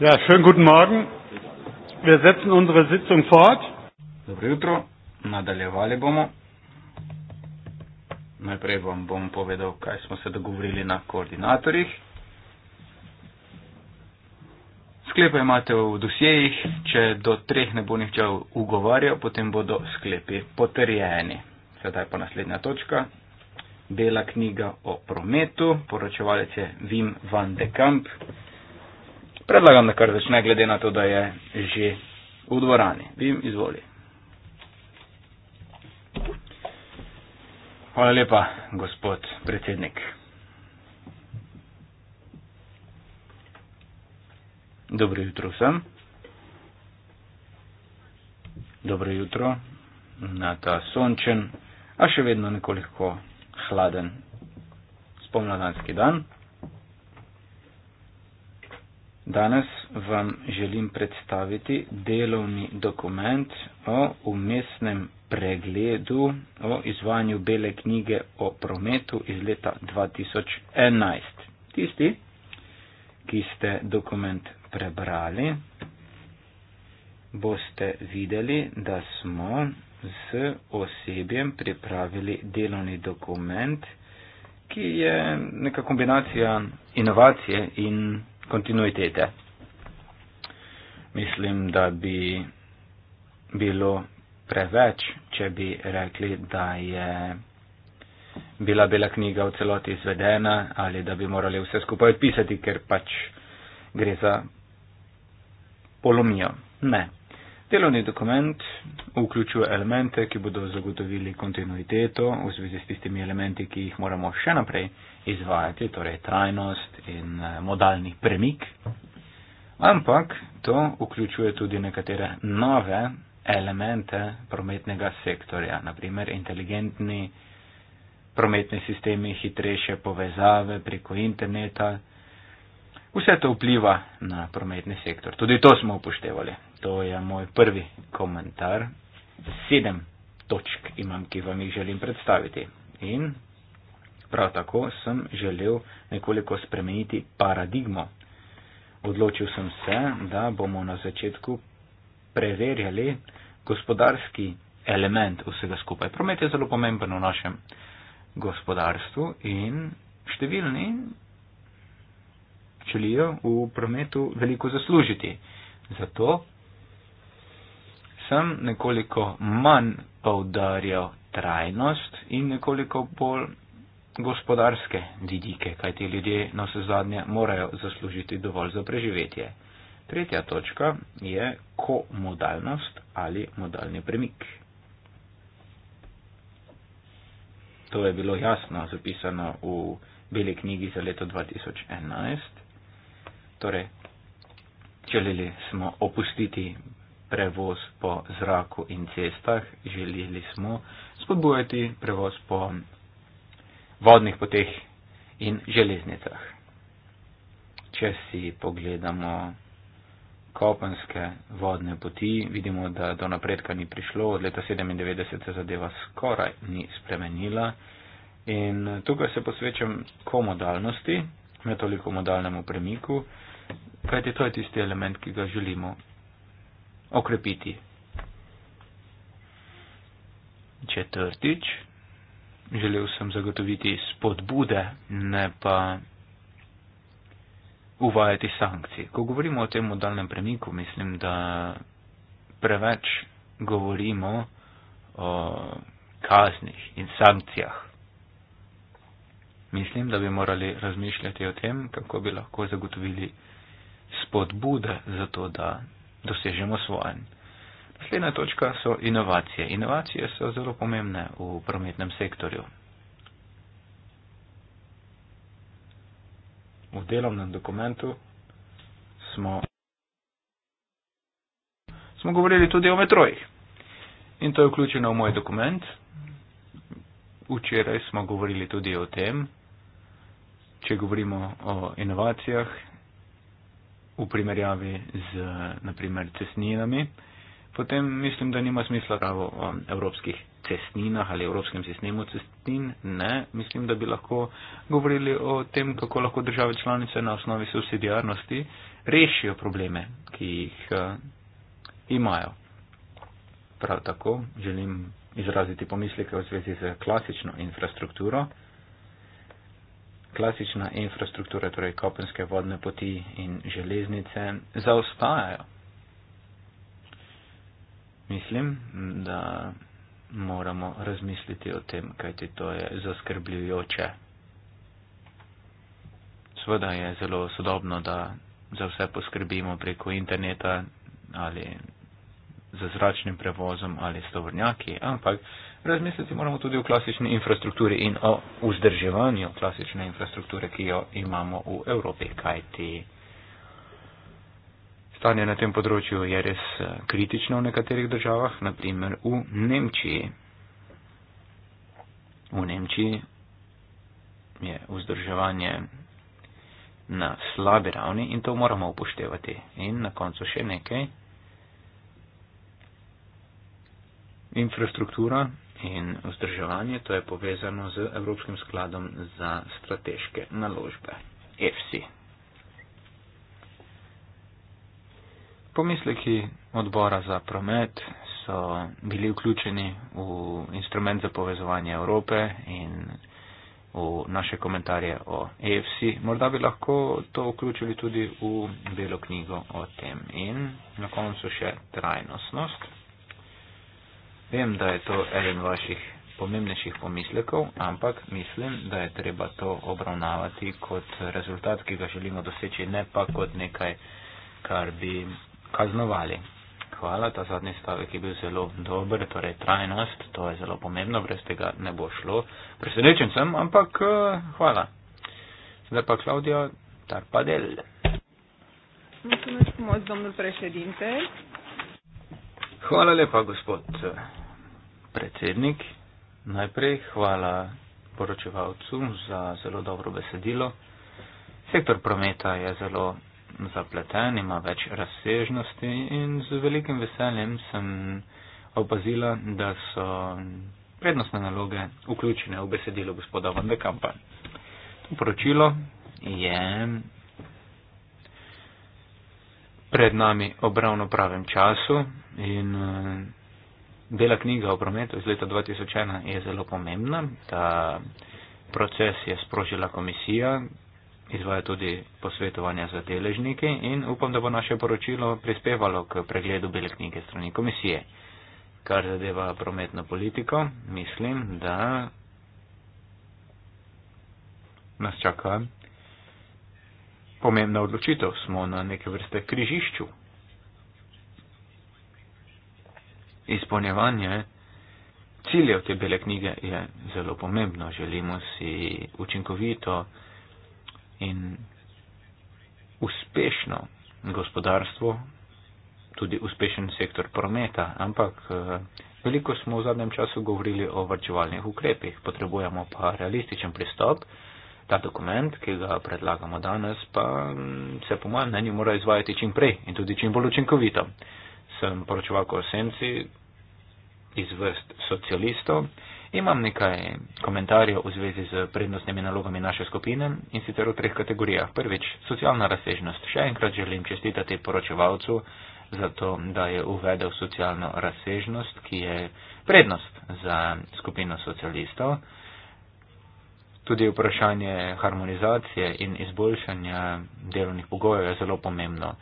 Ja, schönen guten Morgen. Wir setzen unsere Sitzung fort. Dobro jutro, nadaljevali bomo. Najprej vam bom povedal, kaj smo se dogovorili na koordinatorjih. Sklepe imate v dosjejih, če do treh ne bo nihče ugovarjal, potem bodo sklepi potrjeni. Sedaj pa naslednja točka. Bela knjiga o prometu, poročevalec je Vim van de Kamp. Predlagam, da kar začne, glede na to, da je že v dvorani. Bim, izvoli. Hvala lepa, gospod predsednik. Dobro jutro vsem. Dobro jutro na ta sončen, a še vedno nekoliko hladen spomladanski dan. Danes vam želim predstaviti delovni dokument o umestnem pregledu o izvajanju bele knjige o prometu iz leta 2011. Tisti, ki ste dokument prebrali, boste videli, da smo z osebjem pripravili delovni dokument, ki je neka kombinacija inovacije in kontinuitete. Mislim, da bi bilo preveč, če bi rekli, da je bila bela knjiga v celoti izvedena ali da bi morali vse skupaj odpisati, ker pač gre za polomijo. Ne, Delovni dokument vključuje elemente, ki bodo zagotovili kontinuiteto v zvezi s tistimi elementi, ki jih moramo še naprej izvajati, torej trajnost in eh, modalni premik. Ampak to vključuje tudi nekatere nove elemente prometnega sektorja, naprimer inteligentni prometni sistemi, hitrejše povezave preko interneta. Vse to vpliva na prometni sektor. Tudi to smo upoštevali to je moj prvi komentar. Sedem točk imam, ki vam jih želim predstaviti. In prav tako sem želel nekoliko spremeniti paradigmo. Odločil sem se, da bomo na začetku preverjali gospodarski element vsega skupaj. Promet je zelo pomemben v našem gospodarstvu in številni želijo v prometu veliko zaslužiti. Zato sem nekoliko manj poudarjal trajnost in nekoliko bolj gospodarske vidike, kaj ti ljudje na vse zadnje morajo zaslužiti dovolj za preživetje. Tretja točka je komodalnost ali modalni premik. To je bilo jasno zapisano v beli knjigi za leto 2011. Torej, želeli smo opustiti prevoz po zraku in cestah, želeli smo spodbujati prevoz po vodnih poteh in železnicah. Če si pogledamo kopenske vodne poti, vidimo, da do napredka ni prišlo, od leta 1997 se zadeva skoraj ni spremenila. In tukaj se posvečam komodalnosti, ne toliko modalnemu premiku, kajti to je tisti element, ki ga želimo okrepiti. Četrtič, želel sem zagotoviti spodbude, ne pa uvajati sankcij. Ko govorimo o tem modalnem premiku, mislim, da preveč govorimo o kaznih in sankcijah. Mislim, da bi morali razmišljati o tem, kako bi lahko zagotovili spodbude za to, da dosežemo svoje. Naslednja točka so inovacije. Inovacije so zelo pomembne v prometnem sektorju. V delovnem dokumentu smo, smo govorili tudi o metrojih. In to je vključeno v moj dokument. Včeraj smo govorili tudi o tem, če govorimo o inovacijah, v primerjavi z naprimer cestninami, potem mislim, da nima smisla prav o evropskih cestninah ali evropskem sistemu cestnin. Ne, mislim, da bi lahko govorili o tem, kako lahko države članice na osnovi subsidijarnosti rešijo probleme, ki jih eh, imajo. Prav tako želim izraziti pomisleke v zvezi z klasično infrastrukturo klasična infrastruktura, torej kopenske vodne poti in železnice, zaostajajo. Mislim, da moramo razmisliti o tem, kajti to je zaskrbljujoče. Sveda je zelo sodobno, da za vse poskrbimo preko interneta ali z zračnim prevozom ali s tovornjaki, ampak razmisliti moramo tudi o klasični infrastrukturi in o vzdrževanju klasične infrastrukture, ki jo imamo v Evropi, kajti stanje na tem področju je res eh, kritično v nekaterih državah, naprimer v Nemčiji. V Nemčiji je vzdrževanje na slabi ravni in to moramo upoštevati. In na koncu še nekaj. infrastruktura in vzdrževanje, to je povezano z Evropskim skladom za strateške naložbe, EFSI. Pomisleki odbora za promet so bili vključeni v instrument za povezovanje Evrope in v naše komentarje o EFSI. Morda bi lahko to vključili tudi v belo knjigo o tem in na koncu še trajnostnost. Vem, da je to eden vaših pomembnejših pomislekov, ampak mislim, da je treba to obravnavati kot rezultat, ki ga želimo doseči, ne pa kot nekaj, kar bi kaznovali. Hvala, ta zadnji stavek je bil zelo dober, torej trajnost, to je zelo pomembno, brez tega ne bo šlo. Presenečen sem, ampak eh, hvala. Zdaj pa Klaudija, tak pa del. Hvala lepa, gospod predsednik. Najprej hvala poročevalcu za zelo dobro besedilo. Sektor prometa je zelo zapleten, ima več razsežnosti in z velikim veseljem sem opazila, da so prednostne naloge vključene v besedilo gospoda Van de Kampa. To poročilo je pred nami ob ravno pravem času in Bela knjiga o prometu iz leta 2001 je zelo pomembna. Ta proces je sprožila komisija, izvaja tudi posvetovanja za deležniki in upam, da bo naše poročilo prispevalo k pregledu bele knjige strani komisije. Kar zadeva prometno politiko, mislim, da nas čaka pomembna odločitev. Smo na neke vrste križišču izpolnjevanje ciljev te bele knjige je zelo pomembno. Želimo si učinkovito in uspešno gospodarstvo, tudi uspešen sektor prometa, ampak eh, veliko smo v zadnjem času govorili o vrčevalnih ukrepih, potrebujemo pa realističen pristop. Ta dokument, ki ga predlagamo danes, pa mm, se po mojem mnenju mora izvajati čim prej in tudi čim bolj učinkovito. Sem poročevalko o senci, iz vrst socialistov. Imam nekaj komentarjev v zvezi z prednostnimi nalogami naše skupine in sicer v treh kategorijah. Prvič, socialna razsežnost. Še enkrat želim čestitati poročevalcu za to, da je uvedel socialno razsežnost, ki je prednost za skupino socialistov. Tudi vprašanje harmonizacije in izboljšanja delovnih pogojev je zelo pomembno.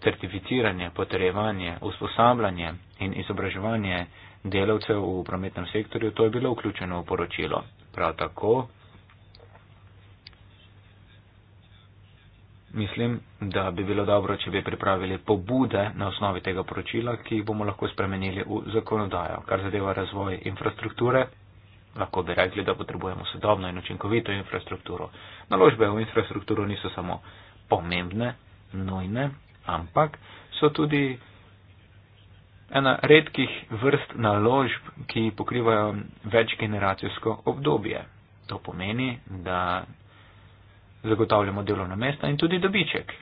Certificiranje, potrejevanje, usposabljanje in izobraževanje delavcev v prometnem sektorju, to je bilo vključeno v poročilo. Prav tako mislim, da bi bilo dobro, če bi pripravili pobude na osnovi tega poročila, ki jih bomo lahko spremenili v zakonodajo, kar zadeva razvoj infrastrukture. Lahko bi rekli, da potrebujemo sodobno in učinkovito infrastrukturo. Naložbe v infrastrukturo niso samo pomembne, nujne, ampak so tudi ena redkih vrst naložb, ki pokrivajo večgeneracijsko obdobje. To pomeni, da zagotavljamo delovna mesta in tudi dobiček.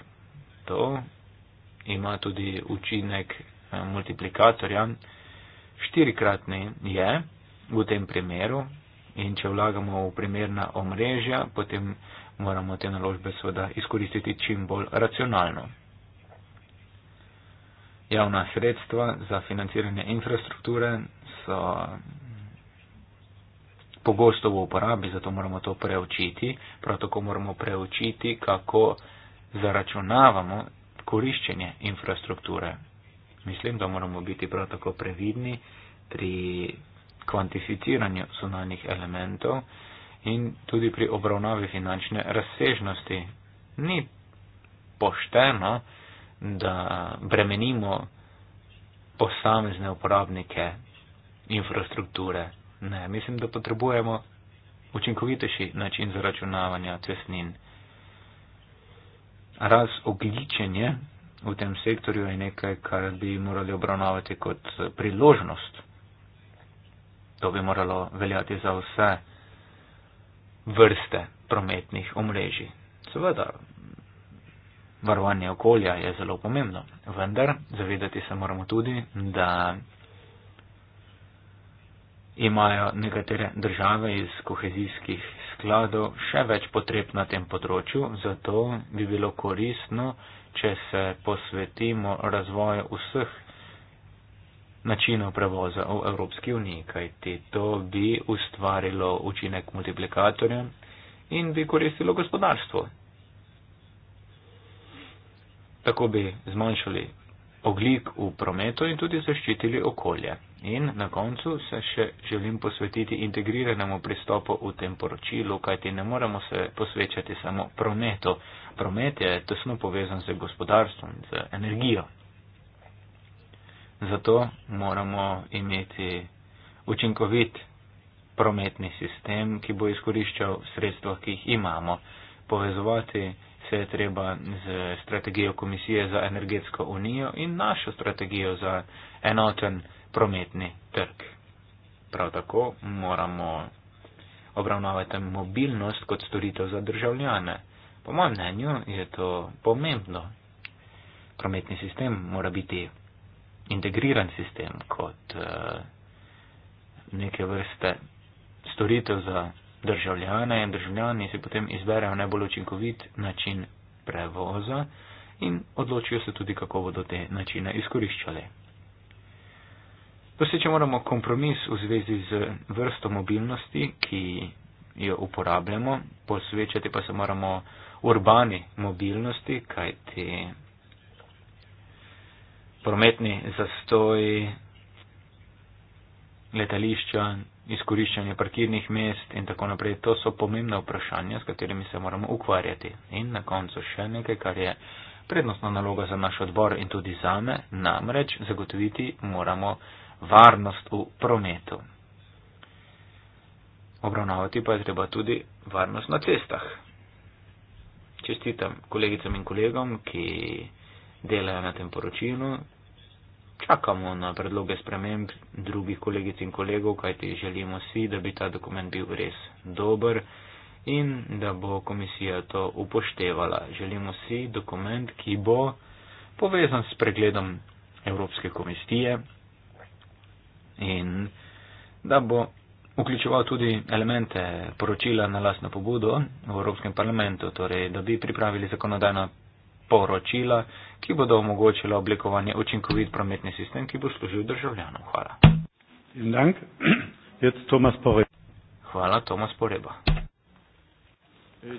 To ima tudi učinek eh, multiplikatorja. Štirikratni je v tem primeru in če vlagamo v primerna omrežja, potem moramo te naložbe seveda izkoristiti čim bolj racionalno javna sredstva za financiranje infrastrukture so pogosto v uporabi, zato moramo to preučiti. Prav tako moramo preučiti, kako zaračunavamo koriščenje infrastrukture. Mislim, da moramo biti prav tako previdni pri kvantificiranju sunanih elementov in tudi pri obravnavi finančne razsežnosti. Ni pošteno, da bremenimo posamezne uporabnike infrastrukture. Ne, mislim, da potrebujemo učinkovitejši način zaračunavanja cestnin. Razogličenje v tem sektorju je nekaj, kar bi morali obravnavati kot priložnost. To bi moralo veljati za vse vrste prometnih omrežij. Seveda, Varovanje okolja je zelo pomembno, vendar zavedati se moramo tudi, da imajo nekatere države iz kohezijskih skladov še več potreb na tem področju, zato bi bilo koristno, če se posvetimo razvoju vseh načinov prevoza v Evropski uniji, kajti to bi ustvarilo učinek multiplikatorja in bi koristilo gospodarstvo. Tako bi zmanjšali oglik v prometu in tudi zaščitili okolje. In na koncu se še želim posvetiti integriranemu pristopu v tem poročilu, kajti ne moremo se posvečati samo prometu. Promet je tesno povezan z gospodarstvom, z energijo. Zato moramo imeti učinkovit prometni sistem, ki bo izkoriščal sredstva, ki jih imamo, povezovati se je treba z strategijo Komisije za energetsko unijo in našo strategijo za enoten prometni trg. Prav tako moramo obravnavati mobilnost kot storitev za državljane. Po mojem mnenju je to pomembno. Prometni sistem mora biti integriran sistem kot uh, neke vrste storitev za državljane in državljani si potem izberejo najbolj učinkovit način prevoza in odločijo se tudi, kako bodo te načine izkoriščali. Doseče moramo kompromis v zvezi z vrsto mobilnosti, ki jo uporabljamo, posvečati pa se moramo urbani mobilnosti, kajti prometni zastoj, letališča, izkoriščanje parkirnih mest in tako naprej. To so pomembna vprašanja, s katerimi se moramo ukvarjati. In na koncu še nekaj, kar je prednostna naloga za naš odbor in tudi zame, namreč zagotoviti moramo varnost v prometu. Obravnavati pa je treba tudi varnost na cestah. Čestitam kolegicam in kolegom, ki delajo na tem poročilu, čakamo na predloge sprememb drugih kolegic in kolegov, kajti želimo si, da bi ta dokument bil res dober in da bo komisija to upoštevala. Želimo si dokument, ki bo povezan s pregledom Evropske komisije in da bo vključeval tudi elemente poročila na lastno pobudo v Evropskem parlamentu, torej da bi pripravili zakonodajno poročila, ki bodo omogočila oblikovanje učinkovit prometni sistem, ki bo služil državljanom. Hvala. Hvala, Tomas Poreba. E,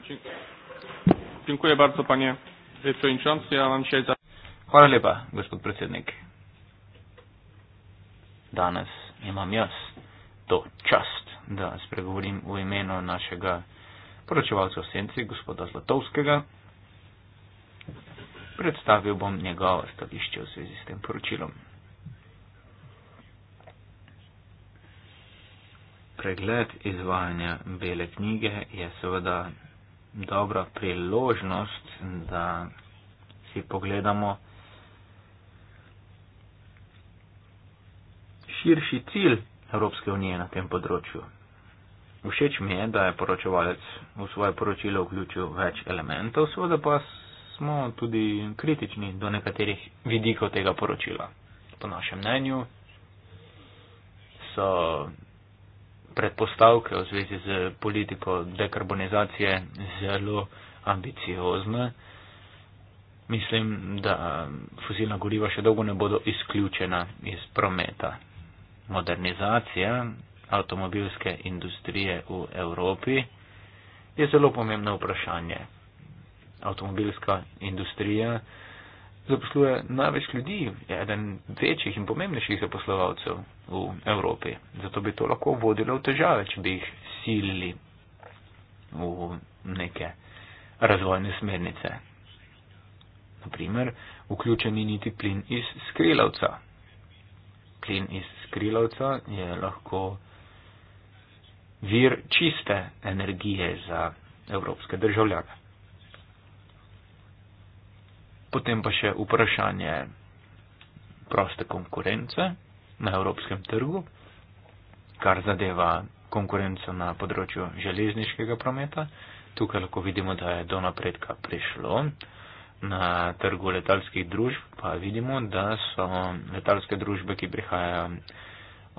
ja Hvala lepa, gospod predsednik. Danes imam jaz to čast, da spregovorim v imenu našega poročevalca v senci, gospoda Zlatovskega predstavil bom njegovo stališče v zvezi s tem poročilom. Pregled izvajanja bele knjige je seveda dobra priložnost, da si pogledamo širši cilj Evropske unije na tem področju. Všeč mi je, da je poročevalec v svoje poročilo vključil več elementov, seveda pa smo tudi kritični do nekaterih vidikov tega poročila. Po našem mnenju so predpostavke v zvezi z politiko dekarbonizacije zelo ambiciozne. Mislim, da fosilna goriva še dolgo ne bodo izključena iz prometa. Modernizacija avtomobilske industrije v Evropi je zelo pomembno vprašanje avtomobilska industrija zaposluje največ ljudi, je eden večjih in pomembnejših zaposlovalcev v Evropi. Zato bi to lahko vodilo v težave, če bi jih silili v neke razvojne smernice. Naprimer, vključen ni niti plin iz skrilavca. Plin iz skrilavca je lahko vir čiste energije za evropske državljane. Potem pa še vprašanje proste konkurence na evropskem trgu, kar zadeva konkurenco na področju železniškega prometa. Tukaj lahko vidimo, da je do napredka prišlo. Na trgu letalskih družb pa vidimo, da so letalske družbe, ki prihajajo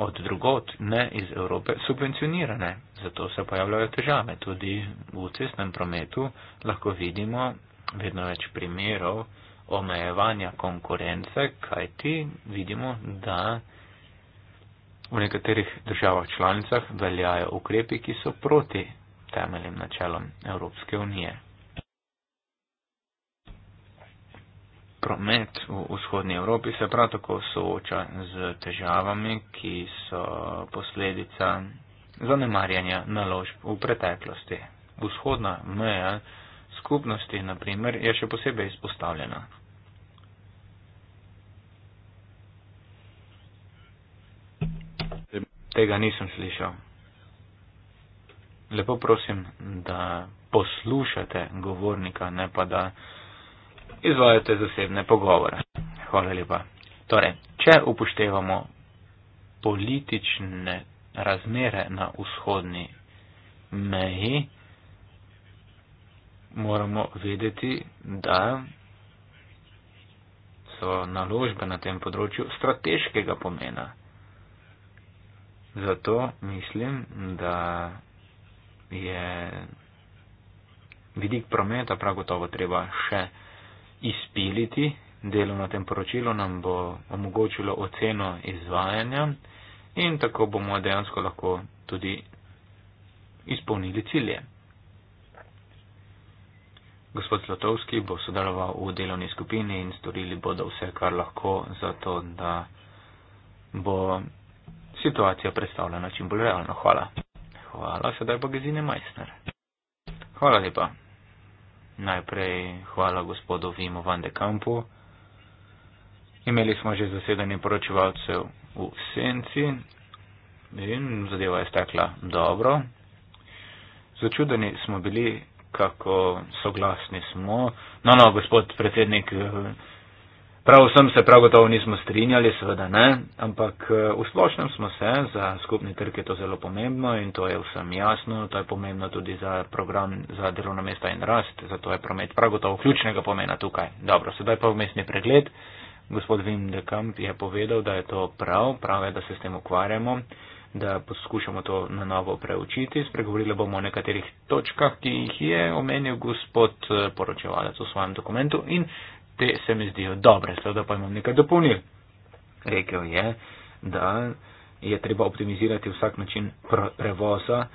od drugot, ne iz Evrope, subvencionirane. Zato se pojavljajo težave. Tudi v cestnem prometu lahko vidimo, vedno več primerov omejevanja konkurence, kajti vidimo, da v nekaterih državah članicah veljajo ukrepi, ki so proti temeljem načelom Evropske unije. Promet v vzhodnji Evropi se prav tako sooča z težavami, ki so posledica zanemarjanja naložb v preteklosti. Vzhodna meja skupnosti, naprimer, je še posebej izpostavljena. Tega nisem slišal. Lepo prosim, da poslušate govornika, ne pa da izvajate zasebne pogovore. Hvala lepa. Torej, če upoštevamo politične razmere na vzhodni meji, moramo vedeti, da so naložbe na tem področju strateškega pomena. Zato mislim, da je vidik prometa prav gotovo treba še izpiliti. Delo na tem poročilu nam bo omogočilo oceno izvajanja in tako bomo dejansko lahko tudi izpolnili cilje. Gospod Slotovski bo sodeloval v delovni skupini in storili bodo vse, kar lahko, zato da bo situacija predstavljena čim bolj realno. Hvala. Hvala, sedaj pa Gezine Majsner. Hvala lepa. Najprej hvala gospodu Vimo van de Kampu. Imeli smo že zasedanje poročevalcev v senci in zadeva je stekla dobro. Začudeni smo bili nekako soglasni smo. No, no, gospod predsednik, prav vsem se prav gotovo nismo strinjali, seveda ne, ampak v splošnem smo se, za skupni trg je to zelo pomembno in to je vsem jasno, to je pomembno tudi za program za delovna mesta in rast, zato je promet prav gotovo ključnega pomena tukaj. Dobro, sedaj pa vmesni pregled. Gospod Vim de Kamp je povedal, da je to prav, prav je, da se s tem ukvarjamo da poskušamo to na novo preučiti. Spregovorili bomo o nekaterih točkah, ki jih je omenil gospod eh, poročevalec v svojem dokumentu in te se mi zdijo dobre, seveda pa imam nekaj dopolnil. Rekel je, da je treba optimizirati vsak način prevoza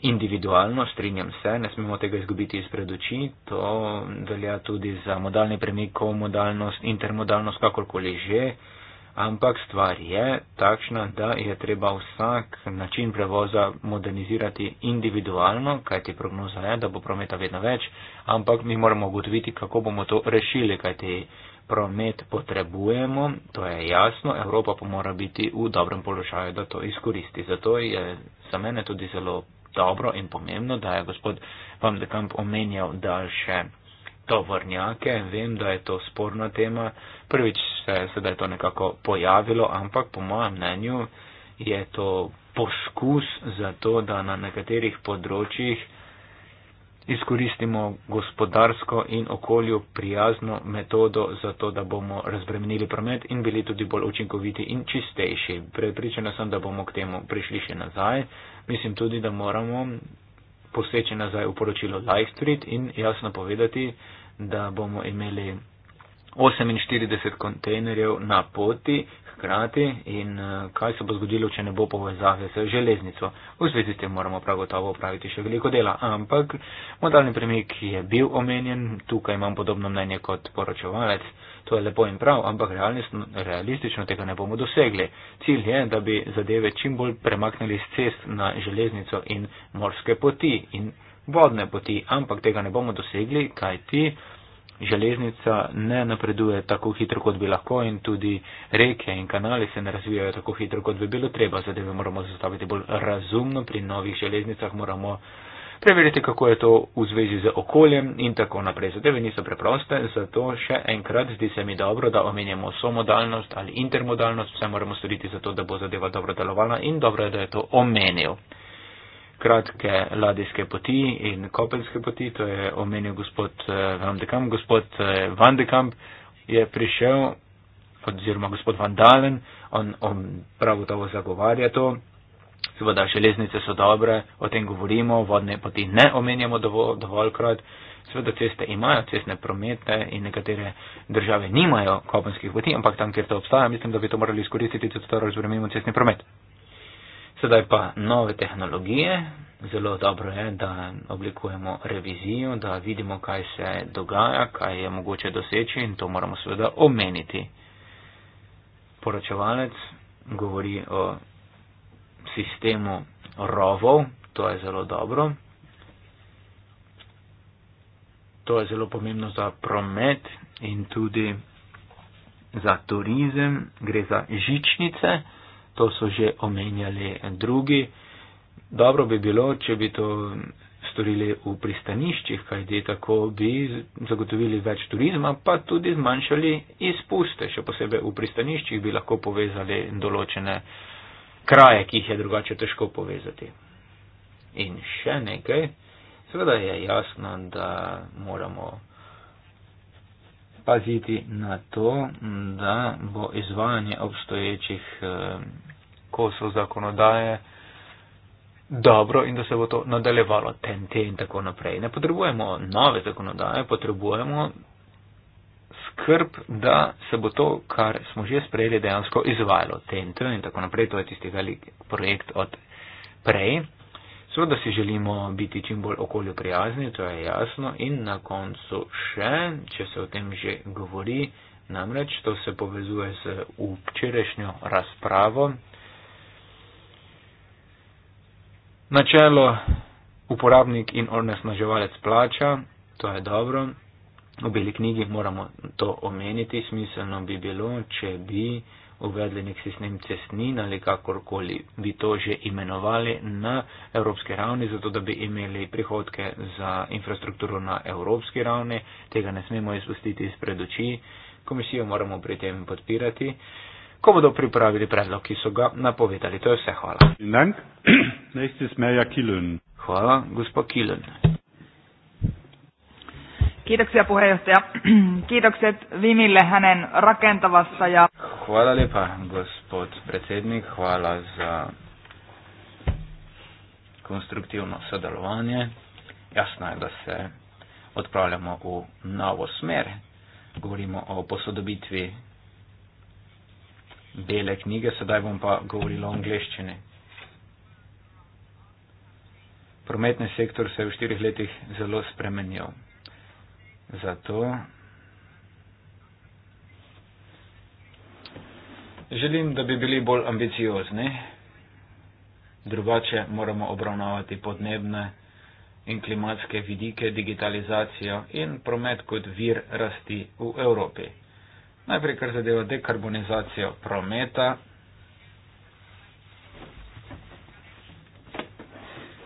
individualno, strinjam se, ne smemo tega izgubiti izpred oči, to velja tudi za modalni premikov, modalnost, intermodalnost, kakorkoli že ampak stvar je takšna, da je treba vsak način prevoza modernizirati individualno, kajti prognoza je, da bo prometa vedno več, ampak mi moramo ugotoviti, kako bomo to rešili, kajti promet potrebujemo, to je jasno, Evropa pa mora biti v dobrem položaju, da to izkoristi. Zato je za mene tudi zelo dobro in pomembno, da je gospod Van de Kamp omenjal daljše tovornjake, vem, da je to sporna tema, prvič se je sedaj to nekako pojavilo, ampak po mojem mnenju je to poskus za to, da na nekaterih področjih izkoristimo gospodarsko in okolju prijazno metodo za to, da bomo razbremenili promet in bili tudi bolj učinkoviti in čistejši. Prepričana sem, da bomo k temu prišli še nazaj. Mislim tudi, da moramo poseči nazaj v poročilo Life Street in jasno povedati, da bomo imeli 48 kontejnerjev na poti hkrati in eh, kaj se bo zgodilo, če ne bo povezave s železnico. V zvezi s tem moramo prav gotovo opraviti še veliko dela, ampak modalni premik je bil omenjen, tukaj imam podobno mnenje kot poročevalec, to je lepo in prav, ampak realistično tega ne bomo dosegli. Cilj je, da bi zadeve čim bolj premaknili z cest na železnico in morske poti in vodne poti, ampak tega ne bomo dosegli, kaj ti železnica ne napreduje tako hitro, kot bi lahko in tudi reke in kanali se ne razvijajo tako hitro, kot bi bilo treba. Zadeve moramo zastaviti bolj razumno, pri novih železnicah moramo preveriti, kako je to v zvezi z okoljem in tako naprej. Zadeve niso preproste, zato še enkrat zdi se mi dobro, da omenjamo somodalnost ali intermodalnost, vse moramo storiti za to, da bo zadeva dobro delovala in dobro je, da je to omenil kratke ladijske poti in kopenske poti, to je omenil gospod eh, Van de Kamp. Gospod eh, Van de Kamp je prišel, oziroma gospod Van Dalen, on, on prav gotovo zagovarja to. Seveda, železnice so dobre, o tem govorimo, vodne poti ne omenjamo dovolj, dovolj krat. Seveda, ceste imajo, cestne promete in nekatere države nimajo kopenskih poti, ampak tam, kjer to obstaja, mislim, da bi to morali izkoristiti, da to razbremenimo cestni promet. Sedaj pa nove tehnologije. Zelo dobro je, da oblikujemo revizijo, da vidimo, kaj se dogaja, kaj je mogoče doseči in to moramo seveda omeniti. Poročevalec govori o sistemu rovov, to je zelo dobro. To je zelo pomembno za promet in tudi za turizem, gre za žičnice to so že omenjali drugi. Dobro bi bilo, če bi to storili v pristaniščih, kajti tako bi zagotovili več turizma, pa tudi zmanjšali izpuste. Še posebej v pristaniščih bi lahko povezali določene kraje, ki jih je drugače težko povezati. In še nekaj, seveda je jasno, da moramo paziti na to, da bo izvajanje obstoječih eh, kosov zakonodaje dobro in da se bo to nadaljevalo TNT in tako naprej. Ne potrebujemo nove zakonodaje, potrebujemo skrb, da se bo to, kar smo že sprejeli, dejansko izvajalo TNT in tako naprej. To je tisti velik projekt od prej. Seveda si želimo biti čim bolj okolju prijazni, to je jasno. In na koncu še, če se o tem že govori, namreč to se povezuje z včerajšnjo razpravo. Načelo uporabnik in onesnaževalec plača, to je dobro. V beli knjigi moramo to omeniti, smiselno bi bilo, če bi uvedli nek sistem cestnin ali kakorkoli bi to že imenovali na evropski ravni, zato da bi imeli prihodke za infrastrukturo na evropski ravni. Tega ne smemo izpustiti izpred oči. Komisijo moramo pri tem podpirati. Ko bodo pripravili predlog, ki so ga napovedali, to je vse. Hvala. Hvala, gospod Kilen. Kiitoksia puheenjohtaja. Kiitokset Vimille hänen rakentavassa ja... Hvala lepa, gospod predsednik. Hvala za konstruktivno sodelovanje. Jasno je, da se odpravljamo v novo smer. Govorimo o posodobitvi bele knjige, sedaj bom pa govoril o angleščini. Prometni sektor se je v štirih letih zelo spremenil. Zato želim, da bi bili bolj ambiciozni. Drugače moramo obravnavati podnebne in klimatske vidike, digitalizacijo in promet kot vir rasti v Evropi. Najprej, kar zadeva dekarbonizacijo prometa.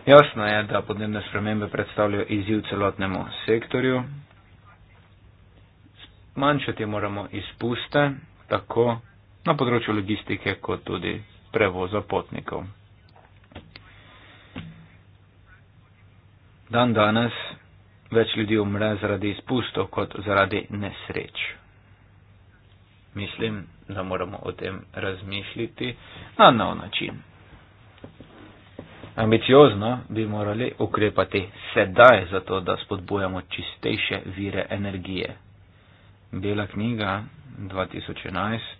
Jasno je, da podnebne spremembe predstavljajo izziv celotnemu sektorju manjšati moramo izpuste, tako na področju logistike, kot tudi prevoza potnikov. Dan danes več ljudi umre zaradi izpustov, kot zaradi nesreč. Mislim, da moramo o tem razmišljati na nov način. Ambiciozno bi morali ukrepati sedaj, zato da spodbujamo čistejše vire energije. Bela knjiga 2011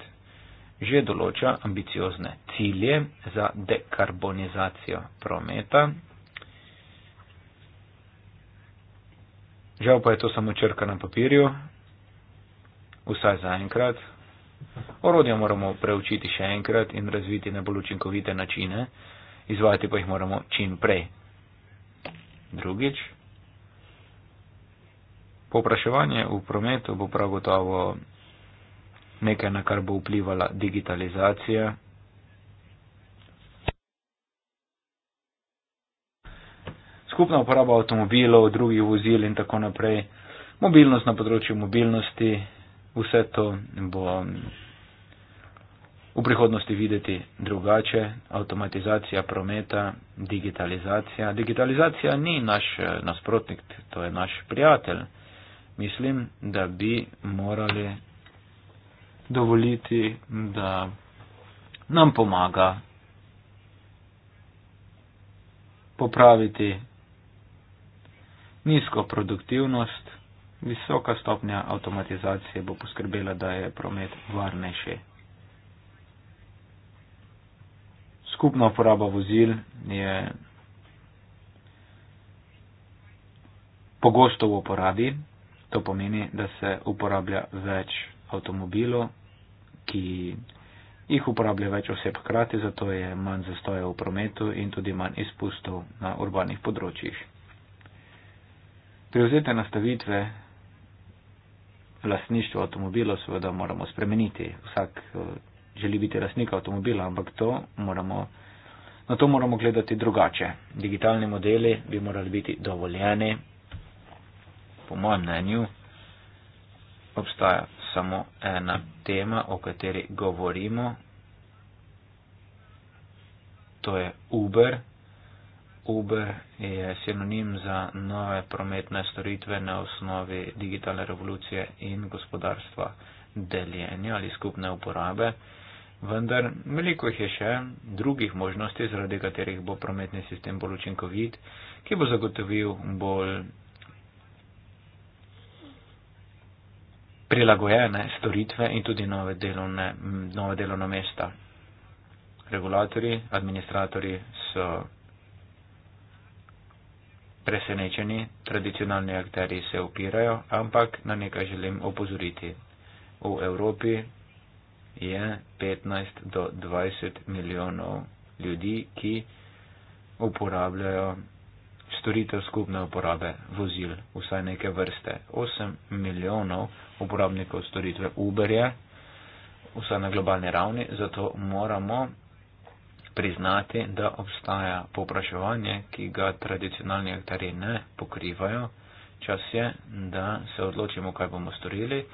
že določa ambiciozne cilje za dekarbonizacijo prometa. Žal pa je to samo črka na papirju, vsaj za enkrat. Orodja moramo preučiti še enkrat in razviti na bolj učinkovite načine, izvajati pa jih moramo čim prej. Drugič. Popraševanje v prometu bo prav gotovo nekaj, na kar bo vplivala digitalizacija. Skupna uporaba avtomobilov, drugih vozil in tako naprej, mobilnost na področju mobilnosti, vse to bo v prihodnosti videti drugače. Avtomatizacija prometa, digitalizacija. Digitalizacija ni naš nasprotnik, to je naš prijatelj mislim, da bi morali dovoliti, da nam pomaga popraviti nizko produktivnost, visoka stopnja avtomatizacije bo poskrbela, da je promet varnejši. Skupna uporaba vozil je pogosto v uporabi, To pomeni, da se uporablja več avtomobilov, ki jih uporablja več oseb hkrati, zato je manj zastoja v prometu in tudi manj izpustov na urbanih področjih. Prevzete nastavitve lastništva avtomobila seveda moramo spremeniti. Vsak eh, želi biti lastnik avtomobila, ampak to moramo, na to moramo gledati drugače. Digitalni modeli bi morali biti dovoljeni, po mojem mnenju, obstaja samo ena tema, o kateri govorimo, to je Uber. Uber je sinonim za nove prometne storitve na osnovi digitalne revolucije in gospodarstva deljenja ali skupne uporabe, vendar veliko jih je še drugih možnosti, zaradi katerih bo prometni sistem bolj učinkovit, ki bo zagotovil bolj prilagojene storitve in tudi nove delovne, nove delovne mesta. Regulatori, administratori so presenečeni, tradicionalni akteri se upirajo, ampak na nekaj želim opozoriti. V Evropi je 15 do 20 milijonov ljudi, ki uporabljajo storitev skupne uporabe vozil, vsaj neke vrste. 8 milijonov uporabnikov storitve Uber je, vsaj na globalni ravni, zato moramo priznati, da obstaja popraševanje, ki ga tradicionalni aktari ne pokrivajo. Čas je, da se odločimo, kaj bomo storili,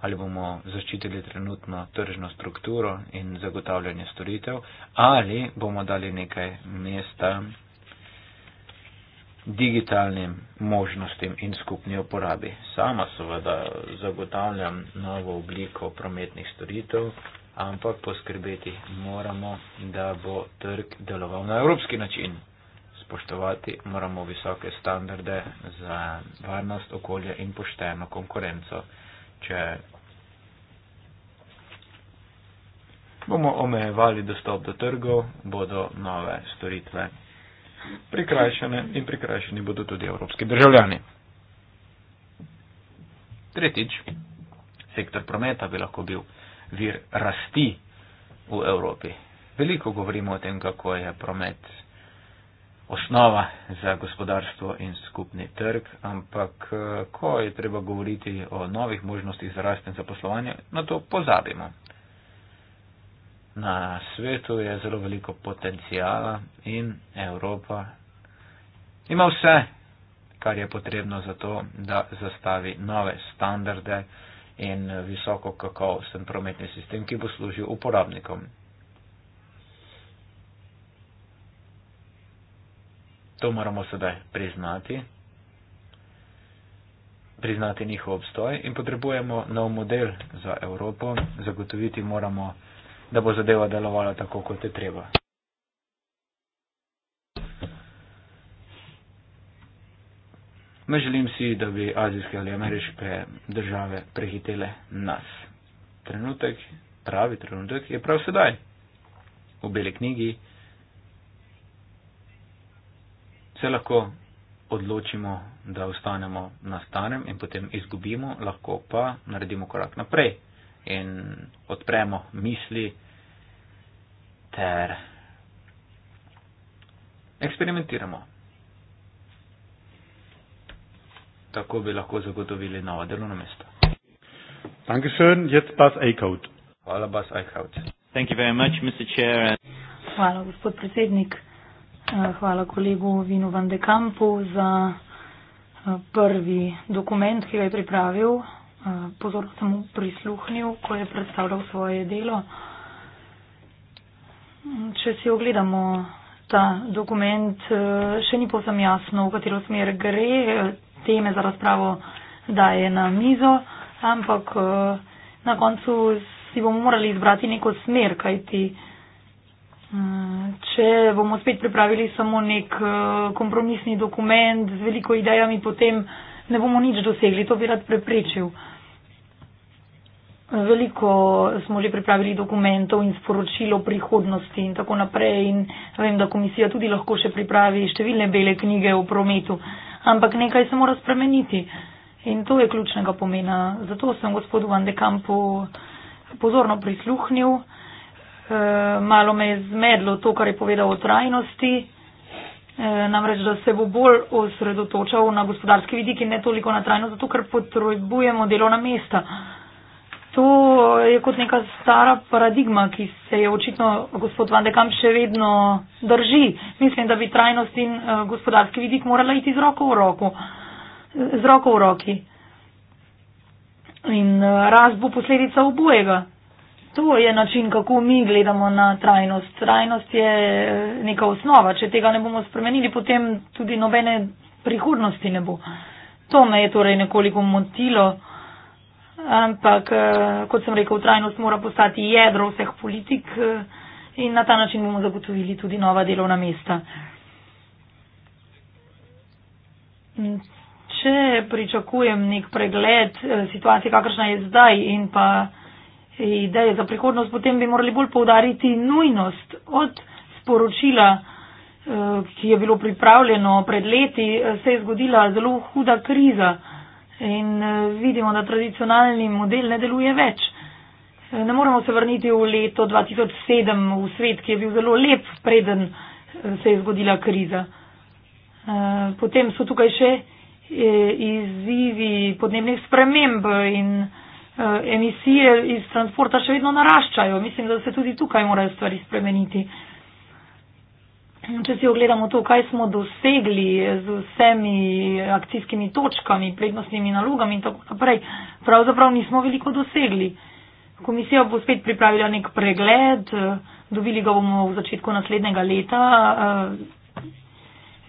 ali bomo zaščitili trenutno tržno strukturo in zagotavljanje storitev, ali bomo dali nekaj mesta digitalnim možnostim in skupni uporabi. Sama seveda zagotavljam novo obliko prometnih storitev, ampak poskrbeti moramo, da bo trg deloval na evropski način. Spoštovati moramo visoke standarde za varnost okolja in pošteno konkurenco. Če bomo omejevali dostop do trgov, bodo nove storitve prikrajšane in prikrajšani bodo tudi evropski državljani. Tretjič, sektor prometa bi lahko bil vir rasti v Evropi. Veliko govorimo o tem, kako je promet osnova za gospodarstvo in skupni trg, ampak eh, ko je treba govoriti o novih možnostih za rast in zaposlovanje, na to pozabimo na svetu je zelo veliko potencijala in Evropa ima vse, kar je potrebno za to, da zastavi nove standarde in visoko kakovosten prometni sistem, ki bo služil uporabnikom. To moramo sedaj priznati, priznati njihov obstoj in potrebujemo nov model za Evropo, zagotoviti moramo da bo zadeva delovala tako, kot je treba. Me želim si, da bi azijske ali ameriške države prehitele nas. Trenutek, pravi trenutek je prav sedaj. V bele knjigi se lahko odločimo, da ostanemo na stanem in potem izgubimo, lahko pa naredimo korak naprej in odpremo misli ter eksperimentiramo. Tako bi lahko zagotovili novo delovno mesto. Dankeschön, jetzt Bas Eichhout. Hvala, Bas Eichhout. Thank you very much, Mr. Chair. Hvala, gospod predsednik. Eh, hvala kolegu Vinu Van de Kampu za eh, prvi dokument, ki ga je pripravil pozorno sem mu prisluhnil, ko je predstavljal svoje delo. Če si ogledamo ta dokument, eh, še ni povsem jasno, v katero smer gre, teme za razpravo daje na mizo, ampak eh, na koncu si bomo morali izbrati neko smer, kajti mm, če bomo spet pripravili samo nek eh, kompromisni dokument z veliko idejami, potem ne bomo nič dosegli, to bi rad preprečil. Veliko smo že pripravili dokumentov in sporočil o prihodnosti in tako naprej in vem, da komisija tudi lahko še pripravi številne bele knjige o prometu, ampak nekaj se mora spremeniti in to je ključnega pomena. Zato sem gospodu Van de Kampu pozorno prisluhnil, e, malo me je zmedlo to, kar je povedal o trajnosti. Eh, namreč da se bo bolj osredotočal na gospodarski vidik in ne toliko na trajno, zato ker potrebujemo delovna mesta. To je kot neka stara paradigma, ki se je očitno gospod Vandekam še vedno drži. Mislim, da bi trajnost in eh, gospodarski vidik morala iti z roko v, roku, z roko v roki. In eh, rast bo posledica obojega. To je način, kako mi gledamo na trajnost. Trajnost je eh, neka osnova. Če tega ne bomo spremenili, potem tudi nobene prihodnosti ne bo. To me je torej nekoliko motilo, ampak eh, kot sem rekel, trajnost mora postati jedro vseh politik eh, in na ta način bomo zagotovili tudi nova delovna mesta. Če pričakujem nek pregled situacije, kakršna je zdaj in pa ideje za prihodnost, potem bi morali bolj povdariti nujnost od sporočila, eh, ki je bilo pripravljeno pred leti, eh, se je zgodila zelo huda kriza in eh, vidimo, da tradicionalni model ne deluje več. Ne moremo se vrniti v leto 2007 v svet, ki je bil zelo lep, preden se je zgodila kriza. Potem so tukaj še izzivi podnebnih sprememb in Eh, emisije iz transporta še vedno naraščajo. Mislim, da se tudi tukaj morajo stvari spremeniti. Če si ogledamo to, kaj smo dosegli z vsemi akcijskimi točkami, prednostnimi nalogami in tako naprej, pravzaprav nismo veliko dosegli. Komisija bo spet pripravila nek pregled, eh, dobili ga bomo v začetku naslednjega leta, eh,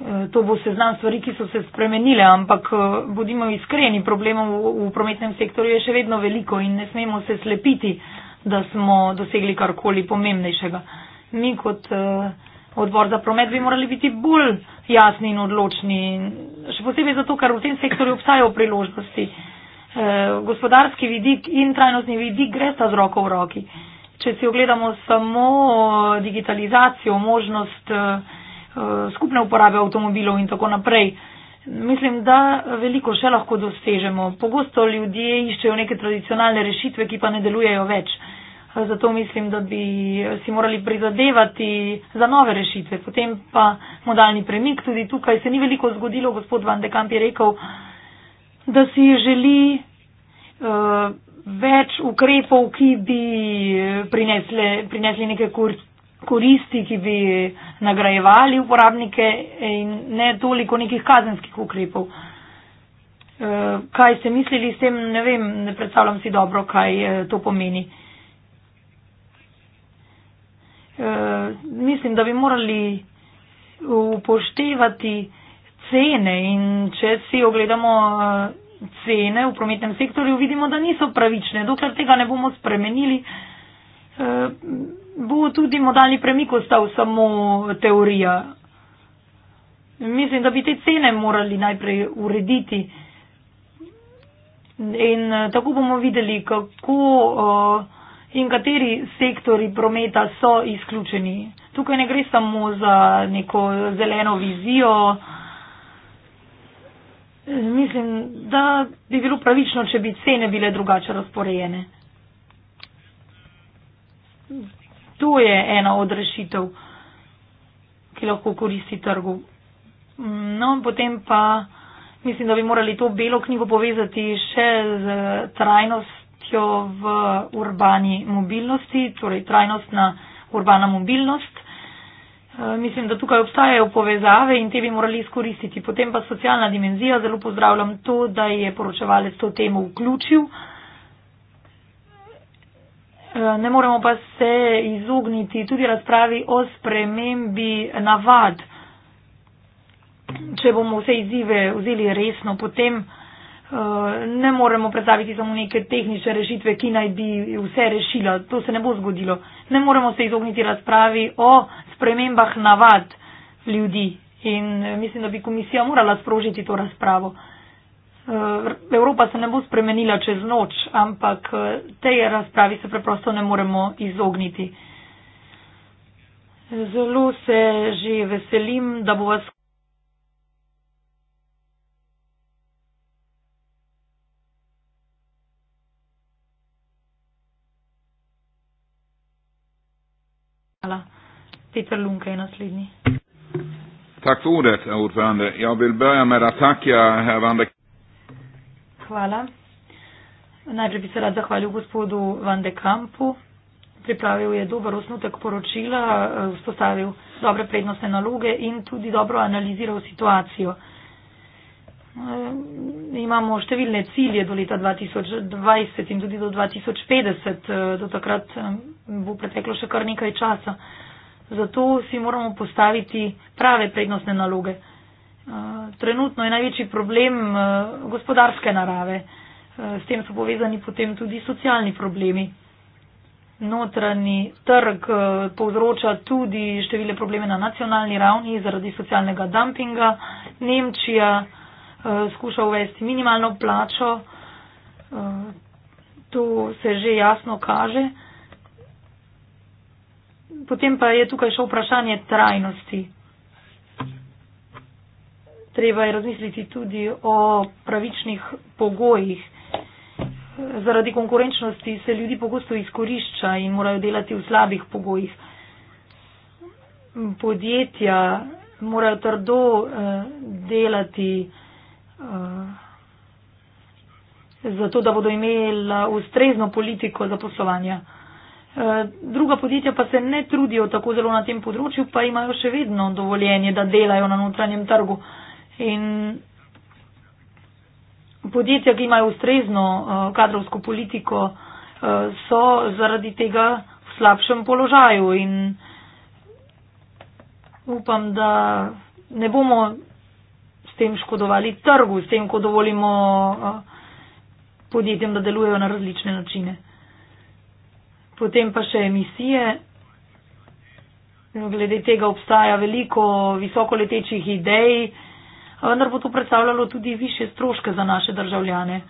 Eh, to bo seznam stvari, ki so se spremenile, ampak eh, bodimo iskreni, problemov v prometnem sektorju je še vedno veliko in ne smemo se slepiti, da smo dosegli karkoli pomembnejšega. Mi kot eh, odbor za promet bi morali biti bolj jasni in odločni, še posebej zato, ker v tem sektorju obstajajo priložnosti. Gospodarski vidik in trajnostni vidik gre sta z roko v roki. Če si ogledamo samo digitalizacijo, možnost Eh, skupne uporabe avtomobilov in tako naprej. Mislim, da veliko še lahko dosežemo. Pogosto ljudje iščejo neke tradicionalne rešitve, ki pa ne delujejo več. Eh, zato mislim, da bi si morali prizadevati za nove rešitve. Potem pa modalni premik. Tudi tukaj se ni veliko zgodilo. Gospod Van de Kamp je rekel, da si želi uh, več ukrepov, ki bi prinesle, prinesli neke koristi, ki bi nagrajevali uporabnike in ne toliko nekih kazenskih ukrepov. E, kaj ste mislili s tem, ne vem, ne predstavljam si dobro, kaj e, to pomeni. E, mislim, da bi morali upoštevati cene in če si ogledamo cene v prometnem sektorju, vidimo, da niso pravične. Dokler tega ne bomo spremenili, bo tudi modalni premik ostal samo teorija. Mislim, da bi te cene morali najprej urediti in eh, tako bomo videli, kako uh, in kateri sektori prometa so izključeni. Tukaj ne gre samo za neko zeleno vizijo. Mislim, da bi bilo pravično, če bi cene bile drugače razporejene to je ena od rešitev, ki lahko koristi trgu. No, potem pa mislim, da bi morali to belo knjigo povezati še z trajnostjo v urbani mobilnosti, torej trajnostna urbana mobilnost. E, mislim, da tukaj obstajajo povezave in te bi morali izkoristiti. Potem pa socialna dimenzija, zelo pozdravljam to, da je poročevalec to temo vključil. Eh, ne moremo pa se izogniti tudi razpravi o spremembi navad. Če bomo vse izzive vzeli resno, potem eh, ne moremo predstaviti samo neke tehnične rešitve, ki naj bi vse rešila. To se ne bo zgodilo. Ne moremo se izogniti razpravi o spremembah navad ljudi. In eh, mislim, da bi komisija morala sprožiti to razpravo. Eh, Evropa se ne bo spremenila čez noč, ampak eh, tej razpravi se preprosto ne moremo izogniti. Zelo se že veselim, da bo vas. Hvala. Peter Lunke je naslednji. Tak ordet, ordförande. Jag vill börja med att tacka herr Vandek hvala. Najprej bi se rad zahvalil gospodu Van de Kampu. Pripravil je dober osnutek poročila, vzpostavil dobre prednostne naloge in tudi dobro analiziral situacijo. Imamo številne cilje do leta 2020 in tudi do 2050. Do takrat bo preteklo še kar nekaj časa. Zato si moramo postaviti prave prednostne naloge trenutno je največji problem gospodarske narave. S tem so povezani potem tudi socialni problemi. Notranji trg povzroča tudi številne probleme na nacionalni ravni zaradi socialnega dumpinga. Nemčija skuša uvesti minimalno plačo. To se že jasno kaže. Potem pa je tukaj še vprašanje trajnosti treba je razmisliti tudi o pravičnih pogojih. Zaradi konkurenčnosti se ljudi pogosto izkorišča in morajo delati v slabih pogojih. Podjetja morajo trdo eh, delati eh, zato, da bodo imela ustrezno politiko za poslovanje. Eh, druga podjetja pa se ne trudijo tako zelo na tem področju, pa imajo še vedno dovoljenje, da delajo na notranjem trgu. In podjetja, ki imajo ustrezno uh, kadrovsko politiko, uh, so zaradi tega v slabšem položaju. In upam, da ne bomo s tem škodovali trgu, s tem, ko dovolimo uh, podjetjem, da delujejo na različne načine. Potem pa še emisije. Glede tega obstaja veliko visokoletečih idej, uh, vendar bo to predstavljalo tudi više stroške za naše državljane.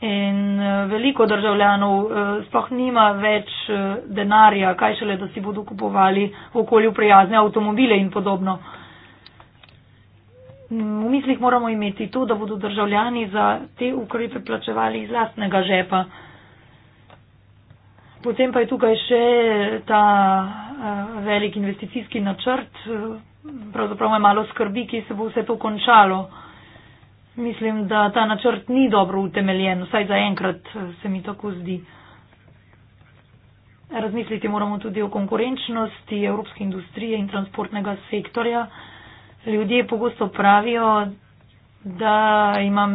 In eh, veliko državljanov eh, sploh nima več eh, denarja, kaj šele, da si bodo kupovali v okolju prijazne avtomobile in podobno. V mislih moramo imeti to, da bodo državljani za te ukrepe plačevali iz lastnega žepa. Potem pa je tukaj še ta eh, velik investicijski načrt. Eh, pravzaprav me malo skrbi, ki se bo vse to končalo. Mislim, da ta načrt ni dobro utemeljen, vsaj zaenkrat eh, se mi tako zdi. Razmisliti moramo tudi o konkurenčnosti evropske industrije in transportnega sektorja. Ljudje pogosto pravijo, da imam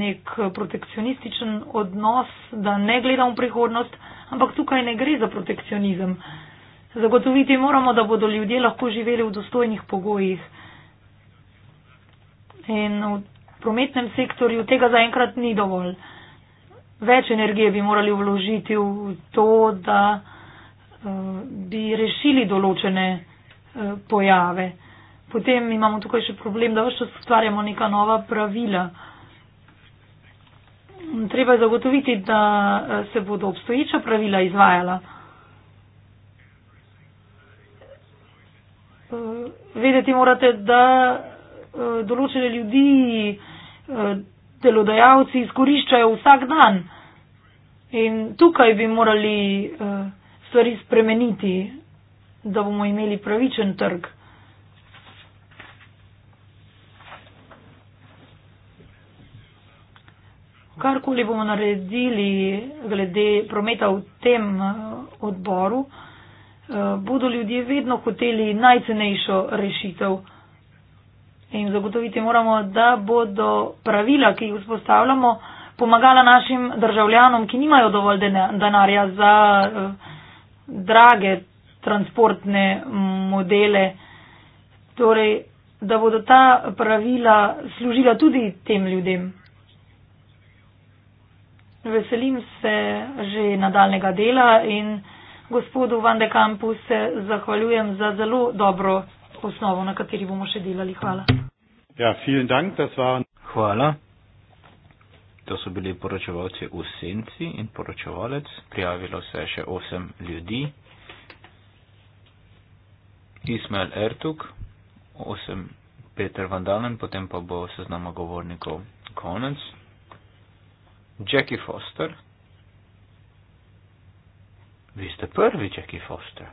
nek protekcionističen odnos, da ne gledam v prihodnost, ampak tukaj ne gre za protekcionizem. Zagotoviti moramo, da bodo ljudje lahko živeli v dostojnih pogojih. In v prometnem sektorju tega zaenkrat ni dovolj. Več energije bi morali vložiti v to, da eh, bi rešili določene eh, pojave. Potem imamo tukaj še problem, da vse čas ustvarjamo neka nova pravila. Treba je zagotoviti, da eh, se bodo obstoječa pravila izvajala. Eh, vedeti morate, da eh, določene ljudi eh, delodajalci izkoriščajo vsak dan. In tukaj bi morali stvari spremeniti, da bomo imeli pravičen trg. Karkoli bomo naredili glede prometa v tem odboru, Eh, bodo ljudje vedno hoteli najcenejšo rešitev. In zagotoviti moramo, da bodo pravila, ki jih vzpostavljamo, pomagala našim državljanom, ki nimajo dovolj denarja za eh, drage transportne mm, modele. Torej, da bodo ta pravila služila tudi tem ljudem. Veselim se že nadaljnega dela in gospodu Van de Kampu se zahvaljujem za zelo dobro osnovo, na kateri bomo še delali. Hvala. Ja, dank, war... Hvala. To so bili poročevalci v senci in poročevalec. Prijavilo se je še osem ljudi. Ismail Ertug, osem Peter Vandalen, potem pa bo seznama govornikov konec. Jackie Foster, vi ste prvič, ki foste.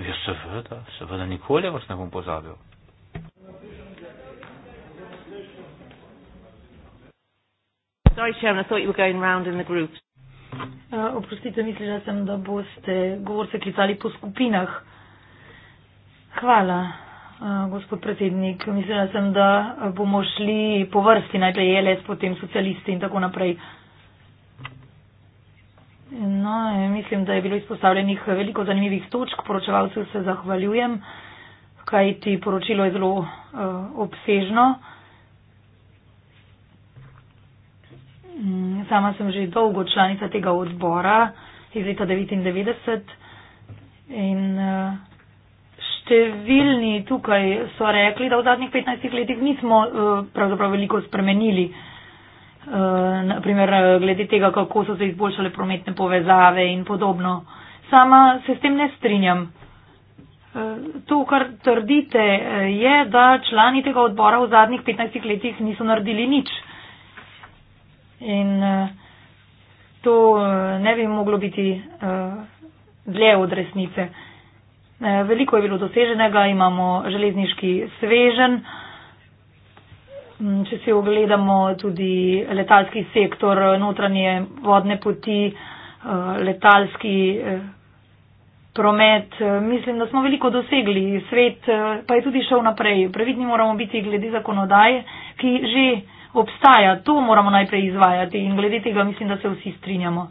Jaz seveda, seveda nikoli vas ne bom pozabil. Sorry, Sharon, I thought you were going round in the groups. Uh, oprostite, mislila sem, da boste govorce klicali po skupinah. Hvala, uh, gospod predsednik. Mislila sem, da bomo šli po vrsti, najprej LS, potem socialisti in tako naprej. No, mislim, da je bilo izpostavljenih veliko zanimivih točk, poročevalcu se zahvaljujem, kaj ti poročilo je zelo uh, obsežno. Mm, sama sem že dolgo članica tega odbora, iz leta 99 in uh, številni tukaj so rekli, da v zadnjih 15 letih nismo uh, pravzaprav veliko spremenili. Uh, Eh, naprimer eh, glede tega, kako so se izboljšale prometne povezave in podobno. Sama se s tem ne strinjam. Eh, to, kar trdite, je, da člani tega odbora v zadnjih 15 letih niso naredili nič. In to ne bi moglo biti dlje od resnice. Veliko je bilo doseženega, imamo železniški svežen, Mm, če si ogledamo tudi letalski sektor, notranje vodne poti, eh, letalski eh, promet, eh, mislim, da smo veliko dosegli. Svet pa je tudi šel naprej. Previdni moramo biti glede zakonodaje, ki že obstaja. To moramo najprej izvajati in glede tega mislim, da se vsi strinjamo.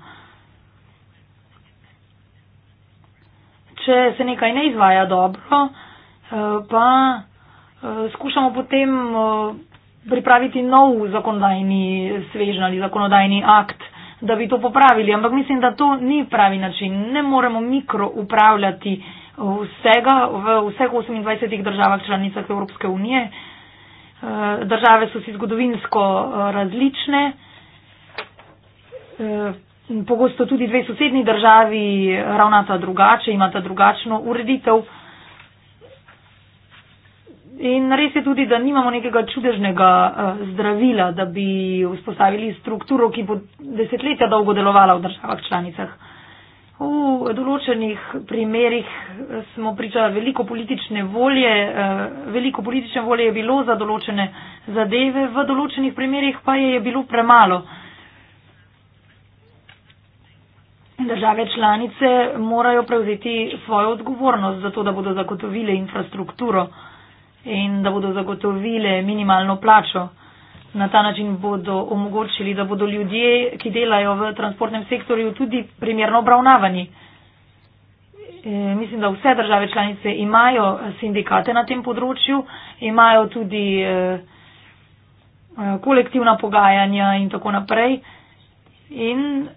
Če se nekaj ne izvaja dobro, pa skušamo potem pripraviti nov zakonodajni svežen ali zakonodajni akt, da bi to popravili. Ampak mislim, da to ni pravi način. Ne moremo mikro upravljati vsega v vseh 28 državah članicah Evropske unije. Eh, države so si zgodovinsko eh, različne. Eh, pogosto tudi dve sosednji državi ravnata drugače, imata drugačno ureditev. In res je tudi, da nimamo nekega čudežnega uh, zdravila, da bi vzpostavili strukturo, ki bo desetletja dolgo delovala v državah članicah. V določenih primerjih eh, smo priča veliko politične volje, eh, veliko politične volje je bilo za določene zadeve, v določenih primerjih pa je bilo premalo. Države članice morajo prevzeti svojo odgovornost za to, da bodo zagotovile infrastrukturo in da bodo zagotovile minimalno plačo. Na ta način bodo omogočili, da bodo ljudje, ki delajo v transportnem sektorju, tudi primerno obravnavani. E, mislim, da vse države članice imajo sindikate na tem področju, imajo tudi e, e, kolektivna pogajanja in tako naprej. In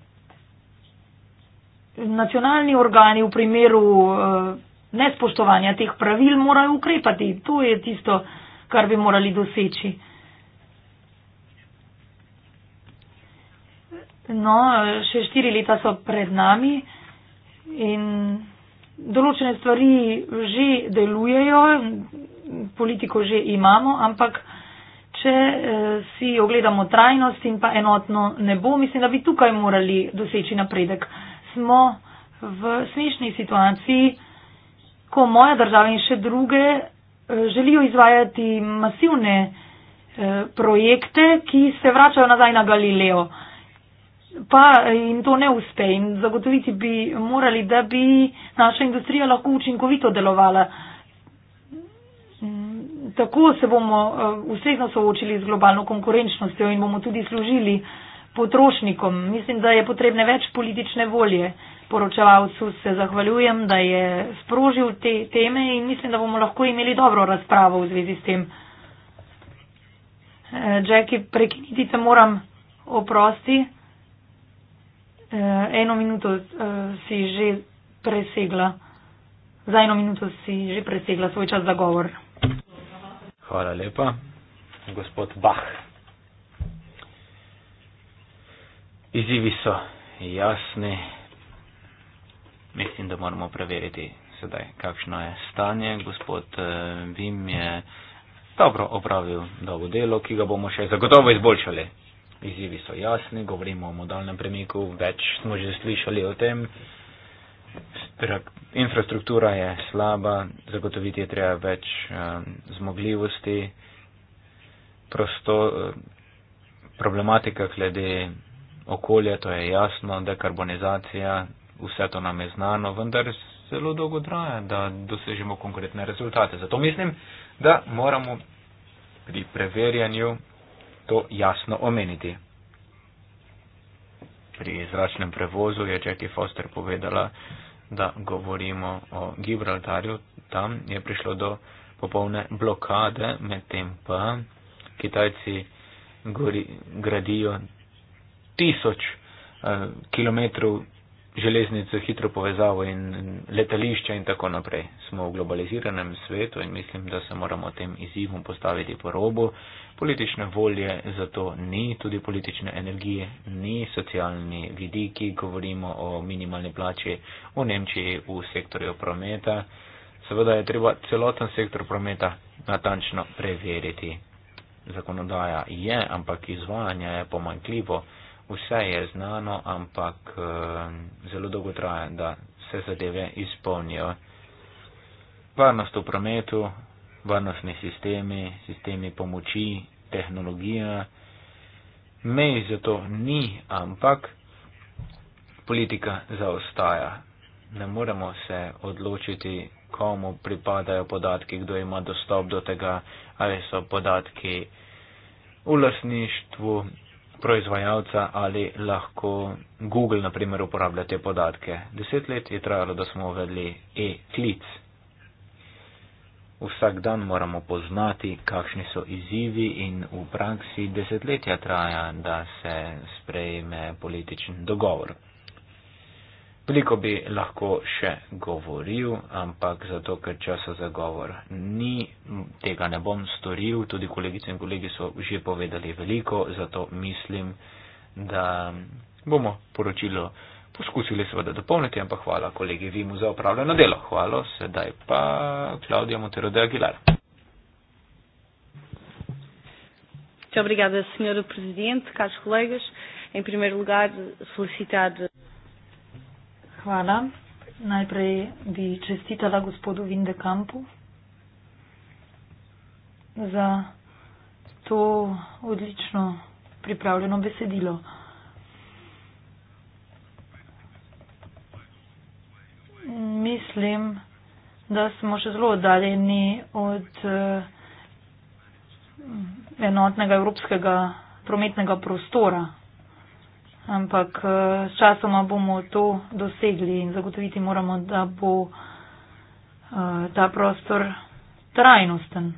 nacionalni organi v primeru. E, nespoštovanja teh pravil morajo ukrepati. To je tisto, kar bi morali doseči. No, še štiri leta so pred nami in določene stvari že delujejo, politiko že imamo, ampak če eh, si ogledamo trajnost in pa enotno ne bo, mislim, da bi tukaj morali doseči napredek. Smo v smešni situaciji ko moja država in še druge eh, želijo izvajati masivne eh, projekte, ki se vračajo nazaj na Galileo. Pa jim eh, to ne uspe in zagotoviti bi morali, da bi naša industrija lahko učinkovito delovala. Mm, tako se bomo ustrezno soočili z globalno konkurenčnostjo in bomo tudi služili uh, potrošnikom. Mislim, da je potrebne več politične volje. Poročevalcu se zahvaljujem, da je sprožil te teme in mislim, da bomo lahko imeli dobro razpravo v zvezi s tem. Eh, Jackie, prekiniti te moram, oprosti. Eh, eno minuto eh, si že presegla. Za eno minuto si že presegla svoj čas za govor. Hvala lepa, gospod Bach. Izivi so jasni. Mislim, da moramo preveriti sedaj, kakšno je stanje. Gospod eh, Vim je dobro opravil dolgo delo, ki ga bomo še zagotovo izboljšali. Izivi so jasni, govorimo o modalnem premiku, več smo že slišali o tem. Infrastruktura je slaba, zagotoviti je treba več eh, zmogljivosti. Prosto, eh, problematika glede okolje, to je jasno, dekarbonizacija, vse to nam je znano, vendar zelo dolgo traja, da dosežemo konkretne rezultate. Zato mislim, da moramo pri preverjanju to jasno omeniti. Pri zračnem prevozu je Jackie Foster povedala, da govorimo o Gibraltarju, tam je prišlo do popolne blokade, medtem pa Kitajci gori, gradijo tisoč uh, kilometrov železnic za hitro povezavo in letališča in tako naprej. Smo v globaliziranem svetu in mislim, da se moramo tem izzivom postaviti po robu. Politične volje za to ni, tudi politične energije ni, socialni vidiki, govorimo o minimalni plači v Nemčiji, v sektorju prometa. Seveda je treba celoten sektor prometa natančno preveriti. Zakonodaja je, ampak izvajanje je pomankljivo vse je znano, ampak eh, zelo dolgo traja, da se zadeve izpolnijo. Varnost v prometu, varnostni sistemi, sistemi pomoči, tehnologija, mej za to ni, ampak politika zaostaja. Ne moremo se odločiti, komu pripadajo podatki, kdo ima dostop do tega, ali so podatki v lasništvu proizvajalca ali lahko Google, na primer, uporablja te podatke. Deset let je trajalo, da smo uvedli e-klic. Vsak dan moramo poznati, kakšni so izzivi in v praksi desetletja traja, da se sprejme političen dogovor. Veliko bi lahko še govoril, ampak zato, ker časa za govor ni, tega ne bom storil. Tudi kolegice in kolegi so že povedali veliko, zato mislim, da bomo poročilo poskusili seveda dopolniti, ampak hvala kolegi Vimu za opravljeno delo. Hvala, sedaj pa Klaudija Montero de Aguilar. Muito obrigada, Sr. Presidente, caros colegas. Em primeiro lugar, felicitar. Hvala. Najprej bi čestitala gospodu Vindekampu za to odlično pripravljeno besedilo. Mislim, da smo še zelo oddaljeni od eh, enotnega evropskega prometnega prostora ampak eh, sčasoma bomo to dosegli in zagotoviti moramo, da bo eh, ta prostor trajnosten.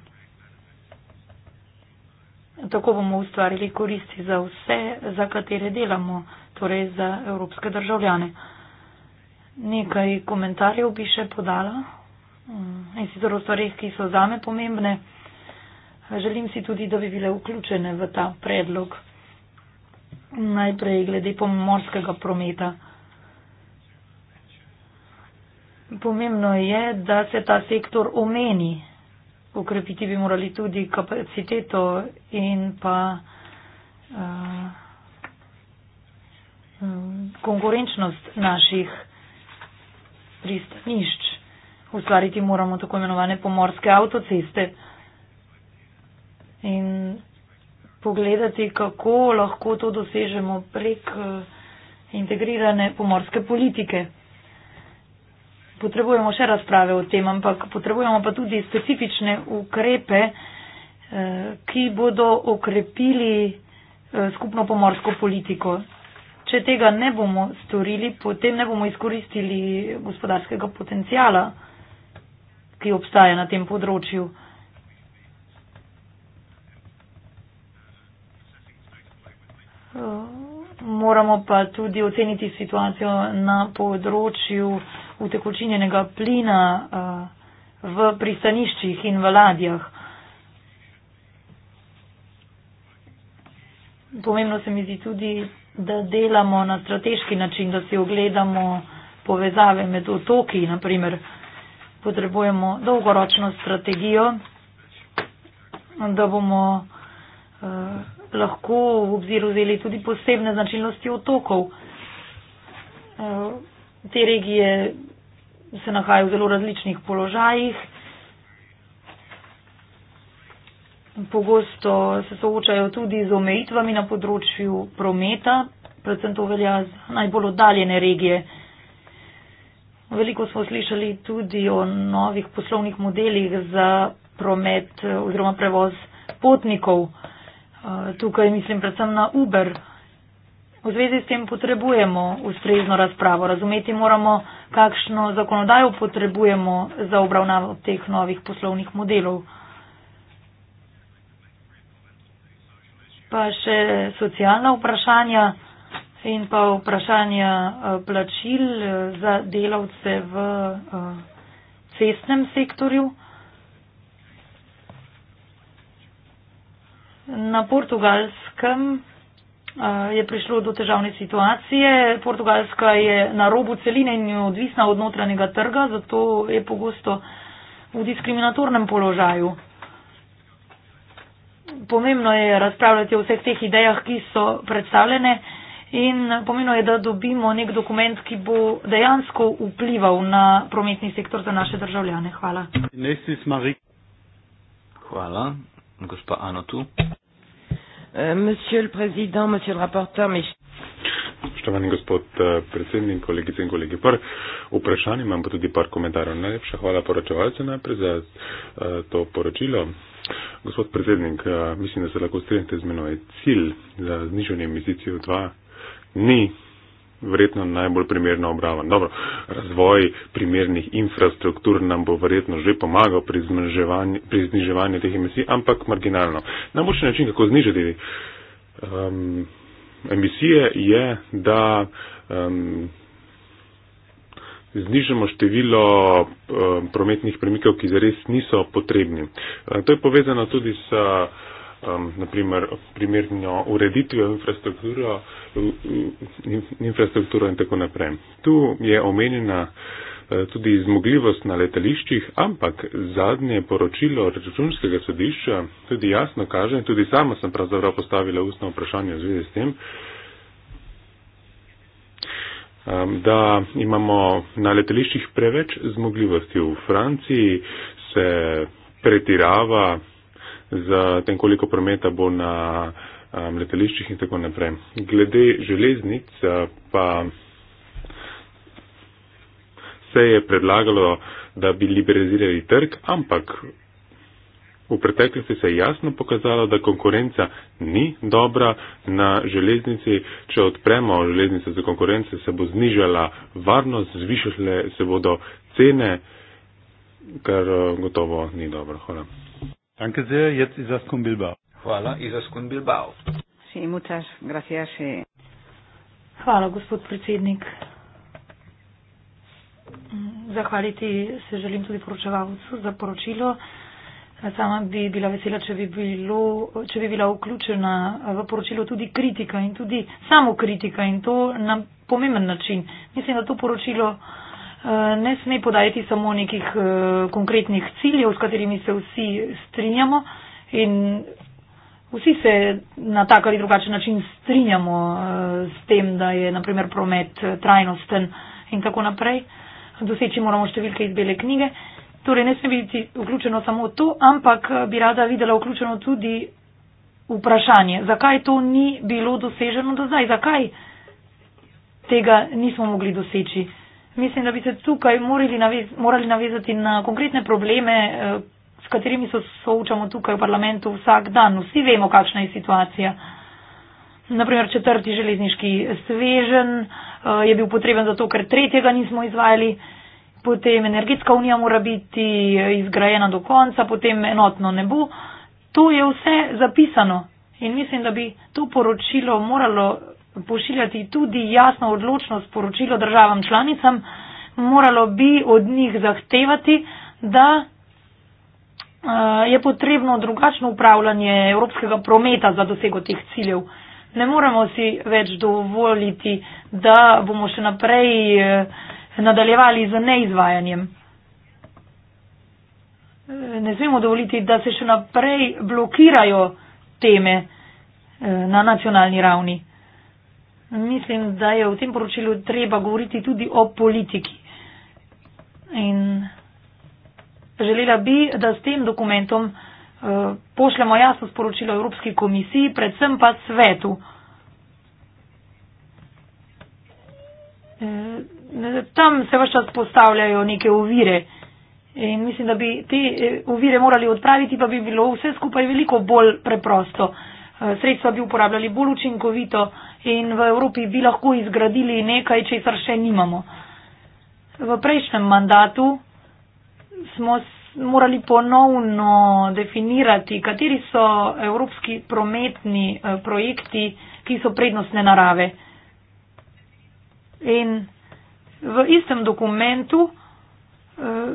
Tako bomo ustvarili koristi za vse, za katere delamo, torej za evropske državljane. Nekaj komentarjev bi še podala, mm, in sicer o stvarih, ki so zame pomembne. Želim si tudi, da bi bile vključene v ta predlog. Najprej glede pomorskega prometa. Pomembno je, da se ta sektor omeni. Ukrepiti bi morali tudi kapaciteto in pa uh, konkurenčnost naših pristanišč. Ustvariti moramo tako imenovane pomorske avtoceste. In pogledati, kako lahko to dosežemo prek eh, integrirane pomorske politike. Potrebujemo še razprave o tem, ampak potrebujemo pa tudi specifične ukrepe, eh, ki bodo okrepili eh, skupno pomorsko politiko. Če tega ne bomo storili, potem ne bomo izkoristili gospodarskega potencijala, ki obstaja na tem področju. moramo pa tudi oceniti situacijo na področju utekočinjenega plina eh, v pristaniščih in v ladjah. Pomembno se mi zdi tudi, da delamo na strateški način, da si ogledamo povezave med otoki, naprimer potrebujemo dolgoročno strategijo, da bomo uh, lahko v obzir vzeli tudi posebne značilnosti otokov. Eh, te regije se nahajajo v zelo različnih položajih. Pogosto se soočajo tudi z omejitvami na področju prometa, predvsem to velja za najbolj oddaljene regije. Veliko smo slišali tudi o novih poslovnih modelih za promet oziroma prevoz potnikov. Eh, tukaj mislim predvsem na Uber. V zvezi s tem potrebujemo ustrezno razpravo. Razumeti moramo, kakšno zakonodajo potrebujemo za obravnavo teh novih poslovnih modelov. Pa še socialna vprašanja in pa vprašanja eh, plačil eh, za delavce v cestnem sektorju. Na portugalskem eh, je prišlo do težavne situacije. Portugalska je na robu celine in je odvisna od notranjega trga, zato je pogosto v diskriminatornem položaju. Pomembno je razpravljati o vseh teh idejah, ki so predstavljene in pomembno je, da dobimo nek dokument, ki bo dejansko vplival na prometni sektor za naše državljane. Hvala. Hvala gospa Ano tu. Eh, Spoštovani gospod eh, predsednik, kolegice in kolegi, prvo vprašanje imam pa tudi par komentarjev. Najlepša hvala poročevalcu najprej za eh, to poročilo. Gospod predsednik, mislim, da se lahko strinjate z menoj. Cilj za znižanje investicij v 2 ni verjetno najbolj primerno obravan. Dobro, razvoj primernih infrastruktur nam bo verjetno že pomagal pri, pri zniževanju teh emisij, ampak marginalno. Najboljši način, kako znižati um, emisije, je, da um, znižamo število um, prometnih premikov, ki zares niso potrebni. Um, to je povezano tudi s. Uh, um, ehm, naprimer primernjo ureditvijo infrastrukturo, infrastrukturo in tako naprej. Tu je omenjena eh, tudi zmogljivost na letališčih, ampak zadnje poročilo računskega sodišča tudi jasno kaže, tudi sama sem pravzaprav postavila ustno vprašanje v zvezi s tem, ehm, da imamo na letališčih preveč zmogljivosti. V Franciji se pretirava z tem, koliko prometa bo na um, letališčih in tako naprej. Glede železnic uh, pa se je predlagalo, da bi liberalizirali trg, ampak v preteklosti se je jasno pokazalo, da konkurenca ni dobra na železnici. Če odpremo železnice za konkurence, se bo znižala varnost, zvišale se bodo cene, kar uh, gotovo ni dobro. Hvala. Danke sehr. Jetzt ist das con Bilbao. Hvala, izas con Bilbao. Sí, muchas gracias. Sí. Hvala, gospod predsednik. Zahvaliti se želim tudi poročevalcu za poročilo. Sama bi bila vesela, če bi, bilo, če bi bila vključena v poročilo tudi kritika in tudi samo kritika in to na pomemben način. Mislim, da to poročilo. Eh, ne sme podajati samo nekih eh, konkretnih ciljev, s katerimi se vsi strinjamo in vsi se na tak ali drugačen način strinjamo eh, s tem, da je naprimer promet trajnosten in tako naprej. Doseči moramo številke iz bele knjige. Torej, ne sme biti vključeno samo to, ampak bi rada videla vključeno tudi vprašanje, zakaj to ni bilo doseženo do zdaj, zakaj tega nismo mogli doseči. Mislim, da bi se tukaj morali, navez, morali navezati na konkretne probleme, eh, s katerimi se soočamo tukaj v parlamentu vsak dan. Vsi vemo, kakšna je situacija. Naprimer, četrti železniški svežen eh, je bil potreben zato, ker tretjega nismo izvajali. Potem energetska unija mora biti eh, izgrajena do konca, potem enotno ne bo. To je vse zapisano in mislim, da bi to poročilo moralo pošiljati tudi jasno odločno sporočilo državam članicam, moralo bi od njih zahtevati, da eh, je potrebno drugačno upravljanje evropskega prometa za dosego teh ciljev. Ne moremo si več dovoliti, da bomo še naprej eh, nadaljevali z neizvajanjem. Eh, ne smemo dovoliti, da se še naprej blokirajo teme na nacionalni ravni. Mislim, da je v tem poročilu treba govoriti tudi o politiki. In želela bi, da s tem dokumentom eh, pošljemo jasno sporočilo Evropski komisiji, predvsem pa svetu. Eh, tam se vse čas postavljajo neke ovire in mislim, da bi te eh, ovire morali odpraviti, pa bi bilo vse skupaj veliko bolj preprosto. Sredstva bi uporabljali bolj učinkovito in v Evropi bi lahko izgradili nekaj, česar še nimamo. V prejšnjem mandatu smo morali ponovno definirati, kateri so evropski prometni eh, projekti, ki so prednostne narave. In v istem dokumentu eh,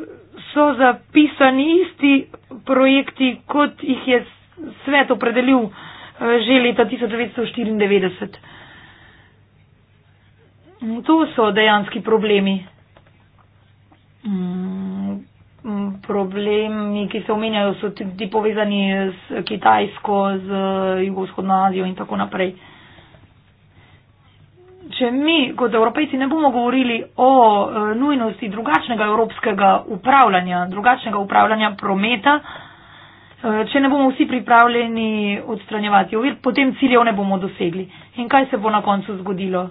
so zapisani isti projekti, kot jih je svet opredelil eh, že leta 1994. Mm, to so dejanski problemi. Mm, mm, problemi, ki se omenjajo, so tudi povezani z Kitajsko, z Jugovzhodno Azijo in tako naprej. Če mi kot evropejci ne bomo govorili o e, nujnosti drugačnega evropskega upravljanja, drugačnega upravljanja prometa, e, če ne bomo vsi pripravljeni odstranjevati ovir, potem ciljev ne bomo dosegli. In kaj se bo na koncu zgodilo?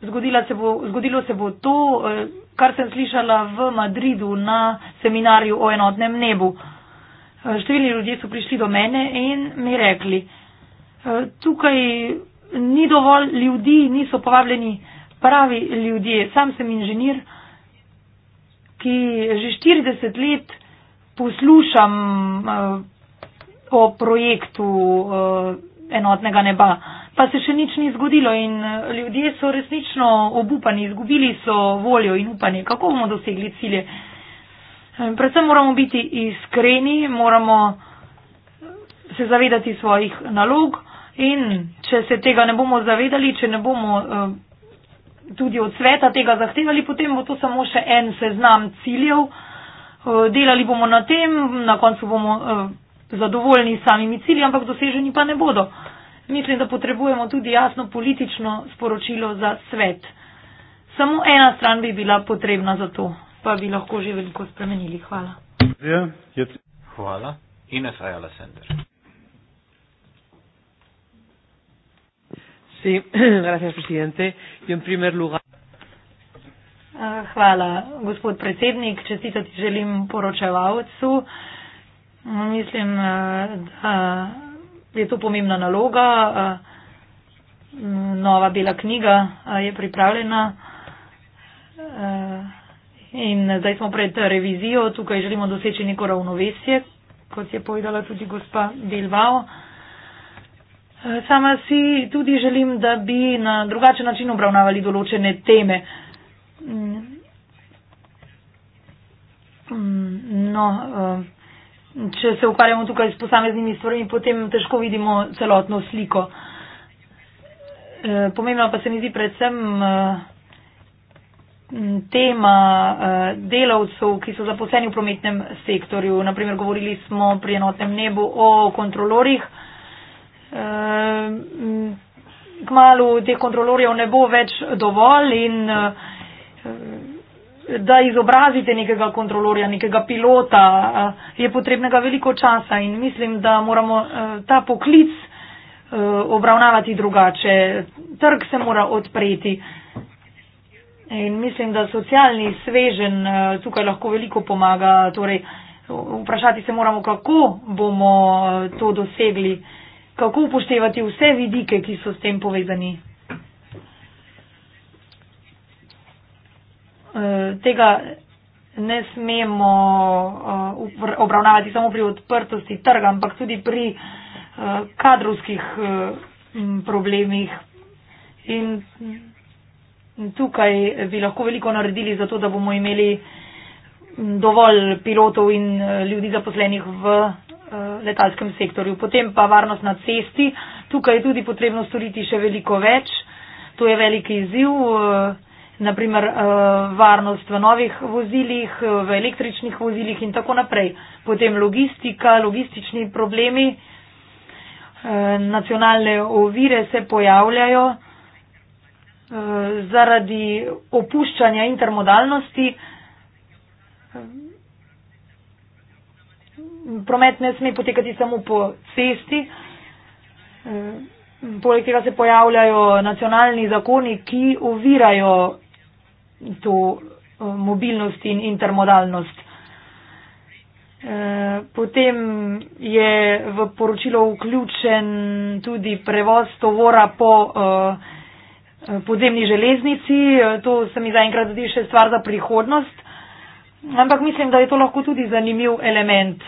se bo, zgodilo se bo to, eh, kar sem slišala v Madridu na seminarju o enotnem nebu. Eh, številni ljudje so prišli do mene in mi rekli, eh, tukaj ni dovolj ljudi, niso povabljeni pravi ljudje. Sam sem inženir, ki že 40 let poslušam o projektu enotnega neba pa se še nič ni zgodilo in eh, ljudje so resnično obupani, izgubili so voljo in upanje, kako bomo dosegli cilje. Eh, predvsem moramo biti iskreni, moramo eh, se zavedati svojih nalog in če se tega ne bomo zavedali, če ne bomo tudi od sveta tega zahtevali, potem bo to samo še en seznam ciljev. Delali bomo na tem, na koncu bomo zadovoljni s samimi cilji, ampak doseženi pa ne bodo mislim, da potrebujemo tudi jasno politično sporočilo za svet. Samo ena stran bi bila potrebna za to, pa bi lahko že veliko spremenili. Hvala. Ja, hvala. Ines Ajala Center. Sí, gracias, presidente. Yo en primer lugar. Ah, hvala, gospod predsednik. Čestitati želim poročevalcu. Mislim, eh, da je to pomembna naloga. Nova bela knjiga je pripravljena in zdaj smo pred revizijo. Tukaj želimo doseči neko ravnovesje, kot je povedala tudi gospa Bilbao. Sama si tudi želim, da bi na drugačen način obravnavali določene teme. No, če se ukvarjamo tukaj s posameznimi stvarmi, potem težko vidimo celotno sliko. E, Pomembno pa se mi zdi predvsem e, tema e, delavcev, ki so zaposleni v prometnem sektorju. Naprimer, govorili smo pri enotnem nebu o kontrolorjih. Kmalu teh kontrolorjev ne bo več dovolj in da izobrazite nekega kontrolorja, nekega pilota, eh, je potrebnega veliko časa in mislim, da moramo eh, ta poklic eh, obravnavati drugače. Trg se mora odpreti in mislim, da socialni svežen tukaj lahko veliko pomaga. Torej, vprašati se moramo, kako bomo to dosegli, kako upoštevati vse vidike, ki so s tem povezani. Eh, tega ne smemo eh, obravnavati samo pri odprtosti trga, ampak tudi pri eh, kadrovskih problemih. In tukaj bi lahko veliko naredili za to, da bomo imeli dovolj pilotov in ljudi zaposlenih v letalskem sektorju. Potem pa varnost na cesti. Tukaj je tudi potrebno storiti še veliko več. To je veliki izziv naprimer eh, varnost v novih vozilih, v električnih vozilih in tako naprej. Potem logistika, logistični problemi, eh, nacionalne ovire se pojavljajo eh, zaradi opuščanja intermodalnosti. Promet ne sme potekati samo po cesti. Poleg tega se pojavljajo nacionalni zakoni, ki ovirajo to eh, mobilnost in intermodalnost. Eh, potem je v poročilo vključen tudi prevoz tovora po eh, podzemni železnici. To se mi zaenkrat zdi še stvar za prihodnost, ampak mislim, da je to lahko tudi zanimiv element,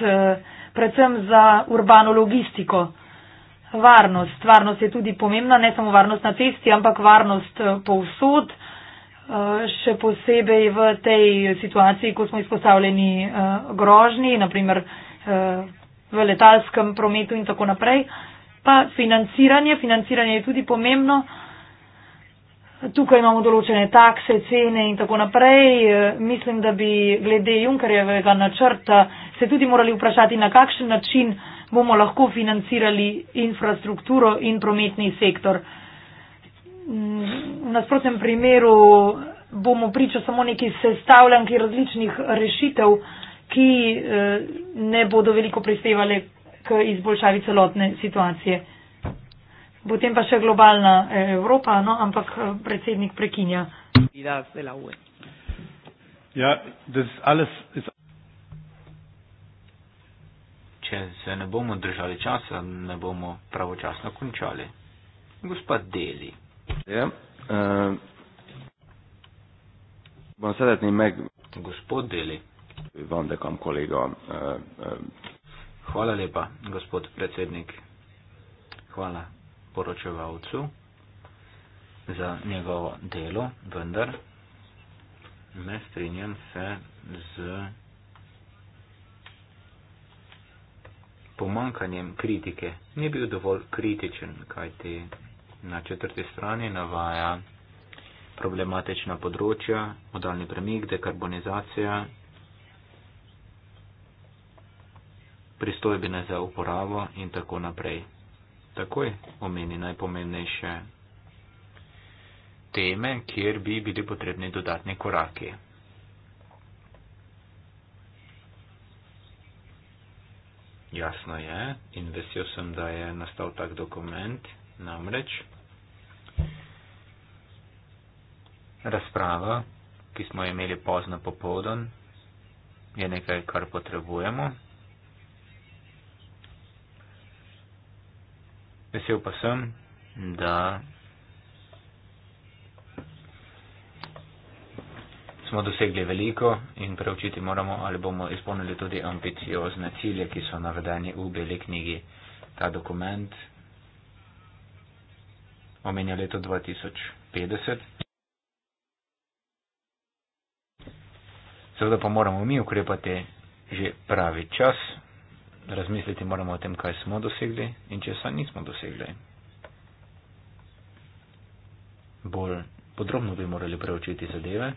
predvsem za urbano logistiko. Varnost. Varnost je tudi pomembna, ne samo varnost na cesti, ampak varnost povsod. Eh, še posebej v tej situaciji, ko smo izpostavljeni eh, grožnji, naprimer eh, v letalskem prometu in tako naprej. Pa financiranje, financiranje je tudi pomembno. Tukaj imamo določene takse, cene in tako naprej. Mislim, da bi glede Junkerjevega načrta se tudi morali vprašati, na kakšen način bomo lahko financirali infrastrukturo in prometni sektor. Mm, v nasprotnem primeru bomo priča samo neki sestavljanki različnih rešitev, ki eh, ne bodo veliko prispevali k izboljšavi celotne situacije. Potem pa še globalna eh, Evropa, no, ampak eh, predsednik prekinja. E. Ja, da je vse. Če se ne bomo držali časa, ne bomo pravočasno končali. Gospod Deli. Ja. Uh, eh, van szeretném meg... Gospod Déli. Van dekam kolléga. Uh, eh, uh, eh. lépa, gospod predsednik. Hvala poročevalcu za njegovo delo, vendar ne strinjam se z pomankanjem kritike. Ni bil dovolj kritičen, kaj ti na četrti strani navaja problematična področja, modalni premik, dekarbonizacija, pristojbine za uporabo in tako naprej. Takoj omeni najpomembnejše teme, kjer bi bili potrebni dodatni koraki. Jasno je in vesel sem, da je nastal tak dokument Namreč razprava, ki smo imeli pozno popovdon, je nekaj, kar potrebujemo. Vesel pa sem, da smo dosegli veliko in preučiti moramo, ali bomo izpolnili tudi ambiciozne cilje, ki so navedeni v beli knjigi. Ta dokument omenja leto 2050. Seveda pa moramo mi ukrepati že pravi čas, razmisliti moramo o tem, kaj smo dosegli in česa nismo dosegli. Bolj podrobno bi morali preučiti zadeve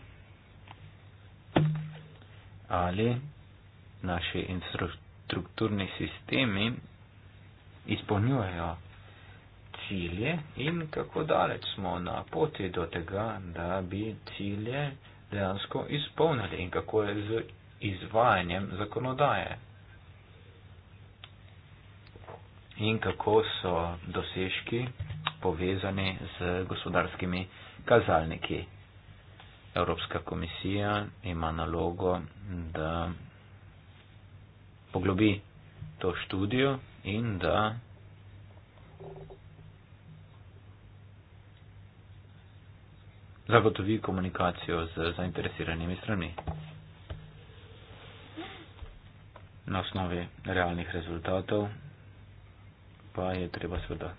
ali naši infrastrukturni sistemi izpolnjujejo cilje in kako daleč smo na poti do tega, da bi cilje dejansko izpolnili in kako je z izvajanjem zakonodaje. In kako so dosežki povezani z gospodarskimi kazalniki. Evropska komisija ima nalogo, da poglobi to študijo in da zagotovi komunikacijo z zainteresiranimi strani na osnovi realnih rezultatov pa je treba seveda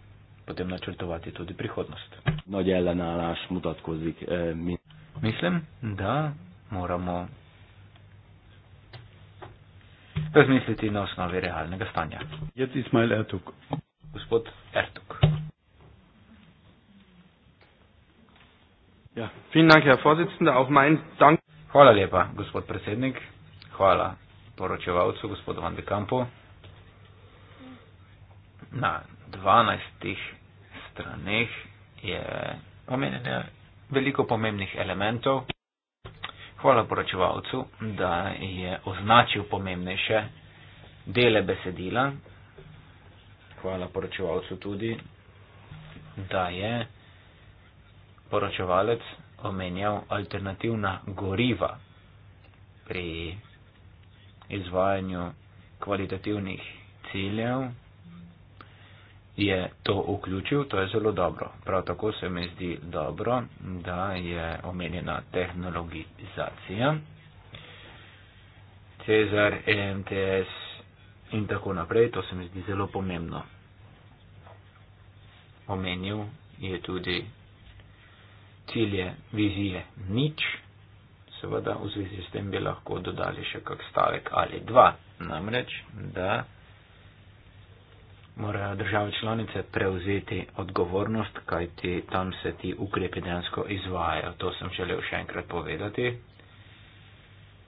potem načrtovati tudi prihodnost. No, dela na naš mutatkozik. E, mi. Mislim, da moramo razmisliti na osnovi realnega stanja. Jaz Ismail Ertug. Gospod Ertug. Ja, vielen Dank, Herr Vorsitzender. Auch mein Dank. Hvala lepa, gospod predsednik. Hvala poročevalcu, gospodu Van de Campo. Na 12 straneh je omenjene veliko pomembnih elementov. Hvala poročevalcu, da je označil pomembnejše dele besedila. Hvala poročevalcu tudi, da je poročevalec omenjal alternativna goriva pri izvajanju kvalitativnih ciljev, je to vključil, to je zelo dobro. Prav tako se mi zdi dobro, da je omenjena tehnologizacija, Cezar, EMTS in tako naprej, to se mi zdi zelo pomembno. Omenil je tudi cilje, vizije, nič. Seveda v zvezi s tem bi lahko dodali še kak stavek ali dva. Namreč, da morajo države članice prevzeti odgovornost, kajti tam se ti ukrepi dejansko izvajajo. To sem želel še enkrat povedati.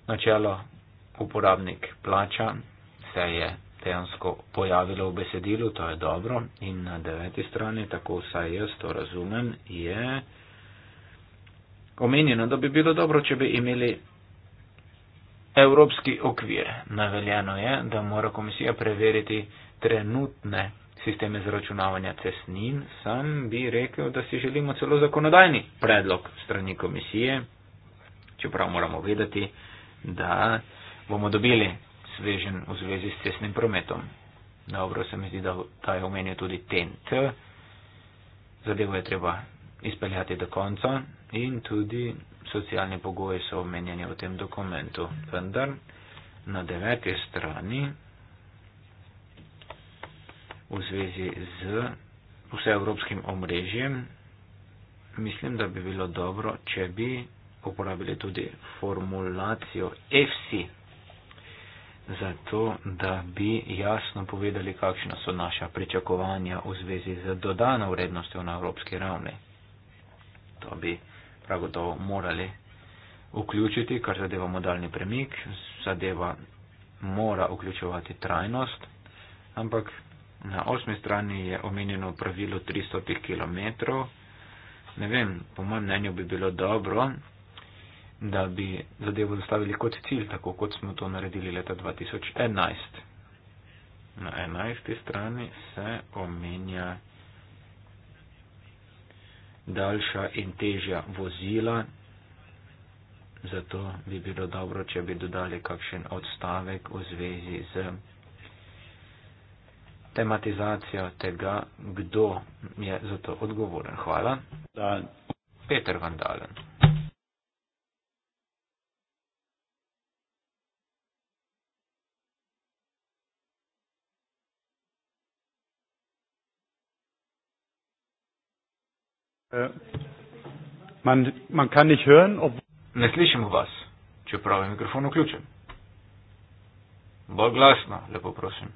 Načelo uporabnik plača se je dejansko pojavilo v besedilu, to je dobro. In na deveti strani, tako vsaj jaz to razumem, je omenjeno, da bi bilo dobro, če bi imeli evropski okvir. Naveljeno je, da mora komisija preveriti trenutne sisteme zračunavanja cestnin. Sam bi rekel, da si želimo celo zakonodajni predlog strani komisije, čeprav moramo vedeti, da bomo dobili svežen v zvezi s cestnim prometom. Dobro se mi zdi, da ta je omenil tudi TNT. Zadevo je treba izpeljati do konca in tudi socialni pogoji so omenjeni v tem dokumentu. Vendar na deveti strani v zvezi z vseevropskim omrežjem mislim, da bi bilo dobro, če bi uporabili tudi formulacijo EFSI, zato da bi jasno povedali, kakšna so naša pričakovanja v zvezi z dodano vrednostjo na evropski ravni to bi prav gotovo morali vključiti, kar zadeva modalni premik, zadeva mora vključevati trajnost, ampak na osmi strani je omenjeno pravilo 300 km. Ne vem, po mojem mnenju bi bilo dobro, da bi zadevo zastavili kot cilj, tako kot smo to naredili leta 2011. Na 11. strani se omenja daljša in težja vozila. Zato bi bilo dobro, če bi dodali kakšen odstavek v zvezi z tematizacijo tega, kdo je za to odgovoren. Hvala. Dan. Peter Vandalen. Äh, man, man kann nicht hören, ob Не слышимо вас, чи правий мікрофон включен. Бог гласно, ле попросим.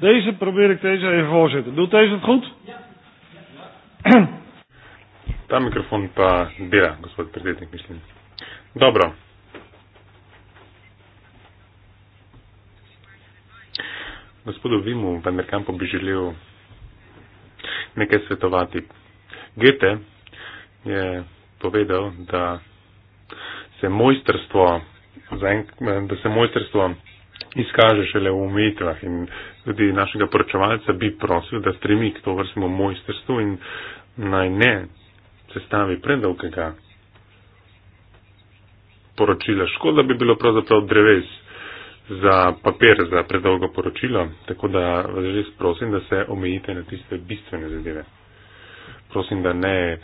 Deze probeer ik deze even voorzitten. Doet deze het goed? Ja. Та мікрофон та біра, господи президент, мислим. Добро. Господу Виму, Вандеркампу би желил нека световати Gete je povedal, da se mojstrstvo, da se mojstrstvo izkaže šele v umetvah in tudi našega poročevalca bi prosil, da stremi k to vrstnemu mojstrstvu in naj ne sestavi predolgega poročila. Škoda bi bilo pravzaprav dreves za papir za predolgo poročilo, tako da vas res prosim, da se omejite na tiste bistvene zadeve prosim, da ne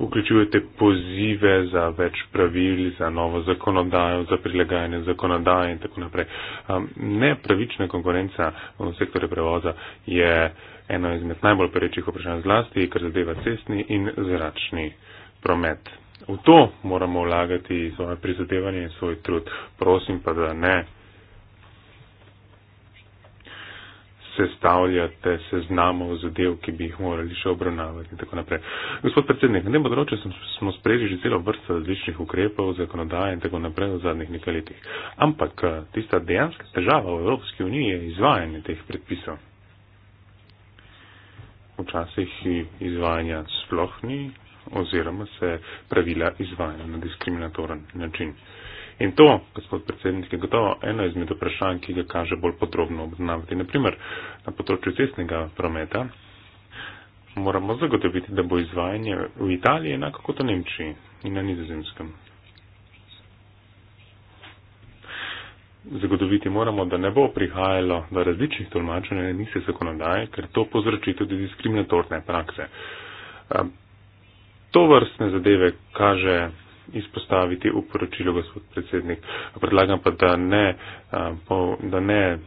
vključujete pozive za več pravil, za novo zakonodajo, za prilagajanje zakonodaje in tako naprej. Um, nepravična konkurenca v sektorju prevoza je eno izmed najbolj perečih vprašanj zlasti, kar zadeva cestni in zračni promet. V to moramo vlagati svoje prizadevanje in svoj trud. Prosim pa, da ne sestavljate seznamov zadev, ki bi jih morali še obravnavati in tako naprej. Gospod predsednik, na tem področju smo sprejeli že celo vrsto različnih ukrepov, zakonodaje in tako naprej v zadnjih nekaj letih. Ampak eh, tista dejanska težava v Evropski uniji je izvajanje teh predpisov. Včasih izvajanja sploh ni oziroma se pravila izvajajo na diskriminatoren način. Uh, In to, gospod predsednik, je gotovo eno izmed vprašanj, ki ga kaže bolj podrobno obznavati. Naprimer, na področju cestnega prometa moramo zagotoviti, da bo izvajanje v Italiji enako kot v Nemčiji in na nizozemskem. Zagotoviti moramo, da ne bo prihajalo do različnih tolmačenj in niste zakonodaje, ker to povzroči tudi diskriminatorne prakse. To vrstne zadeve kaže izpostaviti v poročilu, gospod predsednik. Predlagam pa, da ne, da ne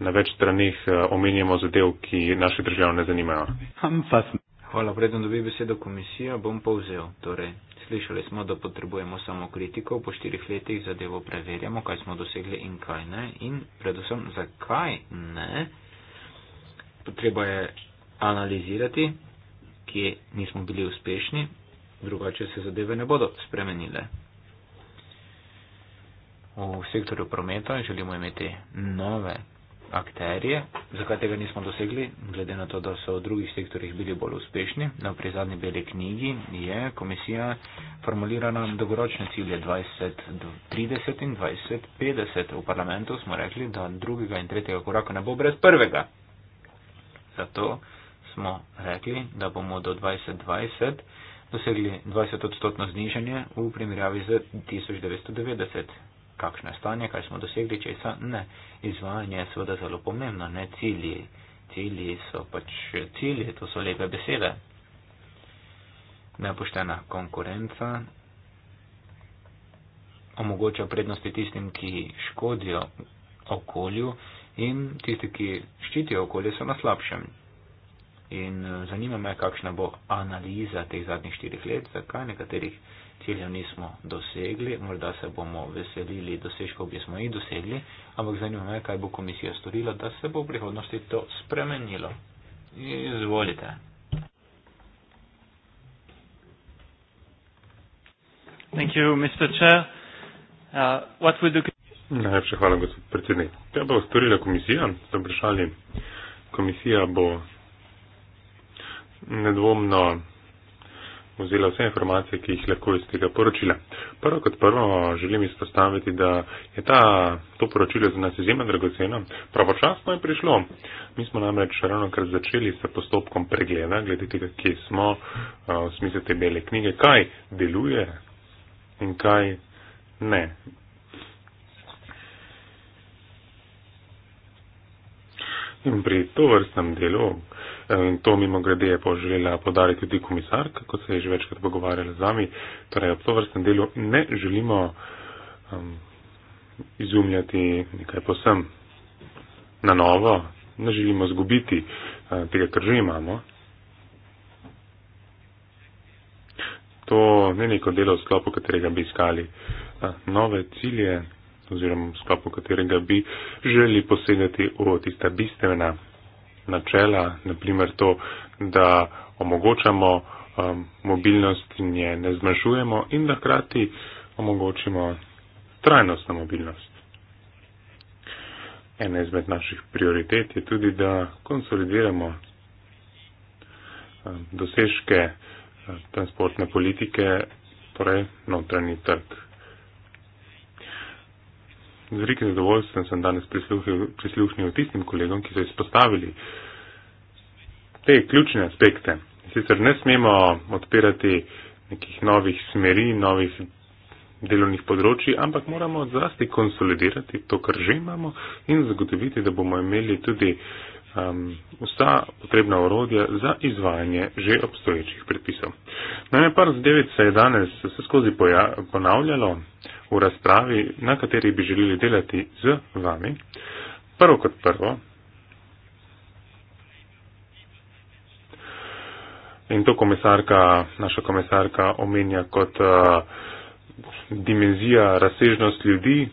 na več stranih omenjamo zadev, ki naše države ne zanimajo. Hvala, predem dobi besedo komisija, bom pa vzel. Torej, slišali smo, da potrebujemo samo kritiko, po štirih letih zadevo preverjamo, kaj smo dosegli in kaj ne. In predvsem, zakaj ne, potreba je analizirati, kje nismo bili uspešni, drugače se zadeve ne bodo spremenile. V sektorju prometa želimo imeti nove akterije. Zakaj tega nismo dosegli? Glede na to, da so v drugih sektorjih bili bolj uspešni. Na no, prizadnji beli knjigi je komisija formulirana dolgoročne cilje 2030 in 2050. V parlamentu smo rekli, da drugega in tretjega koraka ne bo brez prvega. Zato smo rekli, da bomo do 2020 dosegli 20 odstotno znižanje v primerjavi z 1990. Kakšno je stanje, kaj smo dosegli, česa ne. Izvajanje je seveda zelo pomembno, ne cilji. Cilji so pač cilji, to so lepe besede. Nepoštena konkurenca omogoča prednosti tistim, ki škodijo okolju in tisti, ki ščitijo okolje, so na slabšem. In eh, zanima me, kakšna bo analiza teh zadnjih štirih let, zakaj nekaterih ciljev nismo dosegli, morda se bomo veselili dosežkov, ki smo jih dosegli, ampak zanima me, kaj bo komisija storila, da se bo v prihodnosti to spremenilo. Izvolite. You, uh, Najlepša hvala, gospod predsednik. Kaj bo storila komisija? Ste vprašali? Komisija bo nedvomno vzela vse informacije, ki jih lahko iz tega poročila. Prvo kot prvo želim izpostaviti, da je ta, to poročilo za nas izjemno dragoceno. Pravočasno je prišlo. Mi smo namreč ravno kar začeli s postopkom pregleda, glede tega, kje smo, v smislu te bele knjige, kaj deluje in kaj ne. In pri to vrstnem delu In to mimo grede je poželjela podariti tudi komisarka, kot se je že večkrat pogovarjala z nami. Torej, ob to vrstnem delu ne želimo um, izumljati nekaj posem na novo, ne želimo zgubiti uh, tega, kar že imamo. To ni neko delo, v sklopu katerega bi iskali uh, nove cilje oziroma v sklopu katerega bi želeli posegati v tista bistvena načela, naprimer to, da omogočamo um, mobilnost in je ne zmanjšujemo in da hkrati omogočimo trajnostno mobilnost. Ena izmed naših prioritet je tudi, da konsolidiramo um, dosežke um, transportne politike, torej notranji trg. Z velikim zadovoljstvom sem danes prisluhnil, prisluhnil tistim kolegom, ki so izpostavili te ključne aspekte. Sicer ne smemo odpirati nekih novih smeri, novih delovnih področji, ampak moramo zlasti konsolidirati to, kar že imamo in zagotoviti, da bomo imeli tudi uh, um, vsa potrebna orodja za izvajanje že obstoječih predpisov. Naj par zadevic se je danes vse skozi ponavljalo v razpravi, na kateri bi želeli delati z vami. Prvo kot prvo, in to komisarka, naša komisarka omenja kot uh, dimenzija razsežnost ljudi,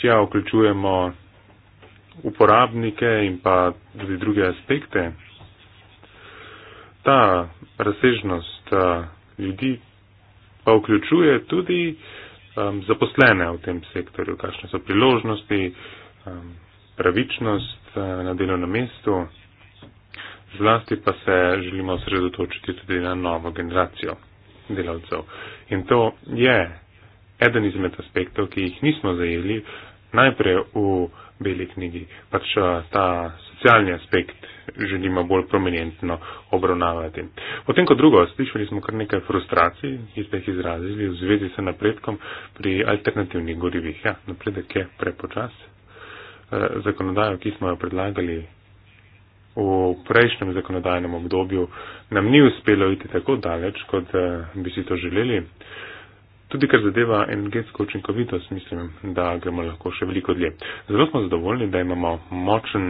tja vključujemo uporabnike in pa tudi druge aspekte. Ta razsežnost eh, ljudi pa vključuje tudi zaposlene v tem sektorju, kakšne so priložnosti, pravičnost eh, na delovnem mestu. Zlasti pa se želimo osredotočiti tudi na novo generacijo delavcev. In to je eden izmed aspektov, ki jih nismo zajeli najprej v beli knjigi. Pač eh, ta socialni aspekt želimo bolj prominentno obravnavati. Potem kot drugo, slišali smo kar nekaj frustracij, ki ste jih izrazili v zvezi s napredkom pri alternativnih gorivih. Ja, napredek je prepočas. Eh, zakonodajo, ki smo jo predlagali v prejšnjem zakonodajnem obdobju, nam ni uspelo iti tako daleč, kot eh, bi si to želeli. Tudi kar zadeva energetsko učinkovitost, mislim, da gremo lahko še veliko dlje. Zelo smo zadovoljni, da imamo močen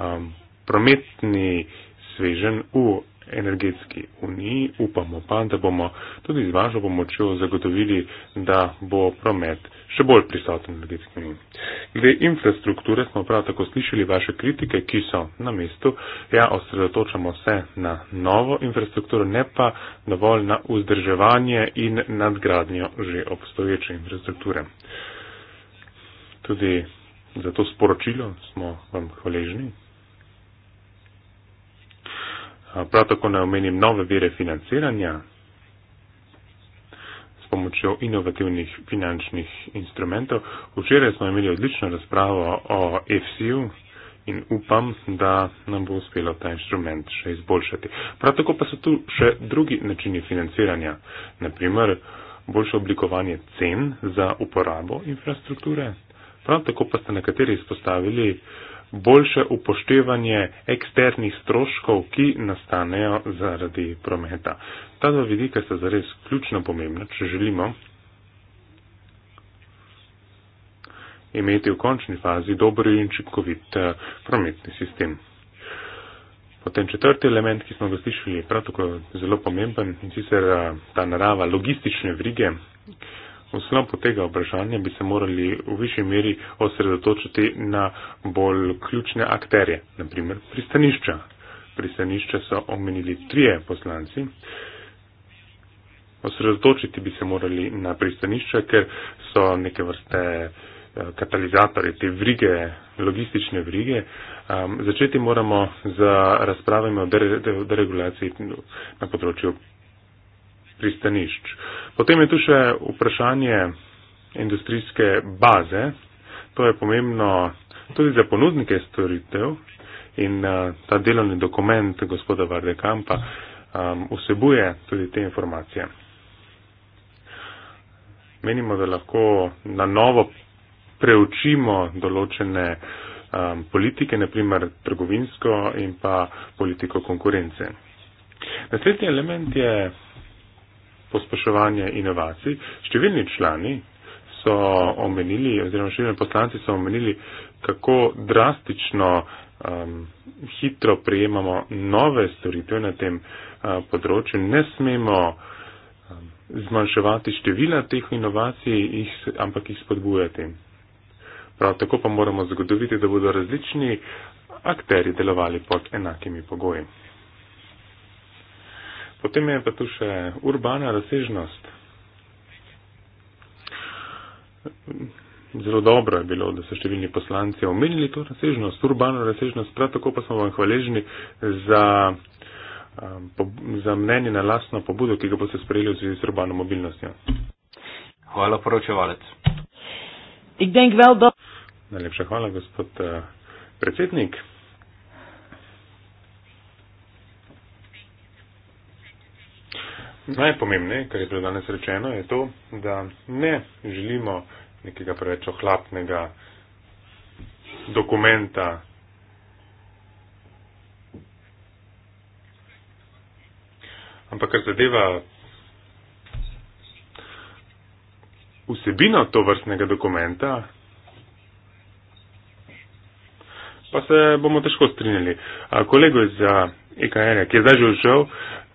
um, prometni svežen v energetski uniji. Upamo pa, da bomo tudi z vašo pomočjo zagotovili, da bo promet še bolj prisoten v energetski uniji. Glede infrastrukture smo prav tako slišali vaše kritike, ki so na mestu. Ja, osredotočamo se na novo infrastrukturo, ne pa dovolj na vzdrževanje in nadgradnjo že obstoječe infrastrukture. Tudi za to sporočilo smo vam hvaležni. Prav tako naj omenim nove vire financiranja s pomočjo inovativnih finančnih instrumentov. Včeraj smo imeli odlično razpravo o FCU in upam, da nam bo uspelo ta inštrument še izboljšati. Prav tako pa so tu še drugi načini financiranja, naprimer boljše oblikovanje cen za uporabo infrastrukture. Prav tako pa ste nekateri izpostavili uh, boljše upoštevanje eksternih stroškov, ki nastanejo zaradi prometa. Ta dva vidika sta zares ključno pomembna, če želimo imeti v končni fazi dober in čipkovit eh, prometni sistem. Potem četrti element, ki smo ga slišali, prav tako zelo pomemben, in sicer eh, ta narava logistične vrige, V sklopu tega vprašanja bi se morali v višji meri osredotočiti na bolj ključne akterje, naprimer pristanišča. Pristanišča so omenili trije poslanci. Osredotočiti bi se morali na pristanišča, ker so neke vrste eh, katalizatorje te vrige, logistične vrige. Um, začeti moramo z razpravami o deregulaciji na področju pristanišč. Potem je tu še vprašanje industrijske baze. To je pomembno tudi za ponudnike storitev in uh, ta delovni dokument gospoda Vardekampa um, ehm, vsebuje tudi te informacije. Menimo, da lahko na novo preučimo določene um, politike, naprimer trgovinsko in pa politiko konkurence. Naslednji element je pospeševanje inovacij. Številni člani so omenili, oziroma številni poslanci so omenili, kako drastično um, hitro prijemamo nove storitve na tem uh, področju. Ne smemo um, zmanjševati števila teh inovacij, jih, ampak jih spodbujati. Prav tako pa moramo zagotoviti, da bodo različni akteri delovali pod enakimi pogoji. Potem je pa tu še urbana razsežnost. Zelo dobro je bilo, da so številni poslanci omenili to razsežnost, urbano razsežnost, prav tako pa smo vam hvaležni za, um, za mnenje na lastno pobudo, ki ga boste sprejeli v zvezi z urbano mobilnostjo. Hvala, poročevalec. Najlepša hvala, gospod eh, predsednik. Najpomembnejše, kar je bilo danes rečeno, je to, da ne želimo nekega preveč ohlapnega dokumenta. Ampak kar zadeva vsebino to vrstnega dokumenta, pa se bomo težko strinjali. Kolego iz EKR, ki je zdaj že ušel,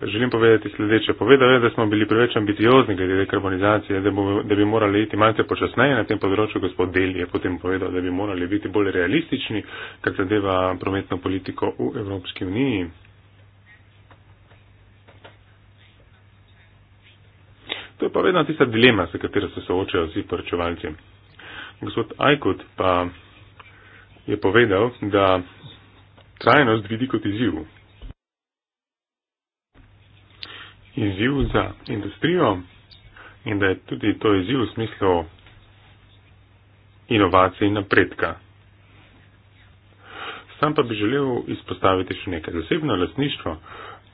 želim povedati sledeče. Povedal je, da smo bili preveč ambiciozni glede dekarbonizacije, da, bo, da bi morali iti malce počasneje na tem področju. Gospod Del je potem povedal, da bi morali biti bolj realistični, kar zadeva prometno politiko v Evropski uniji. To je pa vedno tista dilema, s katero se soočajo vsi poročevalci. Gospod Ajkut pa je povedal, da trajnost vidi kot izziv, izziv za industrijo in da je tudi to izziv v smislu inovacij in napredka. Sam pa bi želel izpostaviti še nekaj. Zasebno lasništvo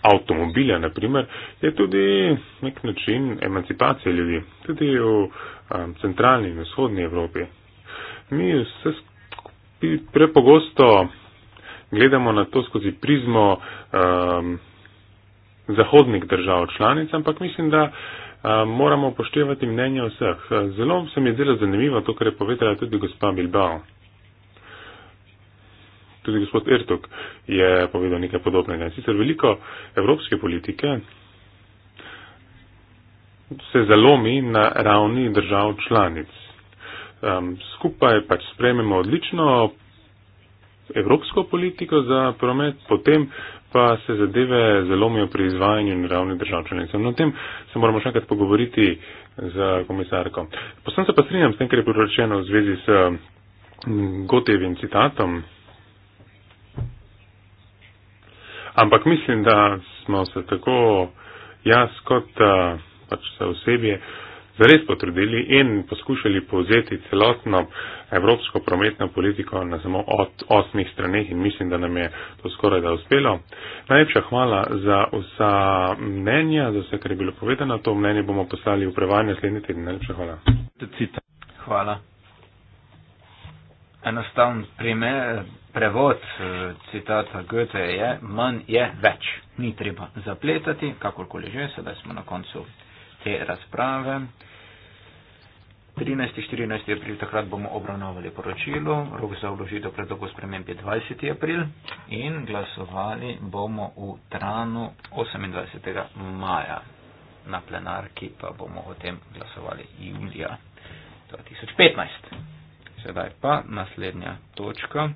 avtomobila, naprimer, je tudi nek način emancipacije ljudi, tudi v um, centralni in vzhodni Evropi. Mi vse prepogosto gledamo na to skozi prizmo um, zahodnih držav članic, ampak mislim, da moramo upoštevati mnenje vseh. Zelo se mi je zelo zanimivo to, kar je povedala tudi gospa Bilbao. Tudi gospod Ertok je povedal nekaj podobnega. Sicer veliko evropske politike se zalomi na ravni držav članic. Skupaj pač sprememo odlično evropsko politiko za promet, potem pa se zadeve zelomijo pri izvajanju naravnih držav članic. Na no, tem se moramo še enkrat pogovoriti z komisarko. Posem se pa strinjam s tem, kar je bilo rečeno v zvezi s Gotevim citatom. Ampak mislim, da smo se tako jaz kot pač se osebje uh, zares potrudili in poskušali povzeti celotno evropsko prometno politiko na samo od osmih straneh in mislim, da nam je to skoraj da uspelo. Najlepša hvala za vsa mnenja, za vse, kar je bilo povedano. To mnenje bomo poslali v prevajanje naslednji teden. Najlepša hvala. Hvala. Enostavn primer, prevod eh, citata Goethe je, manj je več. Ni treba zapletati, kakorkoli že, sedaj smo na koncu te razprave. 13.14. april takrat bomo obravnavali poročilo, rok za vložitev predlogo sprememb je 20. april in glasovali bomo v tranu 28. maja. Na plenarki pa bomo o tem glasovali julija 2015. Sedaj pa naslednja točka.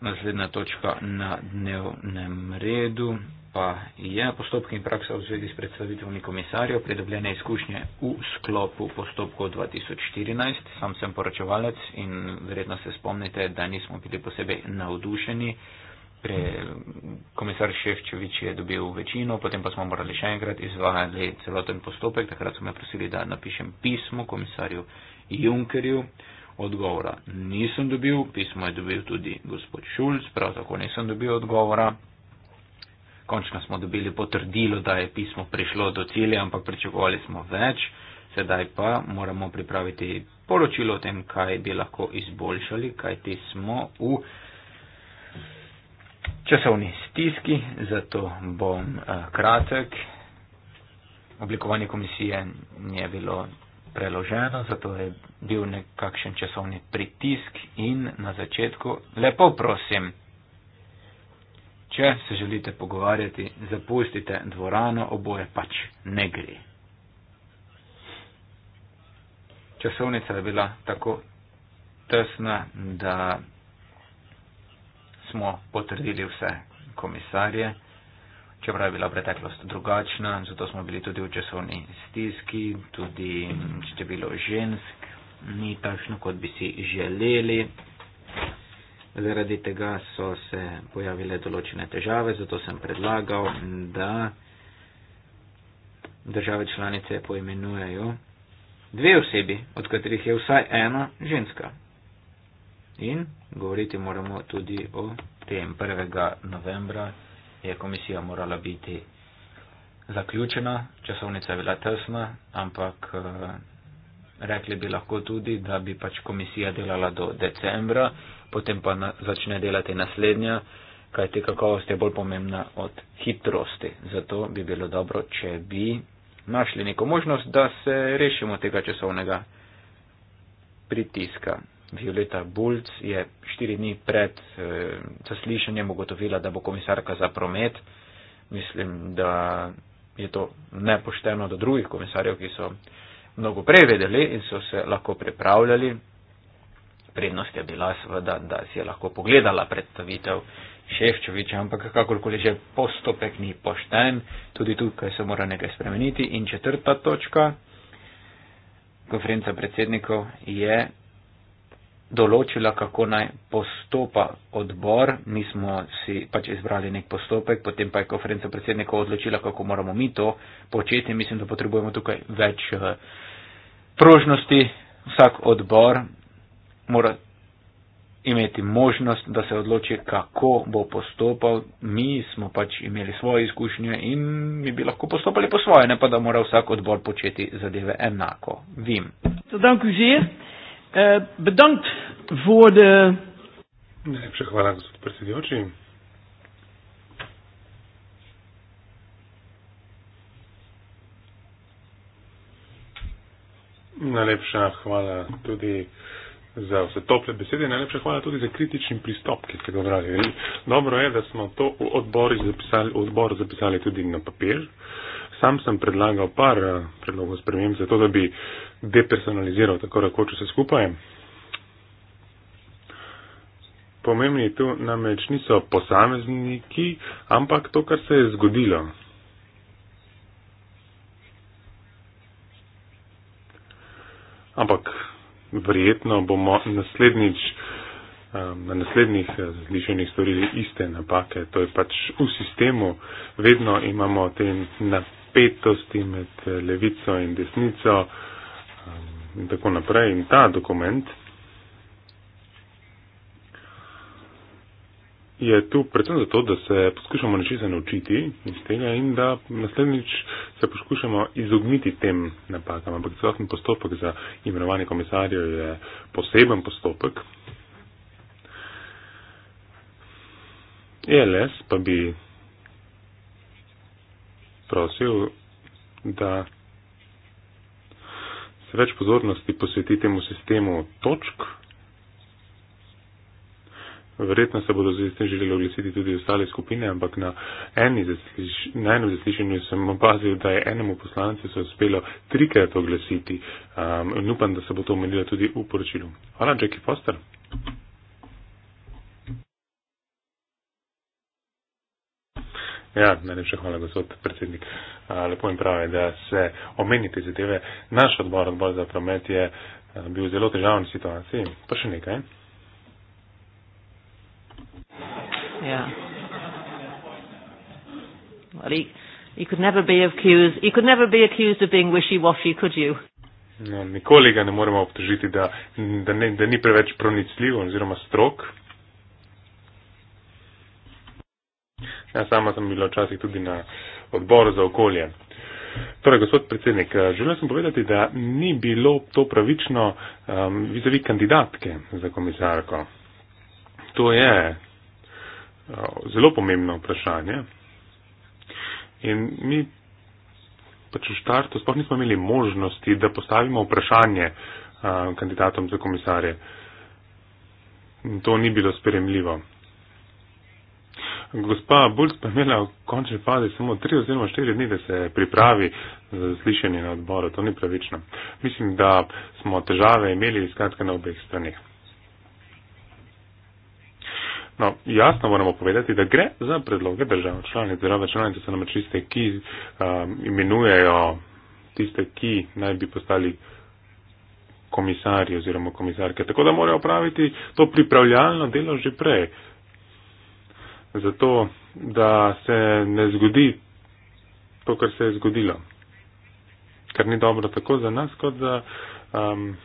Naslednja točka na dnevnem redu pa je postopke in praksa v zvezi s predstavitvami komisarjev pridobljene izkušnje v sklopu postopkov 2014. Sam sem poročevalec in verjetno se spomnite, da nismo bili posebej navdušeni. Pre, komisar Ševčevič je dobil večino, potem pa smo morali še enkrat izvajati celoten postopek. Takrat so me prosili, da napišem pismo komisarju Junkerju. Odgovora nisem dobil, pismo je dobil tudi gospod Šulc, prav tako nisem dobil odgovora končno smo dobili potrdilo, da je pismo prišlo do cilja, ampak pričakovali smo več. Sedaj pa moramo pripraviti poročilo o tem, kaj bi lahko izboljšali, kajti smo v časovni stiski, zato bom eh, kratek. Oblikovanje komisije je bilo preloženo, zato je bil nekakšen časovni pritisk in na začetku lepo prosim. Če se želite pogovarjati, zapustite dvorano, oboje pač ne gre. Časovnica je bila tako tesna, da smo potrdili vse komisarje, čeprav je bila preteklost drugačna, zato smo bili tudi v časovni stiski, tudi število žensk ni takšno, kot bi si želeli, Zaradi tega so se pojavile določene težave, zato sem predlagal, da države članice poimenujejo dve osebi, od katerih je vsaj ena ženska. In govoriti moramo tudi o tem. 1. novembra je komisija morala biti zaključena, časovnica je bila tesna, ampak eh, rekli bi lahko tudi, da bi pač komisija delala do decembra potem pa na, začne delati naslednja, kajti kakovost je bolj pomembna od hitrosti. Zato bi bilo dobro, če bi našli neko možnost, da se rešimo tega časovnega pritiska. Violeta Bulc je štiri dni pred e, zaslišanjem ugotovila, da bo komisarka za promet. Mislim, da je to nepošteno do drugih komisarjev, ki so mnogo prej vedeli in so se lahko pripravljali, prednost je bila seveda, da si je lahko pogledala predstavitev Ševčoviča, ampak kakorkoli že postopek ni pošten, tudi tukaj se mora nekaj spremeniti. In četrta točka konferenca predsednikov je določila, kako naj postopa odbor. Mi smo si pač izbrali nek postopek, potem pa je konferenca predsednikov odločila, kako moramo mi to početi. Mislim, da potrebujemo tukaj več eh, prožnosti. Vsak odbor mora imeti možnost, da se odloči, kako bo postopal. Mi smo pač imeli svoje izkušnje in mi bi lahko postopali po svoje, ne pa da mora vsak odbor početi zadeve enako. Vim. Eh, Najlepša hvala, gospod predsedujoči. Najlepša hvala tudi za vse tople besede. Najlepša hvala tudi za kritični pristop, ki ste ga vrali. Dobro je, da smo to v odbor zapisali, v odbor zapisali tudi na papir. Sam sem predlagal par eh, predlogov sprememb za to, da bi depersonaliziral tako rakoče vse skupaj. Pomembni tu namreč niso posamezniki, ampak to, kar se je zgodilo. Ampak verjetno bomo naslednjič, eh, na naslednjih eh, zlišenih storili iste napake. To je pač v sistemu. Vedno imamo te napetosti med eh, levico in desnico in tako naprej. In ta dokument, je tu predvsem zato, da se poskušamo nečesa naučiti iz tega in da naslednjič se poskušamo izogniti tem napakam. Ampak celoten postopek za imenovanje komisarjev je poseben postopek. ELS pa bi prosil, da se več pozornosti posveti temu sistemu točk Verjetno se bodo zdaj s tem želeli oglasiti tudi ostale skupine, ampak na, zasliš, na enem zaslišanju sem opazil, da je enemu poslancu se uspelo trikrat oglasiti. Um, in upam, da se bo to omenilo tudi v poročilu. Hvala, Jackie Foster. Ja, najlepša hvala, gospod predsednik. Lepo in prav je, da se omenite zadeve. Naš odbor, odbor za promet je bil zelo težaven situaciji. Pa še nekaj. Yeah. Well, he, he could never be accused. He could never be accused of being wishy-washy, could you? No, nikoli ga ne moremo obtožiti, da, da, ne, da ni preveč pronicljiv oziroma strok. Ja, sama sem bila včasih tudi na odboru za okolje. Torej, gospod predsednik, eh, želel sem povedati, da ni bilo to pravično um, vizavi kandidatke za komisarko. To je Eh, zelo pomembno vprašanje. In mi pač v štartu sploh nismo imeli možnosti, da postavimo vprašanje eh, kandidatom za komisarje. In to ni bilo spremljivo. Gospa Bulc pa je imela v končni fazi samo tri oziroma štiri dni, da se pripravi za zaslišanje na odboru. To ni pravično. Mislim, da smo težave imeli skratka na obeh stranih. No, jasno moramo povedati, da gre za predloge držav članic. Države članice so namreč tiste, ki um, imenujejo tiste, ki naj bi postali komisarji oziroma komisarke. Tako da morajo praviti to pripravljalno delo že prej. Zato, da se ne zgodi to, kar se je zgodilo. Kar ni dobro tako za nas, kot za um,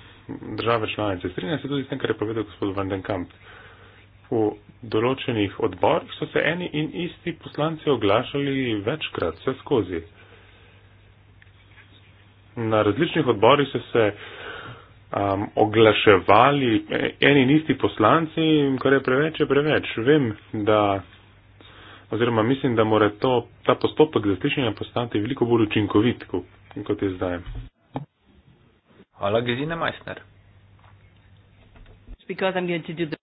države članice. Strinja se tudi s tem, kar je povedal gospod Vandenkamp. Uh, v določenih odborih so se eni in isti poslanci oglašali večkrat vse skozi. Na različnih odborih so se um, oglaševali e, eni in isti poslanci, kar je preveč, je preveč. Vem, da oziroma mislim, da mora to, ta postopek zaslišanja postati veliko bolj učinkovit, kot je zdaj. Hvala, Gizina Majsner. Because I'm going to do the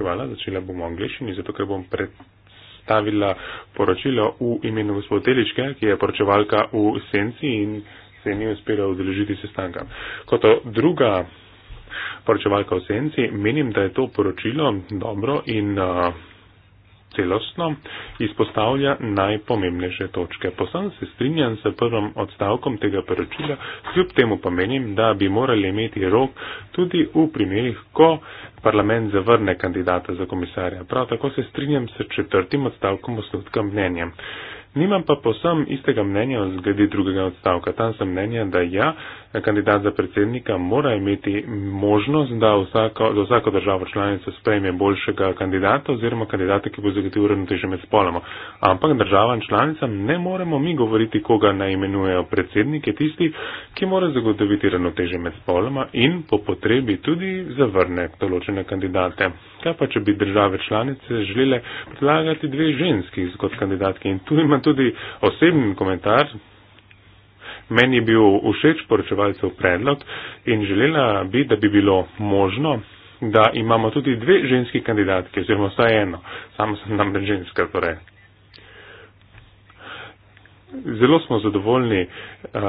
skrivala, začela bom v angliščini, zato ker bom predstavila poročilo v imenu gospod Teličke, ki je poročevalka v Senci in se ni uspela udeležiti sestanka. Kot druga poročevalka v Senci, menim, da je to poročilo dobro in. Uh, celostno izpostavlja najpomembnejše točke. Posem se strinjam s prvim odstavkom tega poročila, kljub temu pa menim, da bi morali imeti rok tudi v primerih, ko parlament zavrne kandidata za komisarja. Prav tako se strinjam s četrtim odstavkom osnutka mnenjem. Nimam pa posem istega mnenja z glede drugega odstavka. Tam sem mnenja, da ja, kandidat za predsednika mora imeti možnost, da vsako, da vsako državo članico sprejme boljšega kandidata oziroma kandidata, ki bo zagotovil ravnoteže med spoloma. Ampak državam članicam ne moremo mi govoriti, koga najmenujejo predsednike, tisti, ki mora zagotoviti ravnoteže med spoloma in po potrebi tudi zavrne določene kandidate. Kaj pa, če bi države članice želele predlagati dve ženski kot kandidatki? In tu imam tudi osebni komentar. Meni je bil všeč poročevalcev predlog in želela bi, da bi bilo možno, da imamo tudi dve ženski kandidatki, oziroma vsaj eno. Sam sem namreč ženska, torej Zelo smo zadovoljni, uh,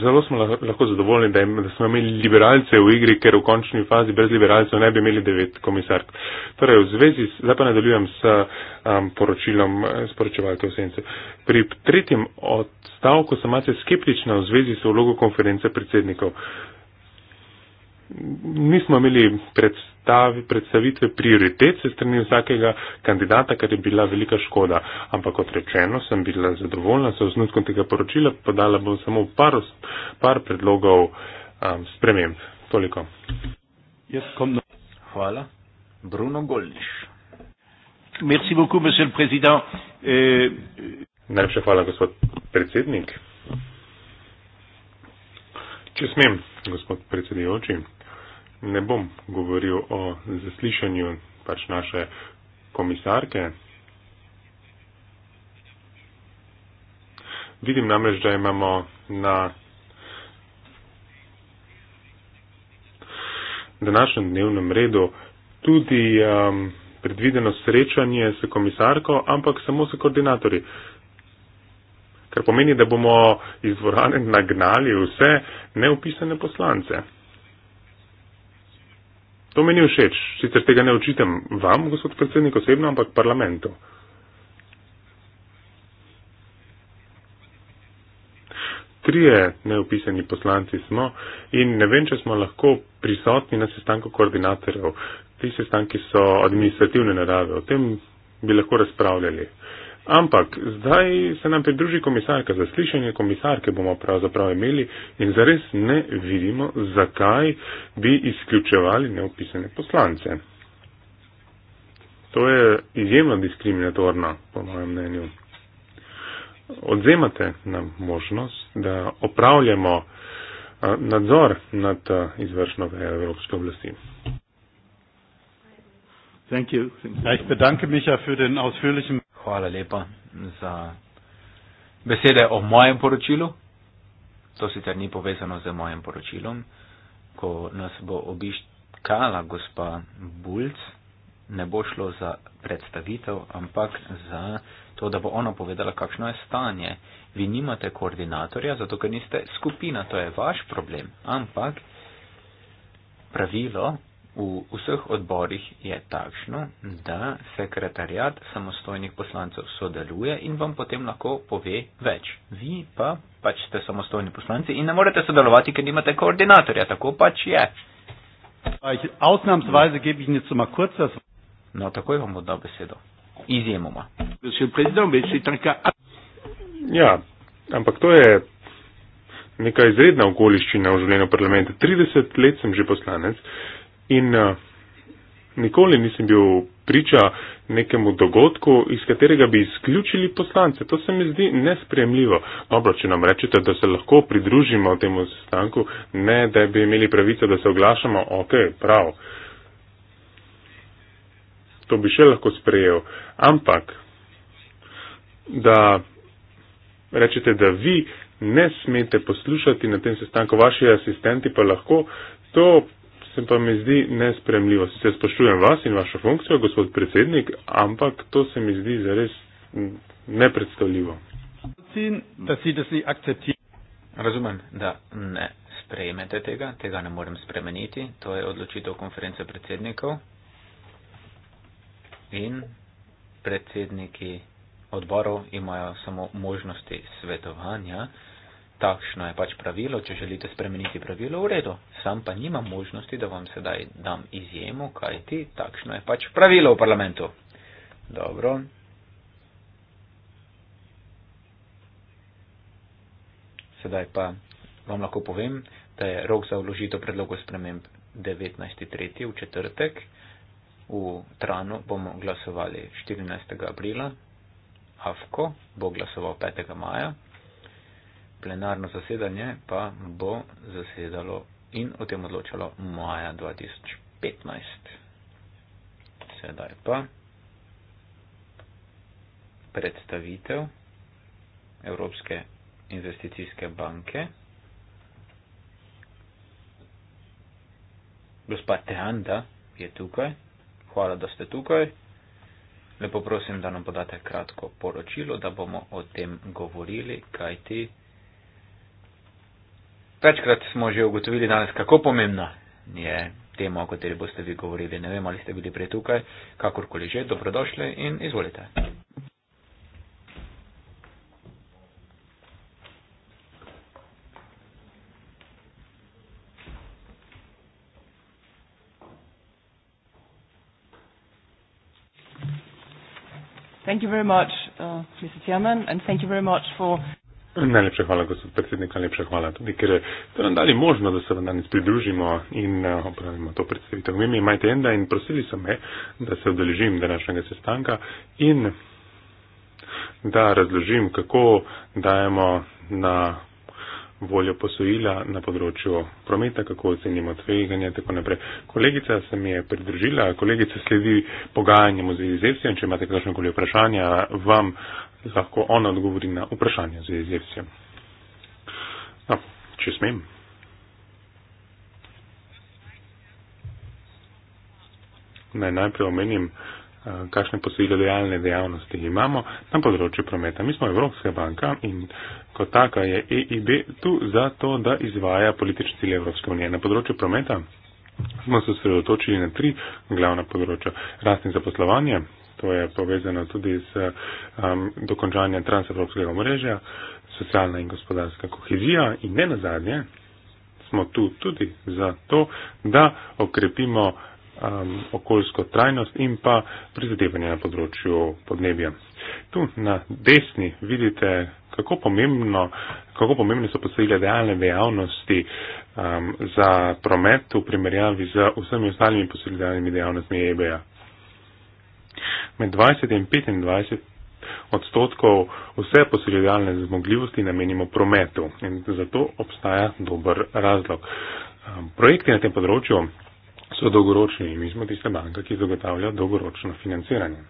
zelo smo lahko zadovoljni, da, im, da smo imeli liberalce v igri, ker v končni fazi brez liberalcev ne bi imeli devet komisark. Torej, v zvezi, zdaj pa nadaljujem s um, poročilom eh, sporočevalke v sencu. Pri tretjem odstavku sem malce skeptična v zvezi s vlogo konference predsednikov. Uh, nismo imeli predstavi, predstavitve prioritet se strani vsakega kandidata, kar je bila velika škoda. Ampak kot rečeno, sem bila zadovoljna s osnutkom tega poročila, podala bom samo par, par predlogov um, sprememb. Toliko. Hvala. Bruno Golniš. Merci beaucoup, monsieur le président. Euh... Najlepša hvala, gospod predsednik. Če smem, gospod predsedujoči ne bom govoril o zaslišanju pač naše komisarke. Vidim namreč, da imamo na današnjem dnevnem redu tudi um, predvideno srečanje s komisarko, ampak samo s koordinatorji. Kar pomeni, da bomo iz dvorane nagnali vse neupisane poslance. To meni všeč, sicer tega ne očitam vam, gospod predsednik, osebno, ampak parlamentu. Trije neopisani poslanci smo in ne vem, če smo lahko prisotni na sestanku koordinatorjev. Ti sestanki so administrativne narave, o tem bi lahko razpravljali. Uh, Ampak zdaj se nam pridruži komisarka, zaslišanje komisarke bomo pravzaprav imeli in zares ne vidimo, zakaj bi izključevali neopisane poslance. To je izjemno diskriminatorno, po mojem mnenju. Odzemate nam možnost, da opravljamo nadzor nad izvršno vejo Evropske oblasti. Thank you. Thank you hvala lepa za besede o mojem poročilu. To sicer ni povezano z mojim poročilom. Ko nas bo obiškala gospa Bulc, ne bo šlo za predstavitev, ampak za to, da bo ona povedala, kakšno je stanje. Vi nimate koordinatorja, zato ker niste skupina, to je vaš problem. Ampak pravilo v vseh odborih je takšno, da sekretarjat samostojnih poslancev sodeluje in vam potem lahko pove več. Vi pa pač ste samostojni poslanci in ne morete sodelovati, ker nimate koordinatorja. Tako pač je. No, takoj vam bom dal besedo. Izjemoma. Ja, ampak to je neka izredna okoliščina v življenju parlamenta. 30 let sem že poslanec. Uh, In eh, nikoli nisem bil priča nekemu dogodku, iz katerega bi izključili poslance. To se mi zdi nespremljivo. Dobro, če nam rečete, da se lahko pridružimo temu sestanku, ne da bi imeli pravico, da se oglašamo, ok, prav. To bi še lahko sprejel. Ampak, da rečete, da vi ne smete poslušati na tem sestanku, vaši asistenti pa lahko, to se pa mi zdi nespremljivo. Sicer spoštujem vas in vašo funkcijo, gospod predsednik, ampak to se mi zdi zares nepredstavljivo. Razumem, da ne sprejmete tega, tega ne morem spremeniti. To je odločitev konference predsednikov in predsedniki odborov imajo samo možnosti svetovanja takšno je pač pravilo, če želite spremeniti pravilo, v redu. Sam pa nimam možnosti, da vam sedaj dam izjemo, kaj ti takšno je pač pravilo v parlamentu. Dobro. Sedaj pa vam lahko povem, da je rok za vložitev predlogov sprememb 19.3. v četrtek. V Tranu bomo glasovali 14. aprila, Avko bo glasoval 5. maja plenarno zasedanje pa bo zasedalo in o tem odločalo maja 2015. Sedaj pa predstavitev Evropske investicijske banke. Gospa Teanda je tukaj. Hvala, da ste tukaj. Lepo prosim, da nam podate kratko poročilo, da bomo o tem govorili, kajti. Večkrat smo že ugotovili danes, kako pomembna je tema, o kateri boste vi govorili. Ne vem, ali ste bili prej tukaj, kakorkoli že, dobrodošli in izvolite. Thank you very much, uh, Mr. Chairman, and thank you very much for Najlepša hvala, gospod predsednik, najlepša hvala tudi, ker ste nam dali možnost, da se vam danes pridružimo in eh, opravimo to predstavitev. Mi je majte enda in prosili so me, da se odeležim današnjega sestanka in da razložim, kako dajemo na voljo posojila na področju prometa, kako ocenimo tveganje in tako naprej. Kolegica se mi je pridružila, kolegica sledi pogajanjem v zvezi z Evsijem, če imate kakšno koli vprašanje, vam lahko ona odgovori na vprašanje z jezircem. No, če smem. Naj najprej omenim, kakšne posojile dejalne dejavnosti imamo na področju prometa. Mi smo Evropska banka in kot taka je EIB tu za to, da izvaja politične cilje Evropske unije. Na področju prometa smo se sredotočili na tri glavna področja. Rast in zaposlovanje, To je povezano tudi z um, dokončanjem transevropskega omrežja, socialna in gospodarska kohezija in ne nazadnje smo tu tudi zato, da okrepimo um, okoljsko trajnost in pa prizadevanje na področju podnebja. Tu na desni vidite, kako, pomembno, kako pomembne so posledile dejavne dejavnosti um, za promet v primerjavi z vsemi ostalimi posledilnimi dejavnostmi EBA. Med 20 in 25 odstotkov vse posredovalne zmogljivosti namenimo prometu in zato obstaja dober razlog. Ehm, projekti na tem področju so dolgoročni in mi smo tista banka, ki zagotavlja dolgoročno financiranje.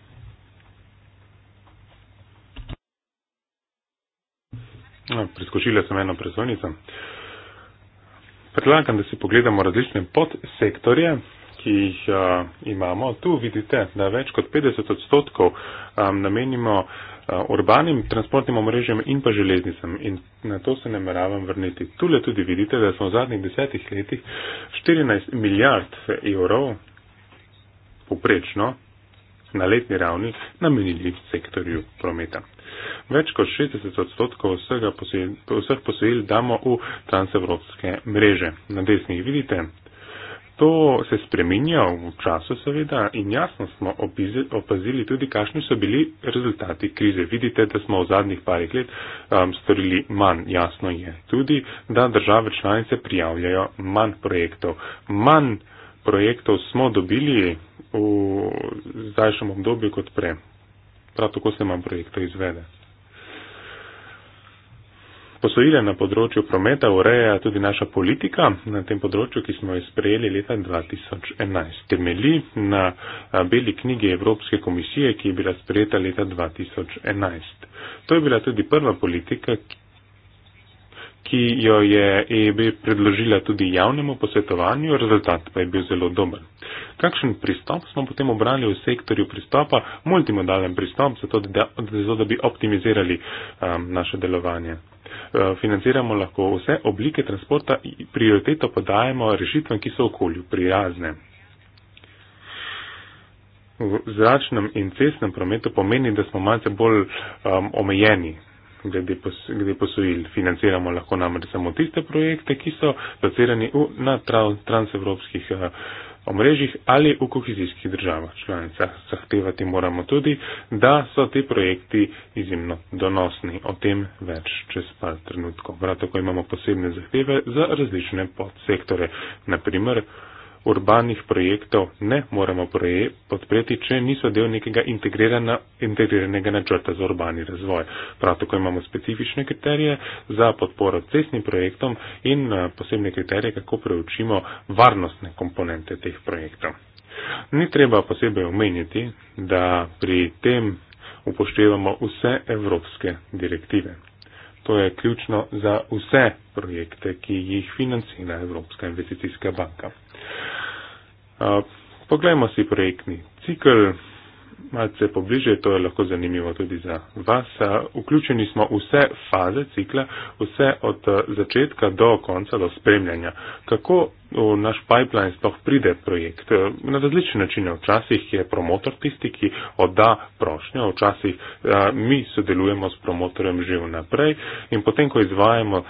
Ehm, Priskočila sem eno predstavnico. Predlagam, da si pogledamo različne podsektorje ki jih imamo. Tu vidite, da več kot 50 odstotkov namenimo urbanim transportnim omrežjem in pa železnicam. In na to se nameravam vrniti. Tule tudi vidite, da smo v zadnjih desetih letih 14 milijard evrov poprečno na letni ravni namenili sektorju prometa. Več kot 60 odstotkov vsega posojil, vseh posojil damo v transevropske mreže. Na desni vidite, to se spreminja v času seveda in jasno smo opazili tudi, kakšni so bili rezultati krize. Vidite, da smo v zadnjih parih let um, storili manj. Jasno je tudi, da države članice prijavljajo manj projektov. Manj projektov smo dobili v zdajšnjem obdobju kot prej. Prav tako se manj projektov izvede. Posojile na področju prometa ureja tudi naša politika na tem področju, ki smo jo sprejeli leta 2011. Temeli na beli knjigi Evropske komisije, ki je bila sprejeta leta 2011. To je bila tudi prva politika, ki ki jo je EIB predložila tudi javnemu posvetovanju, rezultat pa je bil zelo dober. Kakšen pristop smo potem obrali v sektorju pristopa, multimodalen pristop, zato da, zato da bi optimizirali um, naše delovanje. Uh, financiramo lahko vse oblike transporta, prioriteto pa dajemo rešitvam, ki so okolju prijazne. V zračnem in cestnem prometu pomeni, da smo malce bolj um, omejeni, glede, pos, glede posojil. Financiramo lahko namreč samo tiste projekte, ki so locirani v, na transevropskih eh, omrežjih ali v kohezijskih državah članicah. Zahtevati moramo tudi, da so ti projekti izjemno donosni. O tem več čez par trenutkov. Prav tako imamo posebne zahteve za različne podsektore. Naprimer, urbanih projektov ne moremo podpreti, če niso del nekega integriranega načrta za urbani razvoj. Prav tako imamo specifične kriterije za podporo cestnim projektom in eh, posebne kriterije, kako preučimo varnostne komponente teh projektov. Ni treba posebej omeniti, da pri tem upoštevamo vse evropske direktive. To je ključno za vse projekte, ki jih financira Evropska investicijska banka. Poglejmo si projektni cikl, malce pobliže, to je lahko zanimivo tudi za vas. Vključeni smo vse faze cikla, vse od začetka do konca, do spremljanja. Kako v naš pipeline sploh pride projekt? Na različne načine, včasih je promotor tisti, ki odda prošnjo, včasih mi sodelujemo s promotorjem že vnaprej in potem, ko izvajamo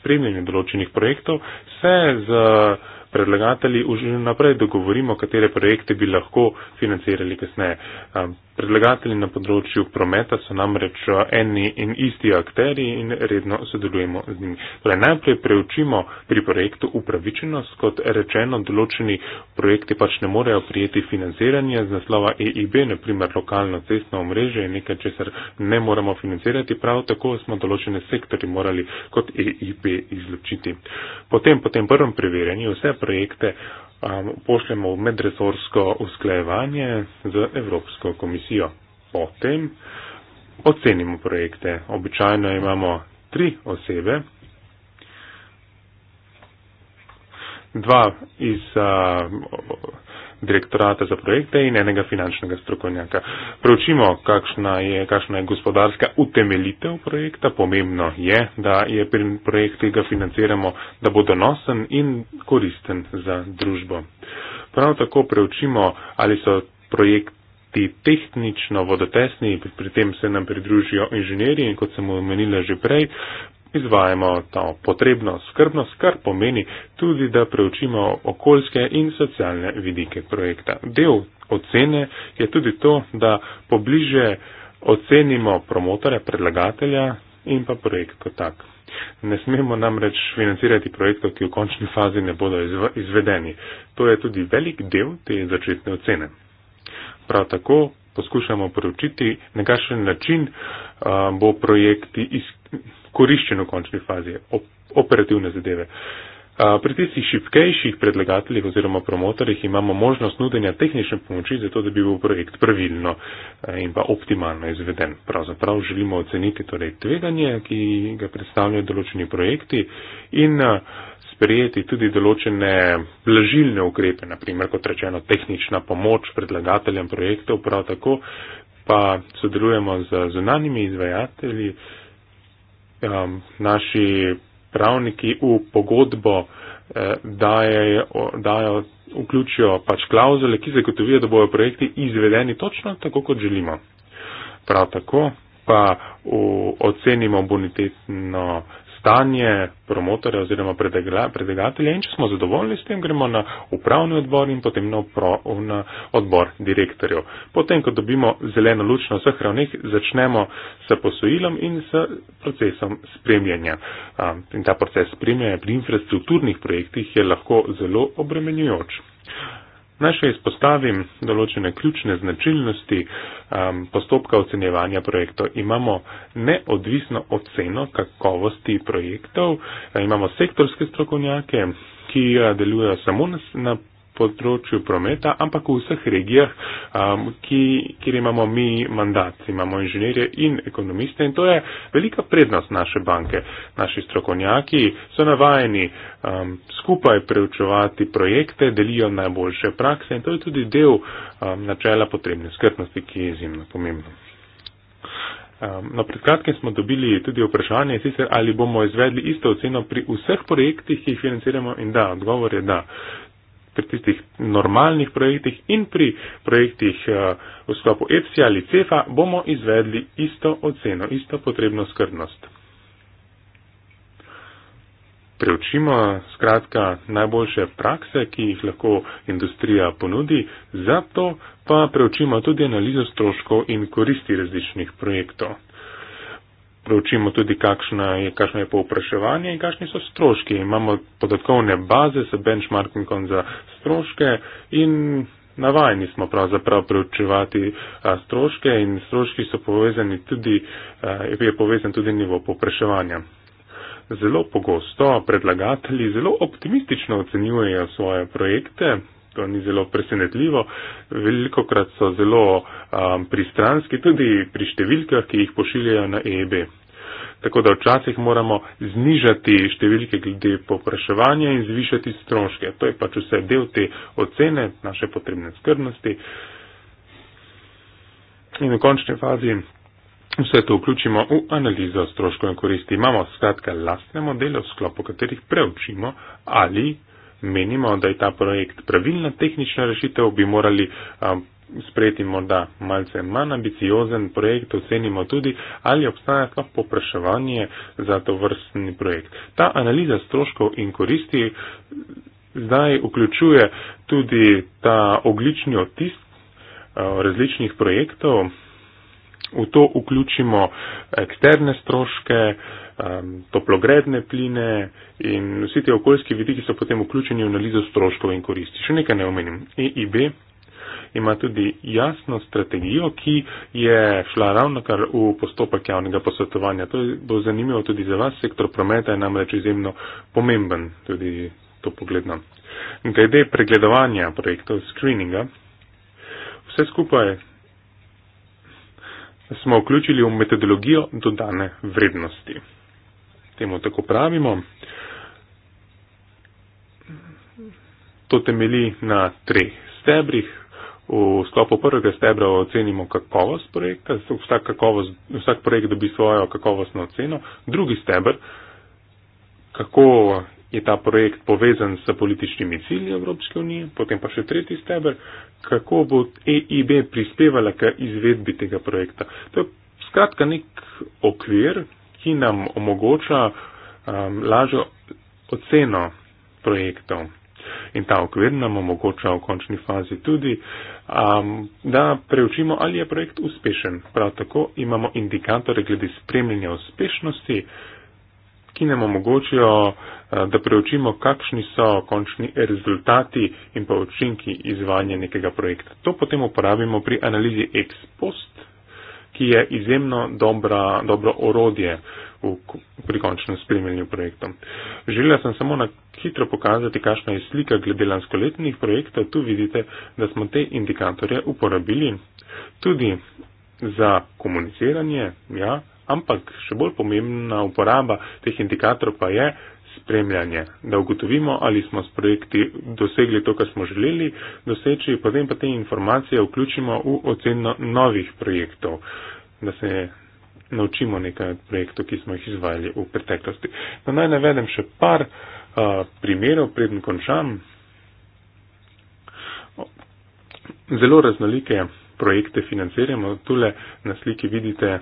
spremljanje določenih projektov, se z predlagatelji už naprej dogovorimo, katere projekte bi lahko financirali kasneje. Um, Predlagatelji na področju prometa so namreč eh, eni in isti akteri in redno sodelujemo z njimi. Le torej, najprej preučimo pri projektu upravičenost, kot rečeno, določeni projekti pač ne morejo prijeti financiranje z naslova EIB, naprimer lokalno cestno omrežje je nekaj, česar ne moramo financirati, prav tako smo določene sektori morali kot EIB izločiti. Potem, potem prvem preverjanju vse projekte. Um, pošljemo v medresorsko usklajevanje z Evropsko komisijo. Potem ocenimo projekte. Običajno imamo tri osebe, dva iz. A, uh, direktorata za projekte in enega finančnega strokovnjaka. Preučimo, kakšna je, kakšna je gospodarska utemelitev projekta. Pomembno je, da je pri projekti, ki ga financiramo, da bo donosen in koristen za družbo. Prav tako preučimo, ali so projekt ti tehnično vodotesni, pri tem se nam pridružijo inženirji in kot sem omenila že prej, izvajamo to potrebno skrbnost, kar pomeni tudi, da preučimo okoljske in socialne vidike projekta. Del ocene je tudi to, da pobliže ocenimo promotorja, predlagatelja in pa projekt kot tak. Ne smemo namreč financirati projektov, ki v končni fazi ne bodo izvedeni. To je tudi velik del te začetne ocene. Prav tako poskušamo poročiti, na kakšen način uh, bo projekt iz, koriščen v končni fazi op operativne zadeve. Uh, pri tistih šipkejših predlagateljih oziroma promotorjih imamo možnost nudenja tehnične pomoči, zato da bi bil projekt pravilno in pa optimalno izveden. Pravzaprav želimo oceniti torej tveganje, ki ga predstavljajo določeni projekti in sprejeti tudi določene blažilne ukrepe, naprimer kot rečeno tehnična pomoč predlagateljem projektov, prav tako pa sodelujemo z zunanimi izvajatelji. Uh, um, naši pravniki v pogodbo eh, dajo, dajo, vključijo pač klauzule, ki zagotovijo, da bojo projekti izvedeni točno tako, kot želimo. Prav tako pa v, ocenimo bonitetno stanje promotorja oziroma predlagatelja in če smo zadovoljni s tem, gremo na upravni odbor in potem na, upro, na odbor direktorjev. Potem, ko dobimo zeleno luč na vseh ravneh, začnemo s posojilom in s procesom spremljanja. In ta proces spremljanja pri infrastrukturnih projektih je lahko zelo obremenjujoč. Naj še izpostavim določene ključne značilnosti um, postopka ocenjevanja projektov. Imamo neodvisno oceno kakovosti projektov, eh, imamo sektorske strokovnjake, ki eh, delujejo samo na, na področju prometa, ampak v vseh regijah, um, ki, kjer imamo mi mandat, imamo inženirje in ekonomiste in to je velika prednost naše banke. Naši strokovnjaki so navajeni um, skupaj preučevati projekte, delijo najboljše prakse in to je tudi del um, načela potrebne skrbnosti, ki je izjemno pomembno. Um, Na no, predkratke smo dobili tudi vprašanje, sicer ali bomo izvedli isto oceno pri vseh projektih, ki jih financiramo in da, odgovor je da pri tistih normalnih projektih in pri projektih eh, v sklopu EPSI ali CEFA bomo izvedli isto oceno, isto potrebno skrbnost. Preučimo skratka najboljše prakse, ki jih lahko industrija ponudi, zato pa preučimo tudi analizo stroškov in koristi različnih projektov preučimo tudi, kakšno je, kakšno je povpraševanje in kakšni so stroški. Imamo podatkovne baze s benchmarkingom za stroške in navajni smo pravzaprav preučevati stroške in stroški so povezani tudi, je povezan tudi nivo povpraševanja. Zelo pogosto predlagatelji zelo optimistično ocenjujejo svoje projekte. To ni zelo presenetljivo. Veliko krat so zelo um, pristranski tudi pri številkah, ki jih pošiljajo na EEB. Tako da včasih moramo znižati številke glede popraševanja in zvišati stroške. To je pač vse del te ocene naše potrebne skrbnosti. In v končni fazi vse to vključimo v analizo stroškov in koristi. Imamo skratka lastne modele, v sklopu katerih preučimo ali menimo, da je ta projekt pravilna tehnična rešitev, bi morali um, sprejeti morda malce manj ambiciozen projekt, ocenimo tudi, ali obstaja sploh popraševanje za to vrstni projekt. Ta analiza stroškov in koristi zdaj vključuje tudi ta oglični otisk eh, različnih projektov. V to vključimo eksterne stroške, toplogredne pline in vsi ti okoljski vidiki so potem vključeni v analizo stroškov in koristi. Še nekaj ne omenim. EIB ima tudi jasno strategijo, ki je šla ravno kar v postopek javnega posvetovanja. To bo zanimivo tudi za vas, sektor prometa je namreč izjemno pomemben tudi to pogledno. Glede pregledovanja projektov, screeninga, vse skupaj smo vključili v metodologijo dodane vrednosti. Temu tako pravimo. To temeli na treh stebrih. V sklopu prvega stebra ocenimo kakovost projekta, vsak, kakovost, vsak projekt dobi svojo kakovostno oceno. Drugi stebr, kako je ta projekt povezan s političnimi cilji Evropske unije, potem pa še tretji stebr, kako bo EIB prispevala k izvedbi tega projekta. To je skratka nek okvir, ki nam omogoča um, lažjo oceno projektov in ta okvir nam omogoča v končni fazi tudi, um, da preučimo, ali je projekt uspešen. Prav tako imamo indikatore glede spremljanja uspešnosti, ki nam omogočajo, uh, eh, da preučimo, kakšni so končni rezultati in pa učinki izvajanja nekega projekta. To potem uporabimo pri analizi ex post, ki je izjemno dobra, dobro orodje. Uh, v, pri končnem spremljanju projekta. Želela sem samo na hitro pokazati, kakšna je slika glede lanskoletnih projektov. Tu vidite, da smo te indikatorje uporabili tudi za komuniciranje, ja, ampak še bolj pomembna uporaba teh indikatorjev pa je spremljanje, da ugotovimo, ali smo s projekti dosegli to, kar smo želeli doseči, potem pa te informacije vključimo v oceno novih projektov, da se naučimo nekaj projektov, ki smo jih izvajali v preteklosti. Pa no, naj navedem še par uh, primerov, preden končam. Zelo raznolike projekte financiramo. Tule na sliki vidite,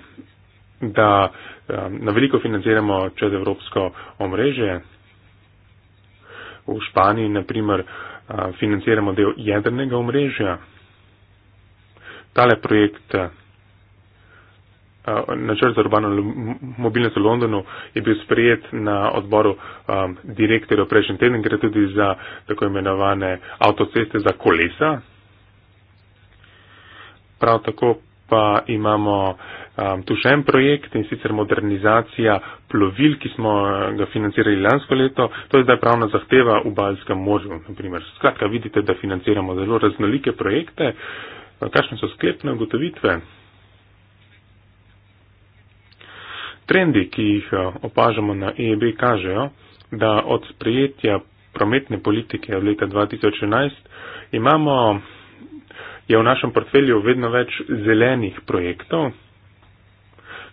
da um, na veliko financiramo čez Evropsko omrežje. V Španiji, naprimer, uh, financiramo del jedrnega omrežja. Tale projekt. Uh, Eh, načrt za urbano mobilnost v Londonu je bil sprejet na odboru um, ehm, direktorja prejšnji teden, gre tudi za tako imenovane avtoceste za kolesa. Prav tako pa imamo um, tu še en projekt in sicer modernizacija plovil, ki smo eh, ga financirali lansko leto. To je zdaj pravna zahteva v Balskem morju. Skratka, vidite, da financiramo zelo raznolike projekte. Eh, kakšne so sklepne ugotovitve? Trendi, ki jih eh, opažamo na EEB, kažejo, da od sprejetja prometne politike od leta 2011 imamo, je v našem portfelju vedno več zelenih projektov,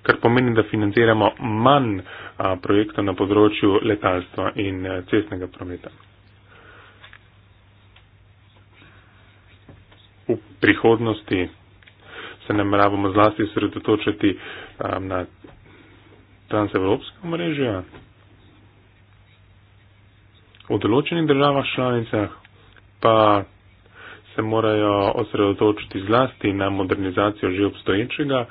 kar pomeni, da financiramo manj eh, projektov na področju letalstva in eh, cestnega prometa. V prihodnosti se nameravamo zlasti sredotočiti na transevropska mreža, v določenih državah članicah pa se morajo osredotočiti zlasti na modernizacijo že obstoječega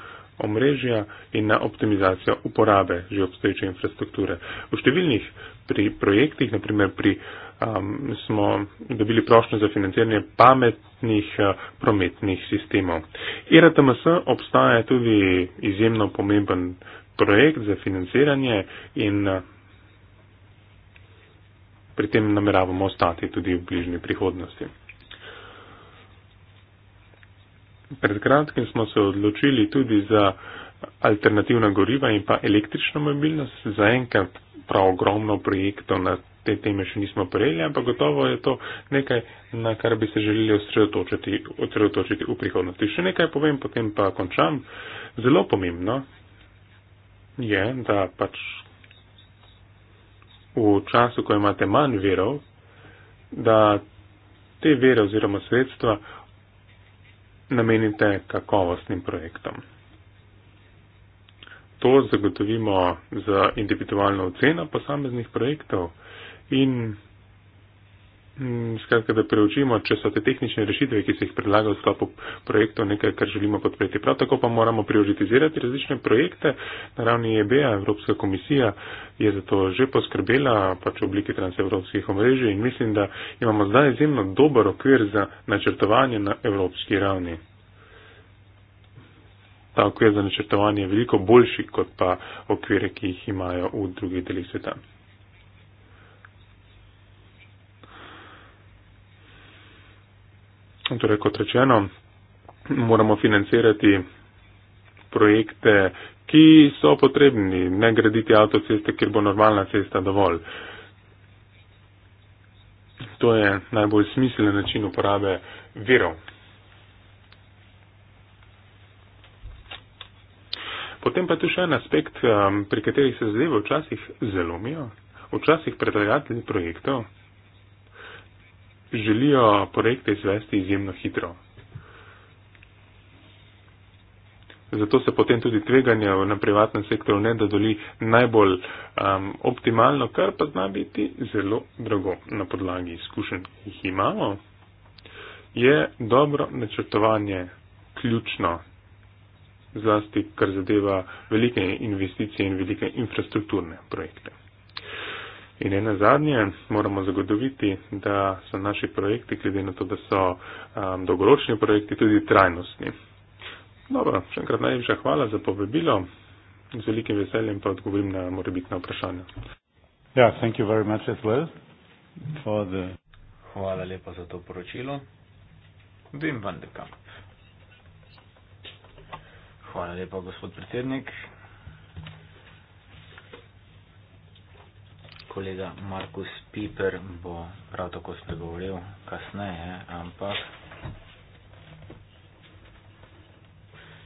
omrežja in na optimizacijo uporabe že obstoječe infrastrukture. V številnih pri projektih, naprimer pri, um, smo dobili prošnjo za financiranje pametnih uh, prometnih sistemov. ERTMS obstaja tudi izjemno pomemben projekt za financiranje in eh, pri tem nameravamo ostati tudi v bližnji prihodnosti. Pred kratkim smo se odločili tudi za alternativna goriva in pa električno mobilnost. Za enkrat prav ogromno projektov na te teme še nismo prejeli, ampak gotovo je to nekaj, na kar bi se želeli osredotočiti, osredotočiti v prihodnosti. Še nekaj povem, potem pa končam. Zelo pomembno je, da pač v času, ko imate manj verov, da te vere oziroma sredstva namenite kakovostnim projektom. To zagotovimo za individualno oceno posameznih projektov in Mm, skratka, da preučimo, če so te tehnične rešitve, ki se jih predlaga v sklopu projektov, nekaj, kar želimo podpreti. Prav tako pa moramo prioritizirati različne projekte. Na ravni EBA Evropska komisija je za to že poskrbela, pač v obliki transevropskih omrežij in mislim, da imamo zdaj izjemno dober okvir za načrtovanje na evropski ravni. Ta okvir za načrtovanje je veliko boljši, kot pa okvire, ki jih imajo v drugih delih sveta. torej kot rečeno, moramo financirati projekte, ki so potrebni, ne graditi avtoceste, ker bo normalna cesta dovolj. To je najbolj smiselen način uporabe virov. Potem pa tu še en aspekt, um, pri katerih se zadeve včasih zelomijo, včasih predlagatelji projektov želijo projekte izvesti izjemno hitro. Zato se potem tudi tveganja na privatnem sektoru ne dodoli najbolj um, optimalno, kar pa zna biti zelo drago. Na podlagi izkušenj, ki jih imamo, je dobro načrtovanje ključno, zlasti kar zadeva velike investicije in velike infrastrukturne projekte. In ena zadnje, moramo zagotoviti, da so naši projekti, glede na to, da so um, dolgoročni projekti, tudi trajnostni. Dobro, še enkrat najlepša hvala za povabilo. Z velikim veseljem pa odgovorim na morebitna vprašanja. Ja, thank you very much as well for the. Hvala lepa za to poročilo. Vim van de kamp. Hvala lepa, gospod predsednik. kolega Markus Piper bo prav tako spregovoril kasneje, ampak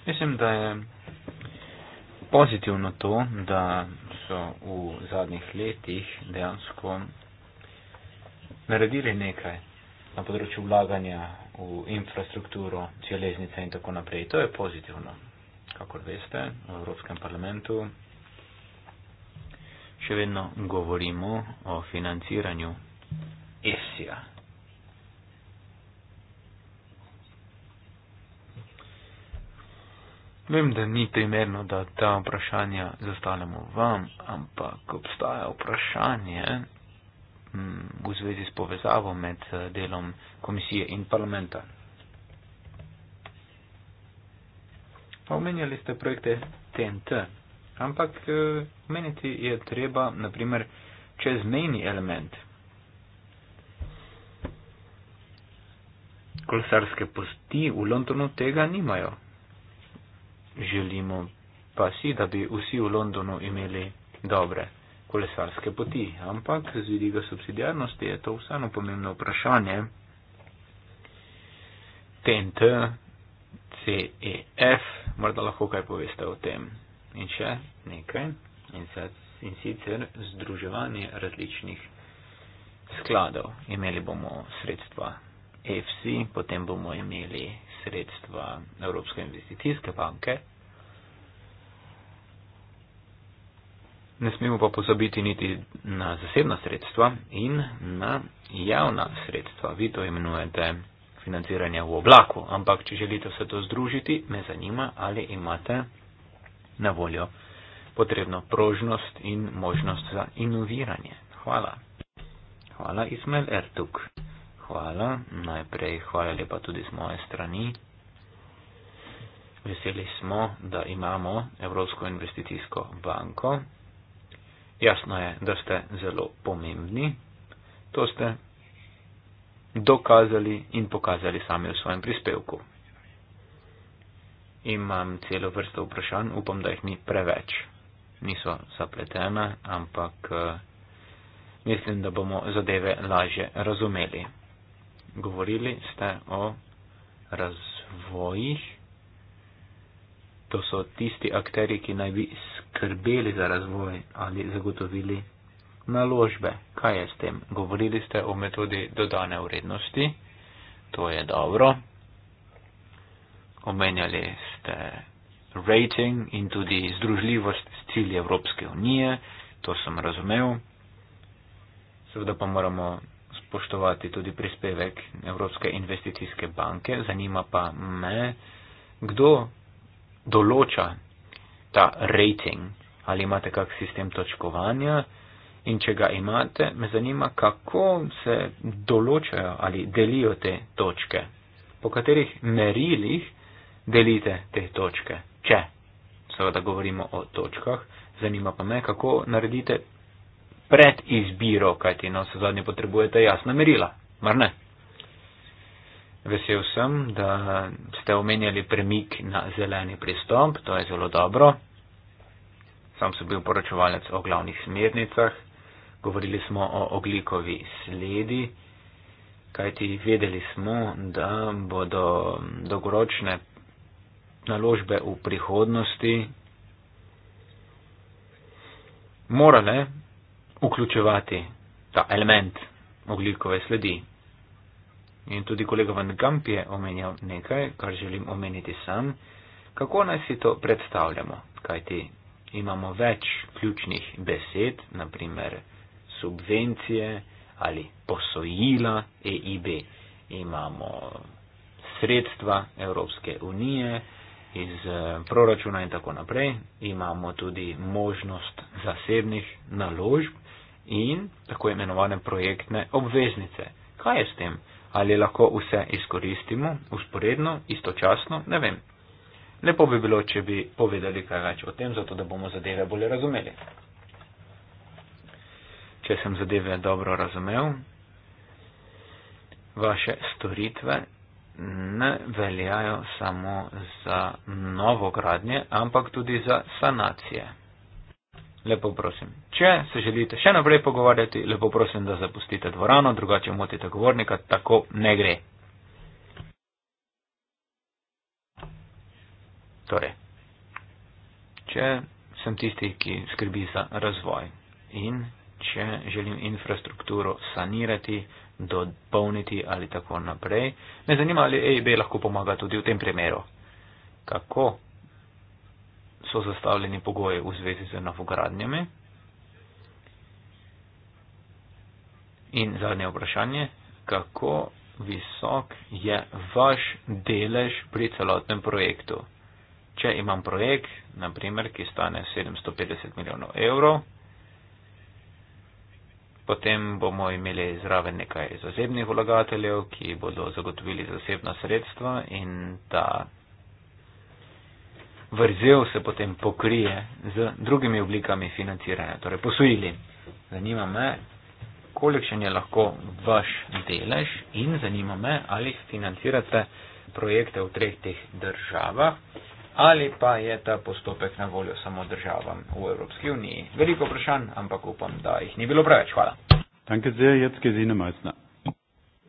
mislim, da je pozitivno to, da so v zadnjih letih dejansko naredili nekaj na področju vlaganja v infrastrukturo, železnice in tako naprej. To je pozitivno. Kakor veste, v Evropskem parlamentu še vedno govorimo o financiranju ESIA. Vem, da ni primerno, da ta vprašanja zastavljamo vam, ampak obstaja vprašanje mm, v zvezi s povezavo med eh, delom komisije in parlamenta. Pa omenjali ste projekte TNT ampak omeniti eh, je treba, naprimer, čezmejni element. Kolesarske posti v Londonu tega nimajo. Želimo pa si, da bi vsi v Londonu imeli dobre kolesarske poti, ampak z vidika subsidijarnosti je to vseeno pomembno vprašanje. TNT, CEF, morda lahko kaj poveste o tem. In še nekaj, in, se, in sicer združevanje različnih skladov. Imeli bomo sredstva e FC, potem bomo imeli sredstva Evropske investicijske banke. Ne smemo pa pozabiti niti na zasebna sredstva in na javna sredstva. Vi to imenujete financiranje v oblaku, ampak če želite vse to združiti, me zanima, ali imate na voljo potrebno prožnost in možnost za inoviranje. Hvala. Hvala, Ismail Ertuk. Hvala. Najprej hvala lepa tudi z moje strani. Veseli smo, da imamo Evropsko investicijsko banko. Jasno je, da ste zelo pomembni. To ste dokazali in pokazali sami v svojem prispevku imam celo vrsto vprašanj, upam, da jih ni preveč. Niso zapletene, ampak eh, mislim, da bomo zadeve lažje razumeli. Govorili ste o razvojih. To so tisti akteri, ki naj bi skrbeli za razvoj ali zagotovili naložbe. Kaj je s tem? Govorili ste o metodi dodane vrednosti. To je dobro omenjali ste rating in tudi združljivost s cilji Evropske unije, to sem razumel. Seveda pa moramo spoštovati tudi prispevek Evropske investicijske banke. Zanima pa me, kdo določa ta rating, ali imate kak sistem točkovanja in če ga imate, me zanima, kako se določajo ali delijo te točke, po katerih merilih delite te točke, če seveda govorimo o točkah. Zanima pa me, kako naredite pred izbiro, kajti na no, vse zadnje potrebujete jasna merila, mar ne? Vesel sem, da ste omenjali premik na zeleni pristop, to je zelo dobro. Sam sem bil poročevalec o glavnih smernicah, govorili smo o oglikovi sledi, kajti vedeli smo, da bodo dolgoročne naložbe v prihodnosti morale vključevati ta element oglikove sledi. In tudi kolega Van Gamp je omenjal nekaj, kar želim omeniti sam, kako naj si to predstavljamo, kajti imamo več ključnih besed, naprimer subvencije ali posojila EIB, imamo sredstva Evropske unije, iz eh, proračuna in tako naprej, imamo tudi možnost zasebnih naložb in tako imenovane projektne obveznice. Kaj je s tem? Ali lahko vse izkoristimo usporedno, istočasno, ne vem. Lepo bi bilo, če bi povedali kaj več o tem, zato da bomo zadeve bolje razumeli. Če sem zadeve dobro razumel, vaše storitve ne veljajo samo za novogradnje, ampak tudi za sanacije. Lepo prosim, če se želite še naprej pogovarjati, lepo prosim, da zapustite dvorano, drugače motite govornika, tako ne gre. Torej, če sem tisti, ki skrbi za razvoj in če želim infrastrukturo sanirati, dopolniti ali tako naprej. Me zanima, ali AIB lahko pomaga tudi v tem primeru. Kako so zastavljeni pogoji v zvezi z novogradnjami? In zadnje vprašanje, kako visok je vaš delež pri celotnem projektu? Če imam projekt, naprimer, ki stane 750 milijonov evrov, Potem bomo imeli zraven nekaj zasebnih vlagateljev, ki bodo zagotovili zasebna sredstva in ta vrzel se potem pokrije z drugimi oblikami financiranja, torej posojili. Zanima me, kolikšen je lahko vaš delež in zanima me, ali financirate projekte v treh teh državah ali pa je ta postopek na voljo samo državam v Evropski uniji. Veliko vprašanj, ampak upam, da jih ni bilo preveč. Hvala. Danke sehr, jetzt Gesine Meissner.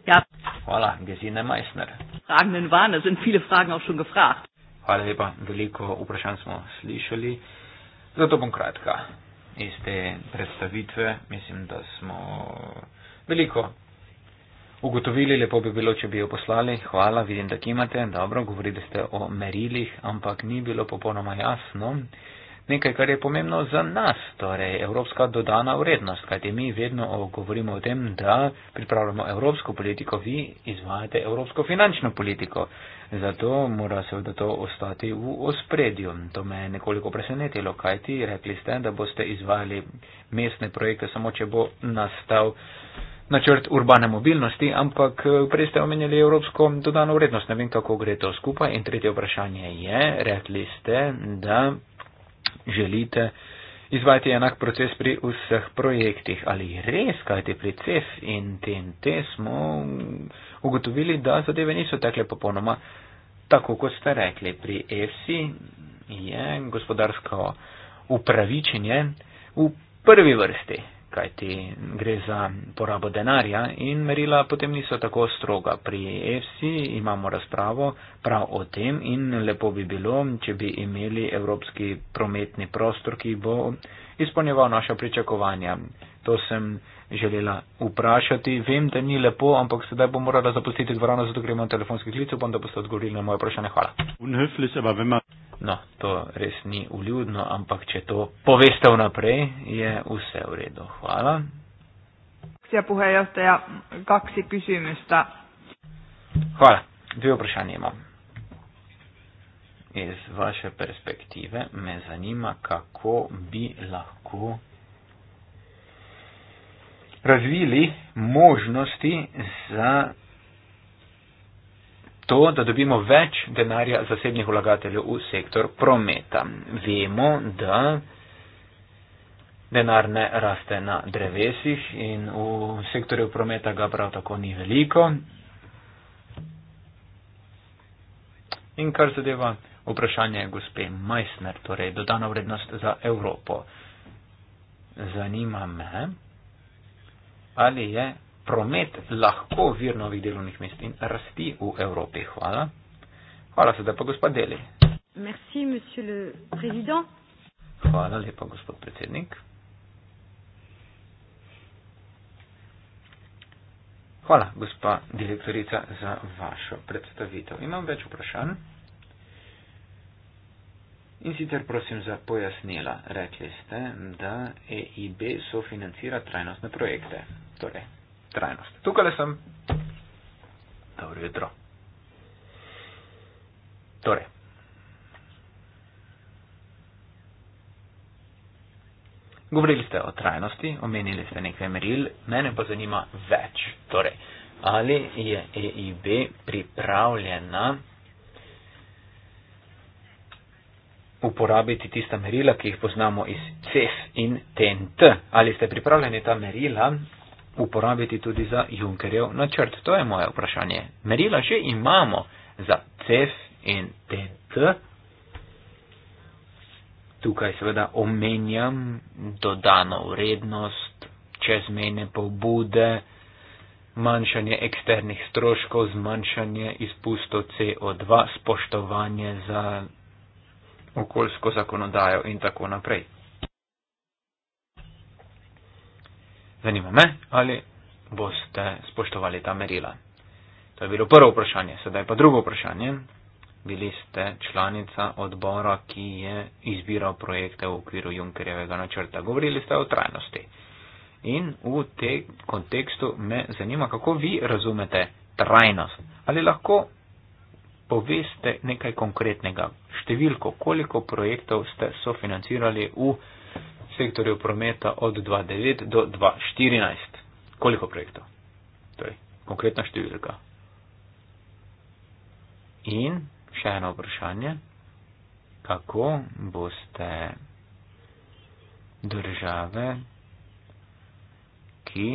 Ja. Hvala, Gesine Meissner. Fragen in Wahne sind viele Fragen auch schon gefragt. Hvala lepa, veliko vprašanj smo slišali. Zato bom kratka. Iz te predstavitve mislim, da smo veliko ugotovili, lepo bi bilo, če bi jo poslali. Hvala, vidim, da kimate. Dobro, govorili ste o merilih, ampak ni bilo popolnoma jasno. Nekaj, kar je pomembno za nas, torej evropska dodana vrednost, kajti mi vedno govorimo o tem, da pripravljamo evropsko politiko, vi izvajate evropsko finančno politiko. Zato mora seveda to ostati v ospredju. To me je nekoliko presenetilo, kajti rekli ste, da boste izvajali mestne projekte samo, če bo nastal načrt urbane mobilnosti, ampak eh, prej ste omenjali evropsko dodano vrednost. Ne vem, kako gre to skupaj. In tretje vprašanje je, rekli ste, da želite izvajati enak proces pri vseh projektih. Ali res, kajte pri CEF in TNT smo ugotovili, da zadeve niso tekle popolnoma tako, kot ste rekli. Pri EFSI je gospodarsko upravičenje v prvi vrsti kajti gre za porabo denarja in merila potem niso tako stroga. Pri EFSI imamo razpravo prav o tem in lepo bi bilo, če bi imeli evropski prometni prostor, ki bo izpolnjeval naša pričakovanja. To sem želela vprašati. Vem, da ni lepo, ampak sedaj bom morala zapustiti dvorano, zato gremo na telefonski klic, upam, da boste odgovorili na moje vprašanje. Hvala. No, to res ni uljudno, ampak če to poveste vnaprej, je vse v redu. Hvala. Hvala. Dve vprašanje imam. Iz vaše perspektive me zanima, kako bi lahko razvili možnosti za to, da dobimo več denarja zasebnih vlagateljev v sektor prometa. Vemo, da denar ne raste na drevesih in v sektorju prometa ga prav tako ni veliko. In kar zadeva vprašanje gospe Meissner, torej dodana vrednost za Evropo. Zanima me, ali je promet lahko vir novih delovnih mest in rasti v Evropi. Hvala. Hvala se, da pa gospod deli. Merci, monsieur le président. Hvala lepa, gospod predsednik. Hvala, gospa direktorica, za vašo predstavitev. Imam več vprašanj. In sicer prosim za pojasnila. Rekli ste, da EIB sofinancira trajnostne projekte. Torej, trajnost. Tukaj le sem. Dobro jutro. Torej. Govorili ste o trajnosti, omenili ste nekaj meril, mene pa zanima več. Torej, ali je EIB pripravljena uporabiti tista merila, ki jih poznamo iz CES in TNT? Ali ste pripravljeni ta merila uporabiti tudi za Junkerjev načrt? To je moje vprašanje. Merila že imamo za CEF in TT. Tukaj seveda omenjam dodano vrednost, čezmejne pobude, manjšanje eksternih stroškov, zmanjšanje izpustov CO2, spoštovanje za okoljsko zakonodajo in tako naprej. Zanima me, ali boste spoštovali ta merila. To je bilo prvo vprašanje, sedaj pa drugo vprašanje. Bili ste članica odbora, ki je izbiral projekte v okviru Junkerjevega načrta. Govorili ste o trajnosti. In v tem kontekstu me zanima, kako vi razumete trajnost. Ali lahko poveste nekaj konkretnega, številko, koliko projektov ste sofinancirali v sektorju prometa od 2009 do 2014. Koliko projektov? Torej, konkretna številka. In še eno vprašanje. Kako boste države, ki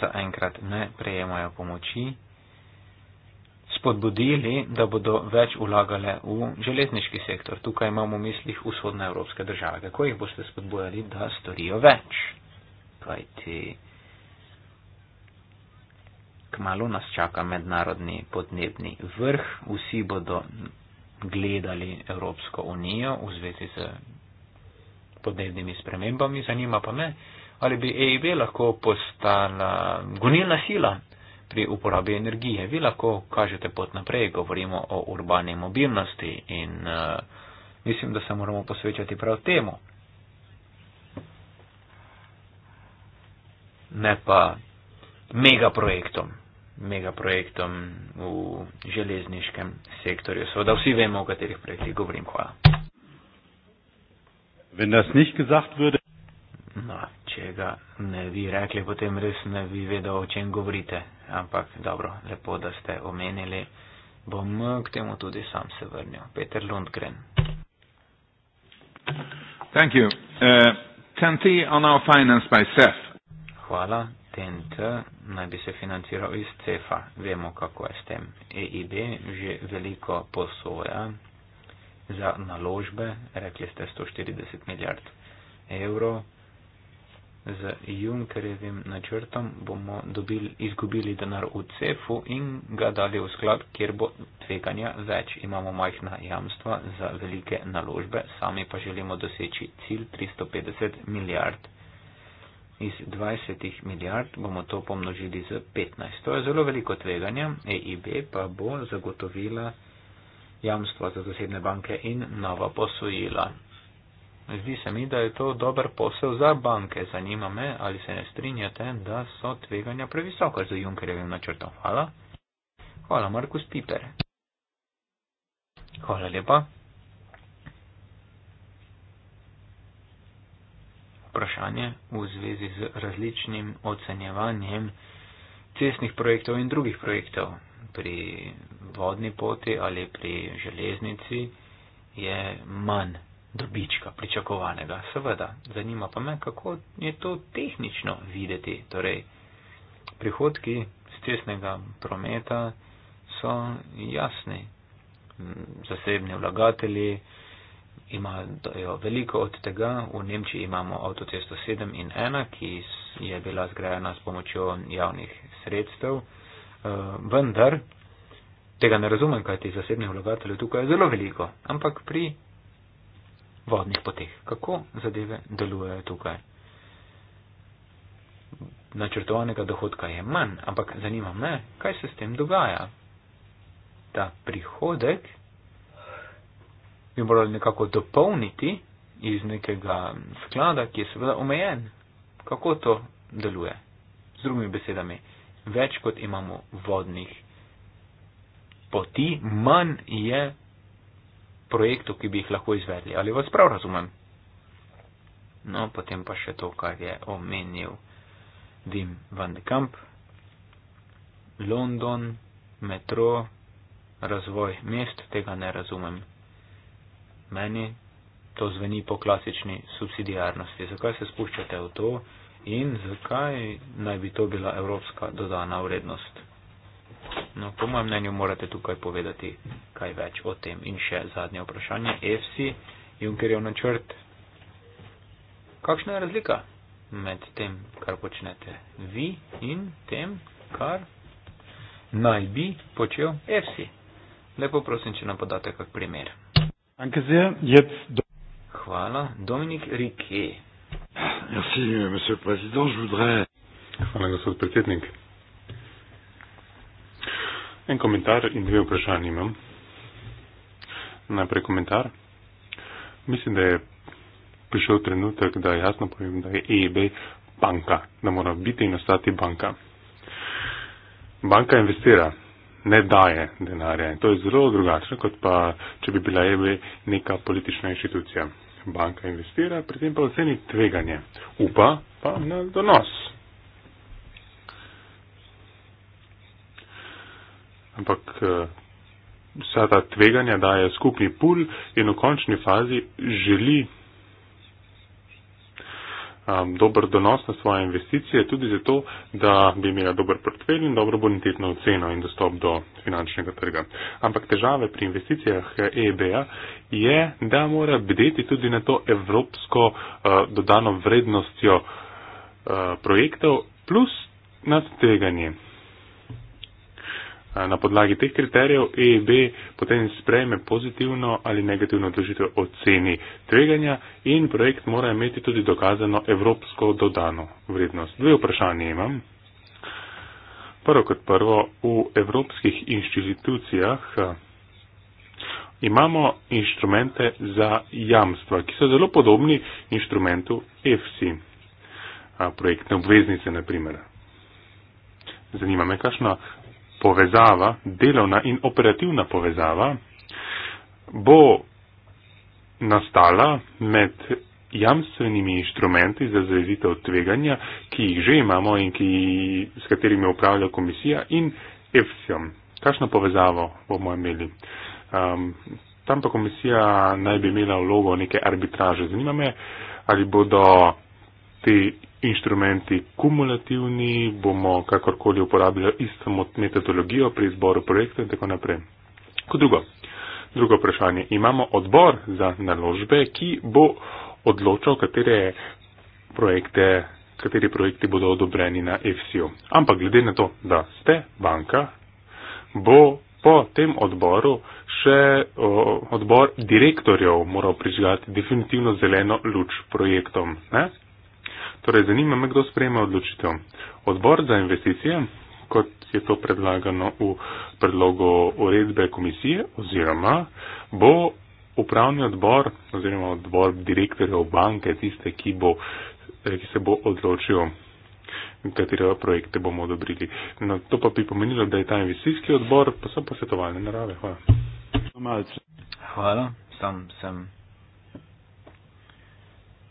zaenkrat ne prejemajo pomoči, spodbudili, da bodo več ulagale v železniški sektor. Tukaj imamo v mislih vzhodne evropske države. Kako jih boste spodbujali, da storijo več? Kajti kmalo nas čaka mednarodni podnebni vrh, vsi bodo gledali Evropsko unijo v zvezi z podnebnimi spremembami. Zanima pa me, ali bi EIB lahko postala gonilna sila pri uporabi energije. Vi lahko kažete pot naprej, govorimo o urbani mobilnosti in uh, mislim, da se moramo posvečati prav temu. Ne pa megaprojektom, megaprojektom v železniškem sektorju. Seveda vsi vemo, o katerih projektih govorim. Hvala. Wenn das nicht gesagt würde, No, če ga ne bi rekli, potem res ne bi vedel, o čem govorite. Ampak dobro, lepo, da ste omenili. Bom k temu tudi sam se vrnil. Peter Lundgren. Thank you. Uh, TNT on our finance by SEF. Hvala. TNT naj bi se financiral iz CEFA. Vemo, kako je s tem. EIB že veliko posoja za naložbe, rekli ste 140 milijard evrov z Junkerjevim načrtom bomo dobili, izgubili denar v CEF-u in ga dali v sklad, kjer bo tveganja več. Imamo majhna jamstva za velike naložbe, sami pa želimo doseči cilj 350 milijard. Iz 20 milijard bomo to pomnožili z 15. To je zelo veliko tveganje. EIB pa bo zagotovila jamstva za zasebne banke in nova posojila. Zdi se mi, da je to dober posel za banke. Zanima me, ali se ne strinjate, da so tveganja previsoka za Junkerjevim načrtom. Hvala. Hvala, Markus Piper. Hvala lepa. Vprašanje v zvezi z različnim ocenjevanjem cestnih projektov in drugih projektov pri vodni poti ali pri železnici je manj dobička pričakovanega. Seveda, zanima pa me, kako je to tehnično videti. Torej, prihodki z cestnega prometa so jasni. Zasebni vlagatelji imajo veliko od tega. V Nemčiji imamo avtocesto 7 in 1, ki je bila zgrajena s pomočjo javnih sredstev. Eh, vendar, tega ne razumem, kaj ti zasebni vlagatelji tukaj je zelo veliko, ampak pri vodnih poteh. Kako zadeve delujejo tukaj? Načrtovanega dohodka je manj, ampak zanima me, kaj se s tem dogaja. Ta prihodek bi morali nekako dopolniti iz nekega sklada, ki je seveda omejen. Kako to deluje? Z drugimi besedami, več kot imamo vodnih poti, manj je projektov, ki bi jih lahko izvedli. Ali vas prav razumem? No, potem pa še to, kar je omenil Dim van de Kamp. London, metro, razvoj mest, tega ne razumem. Meni to zveni po klasični subsidijarnosti. Zakaj se spuščate v to in zakaj naj bi to bila evropska dodana vrednost? No, po mojem mnenju morate tukaj povedati kaj več o tem. In še zadnje vprašanje. EFSI, Junkerjev načrt. Kakšna je razlika med tem, kar počnete vi in tem, kar naj bi počel EFSI? Lepo prosim, če nam podate kak primer. Hvala. Dominik Rike. Hvala, gospod predsednik. En komentar in dve vprašanje imam. Najprej komentar. Mislim, da je prišel trenutek, da jasno povem, da je EIB banka, da mora biti in ostati banka. Banka investira, ne daje denarja in to je zelo drugačno, kot pa če bi bila EIB neka politična inštitucija. Banka investira, pri tem pa oceni tveganje. Upa pa na donos. ampak eh, vsa ta tveganja daje skupni pul in v končni fazi želi um, dober donos na svoje investicije, tudi zato, da bi imela dober portfelj in dobro bonitetno oceno in dostop do finančnega trga. Ampak težave pri investicijah EBA je, da mora bdeti tudi na to evropsko uh, dodano vrednostjo uh, projektov plus na tveganje. Eh, na podlagi teh kriterijev EEB potem sprejme pozitivno ali negativno odločitev o ceni tveganja in projekt mora imeti tudi dokazano evropsko dodano vrednost. Dve vprašanje imam. Prvo kot prvo, v evropskih inštitucijah eh, imamo inštrumente za jamstva, ki so zelo podobni inštrumentu EFSI, eh, projektne obveznice na primer. Zanima me, kakšno povezava, delovna in operativna povezava, bo nastala med jamstvenimi inštrumenti za zrezitev tveganja, ki jih že imamo in ki, s katerimi upravlja komisija in EFSIOM. Kakšno povezavo bomo imeli? Um, tam pa komisija naj bi imela vlogo neke arbitraže. Zanima me, ali bodo te inštrumenti kumulativni, bomo kakorkoli uporabljali isto metodologijo pri izboru projektov in tako naprej. Kot drugo, drugo vprašanje. Imamo odbor za naložbe, ki bo odločal, katere projekte, kateri projekti bodo odobreni na FCO. Ampak glede na to, da ste banka, bo po tem odboru še o, odbor direktorjev moral prižgati definitivno zeleno luč projektom. Ne? Torej, zanima me, kdo sprejema odločitev. Odbor za investicije, kot je to predlagano v predlogu uredbe komisije, oziroma bo upravni odbor oziroma odbor direktorjev banke tiste, ki, bo, eh, ki se bo odločil, katere projekte bomo odobrili. No, to pa bi pomenilo, da je ta investicijski odbor pa so posvetovalne narave. Hvala. Hvala, sam sem.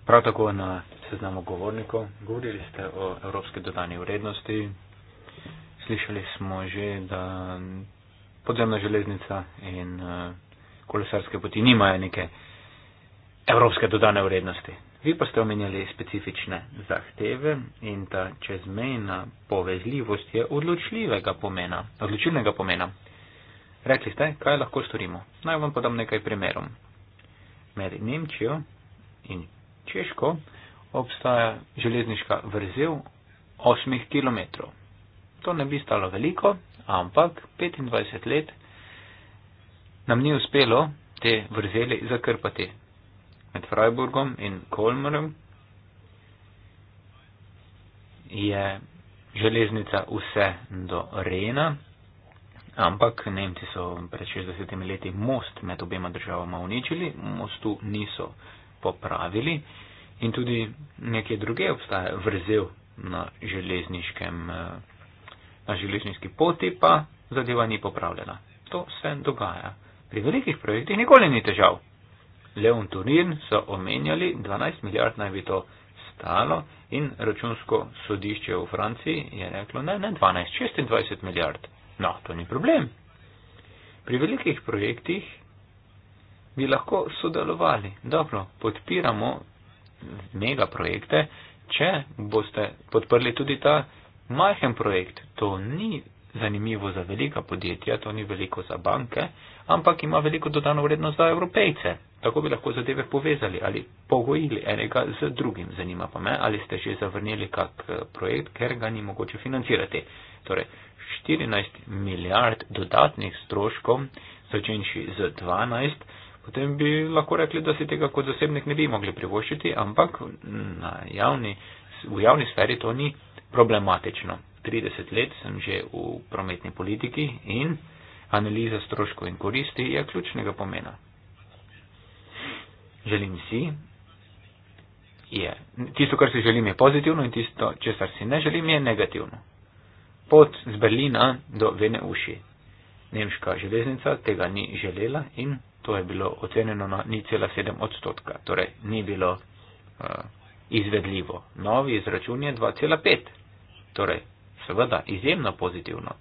Prav tako na seznamu govornikov. Govorili ste o evropske dodani vrednosti. Slišali smo že, da podzemna železnica in eh, kolesarske poti nimajo neke evropske dodane vrednosti. Vi pa ste omenjali specifične zahteve in ta čezmejna povezljivost je odločljivega pomena, odločilnega pomena. Rekli ste, kaj lahko storimo. Naj vam podam nekaj primerov. Med Nemčijo in Češko obstaja železniška vrzel 8 km. To ne bi stalo veliko, ampak 25 let nam ni uspelo te vrzeli zakrpati med Freiburgom in Kolmerem. Je železnica vse do Rena, ampak Nemci so pred 60 leti most med obema državama uničili, mostu niso popravili. In tudi nekje druge obstaja vrzel na železniškem, eh, na železniški poti, pa zadeva ni popravljena. To se dogaja. Pri velikih projektih nikoli ni težav. Leon Turin so omenjali, 12 milijard naj bi to stalo in računsko sodišče v Franciji je reklo, ne, ne 12, 26 milijard. No, to ni problem. Pri velikih projektih bi lahko sodelovali. Dobro, podpiramo mega projekte, če boste podprli tudi ta majhen projekt. To ni zanimivo za velika podjetja, to ni veliko za banke, ampak ima veliko dodano vrednost za evropejce. Tako bi lahko zadeve povezali ali pogojili enega z drugim. Zanima pa me, ali ste že zavrnili kak eh, projekt, ker ga ni mogoče financirati. Torej, 14 milijard dodatnih stroškov, začenši z 12 milijard, potem bi lahko rekli, da si tega kot zasebnik ne bi mogli privoščiti, ampak javni, v javni sferi to ni problematično. 30 let sem že v prometni politiki in analiza stroškov in koristi je ključnega pomena. Želim si, je. tisto, kar si želim, je pozitivno in tisto, česar si ne želim, je negativno. Pot z Berlina do Veneuši. Nemška železnica tega ni želela in to je bilo ocenjeno na 0,7 odstotka, torej ni bilo uh, izvedljivo. Novi izračun je 2,5, torej seveda izjemno pozitivno.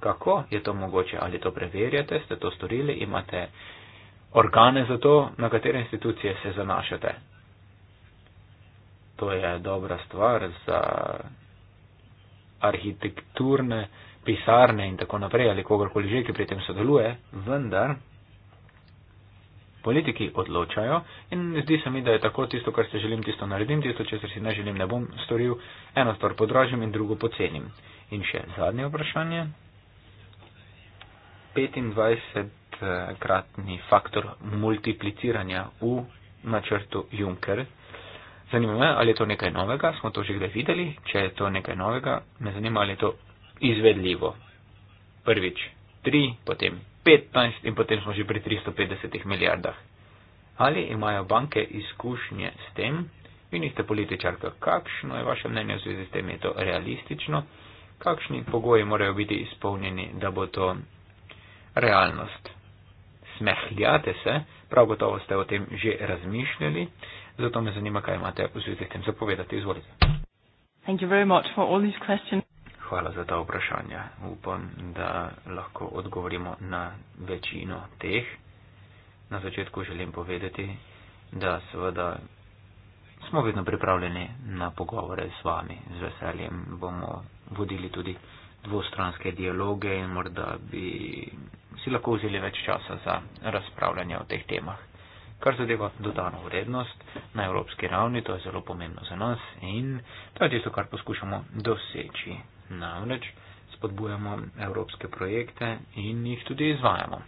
Kako je to mogoče? Ali to preverjate, ste to storili, imate organe za to, na katere institucije se zanašate? To je dobra stvar za arhitekturne pisarne in tako naprej ali kogarkoli že, ki pri tem sodeluje, vendar Politiki odločajo in zdi se mi, da je tako tisto, kar se želim, tisto naredim, tisto, česar si ne želim, ne bom storil, eno stvar podražim in drugo pocenim. In še zadnje vprašanje. 25-kratni faktor multipliciranja v načrtu Juncker. Zanima me, ali je to nekaj novega, smo to že kdaj videli, če je to nekaj novega, me zanima, ali je to izvedljivo. Prvič 3, potem 15 in potem smo že pri 350 milijardah. Ali imajo banke izkušnje s tem? In niste političarka, kakšno je vaše mnenje v zvezi s tem, je to realistično? Kakšni pogoji morajo biti izpolnjeni, da bo to realnost? Smehljate se, prav gotovo ste o tem že razmišljali, zato me zanima, kaj imate v zvezi s tem zapovedati. Izvolite. Thank you very much for all these questions. Hvala za ta vprašanja. Upam, da lahko odgovorimo na večino teh. Na začetku želim povedati, da seveda smo vedno pripravljeni na pogovore z vami. Z veseljem bomo vodili tudi dvostranske dialoge in morda bi si lahko vzeli več časa za razpravljanje o teh temah kar zadeva dodano vrednost na evropski ravni, to je zelo pomembno za nas in to je tisto, kar poskušamo doseči. Namreč spodbujamo evropske projekte in jih tudi izvajamo.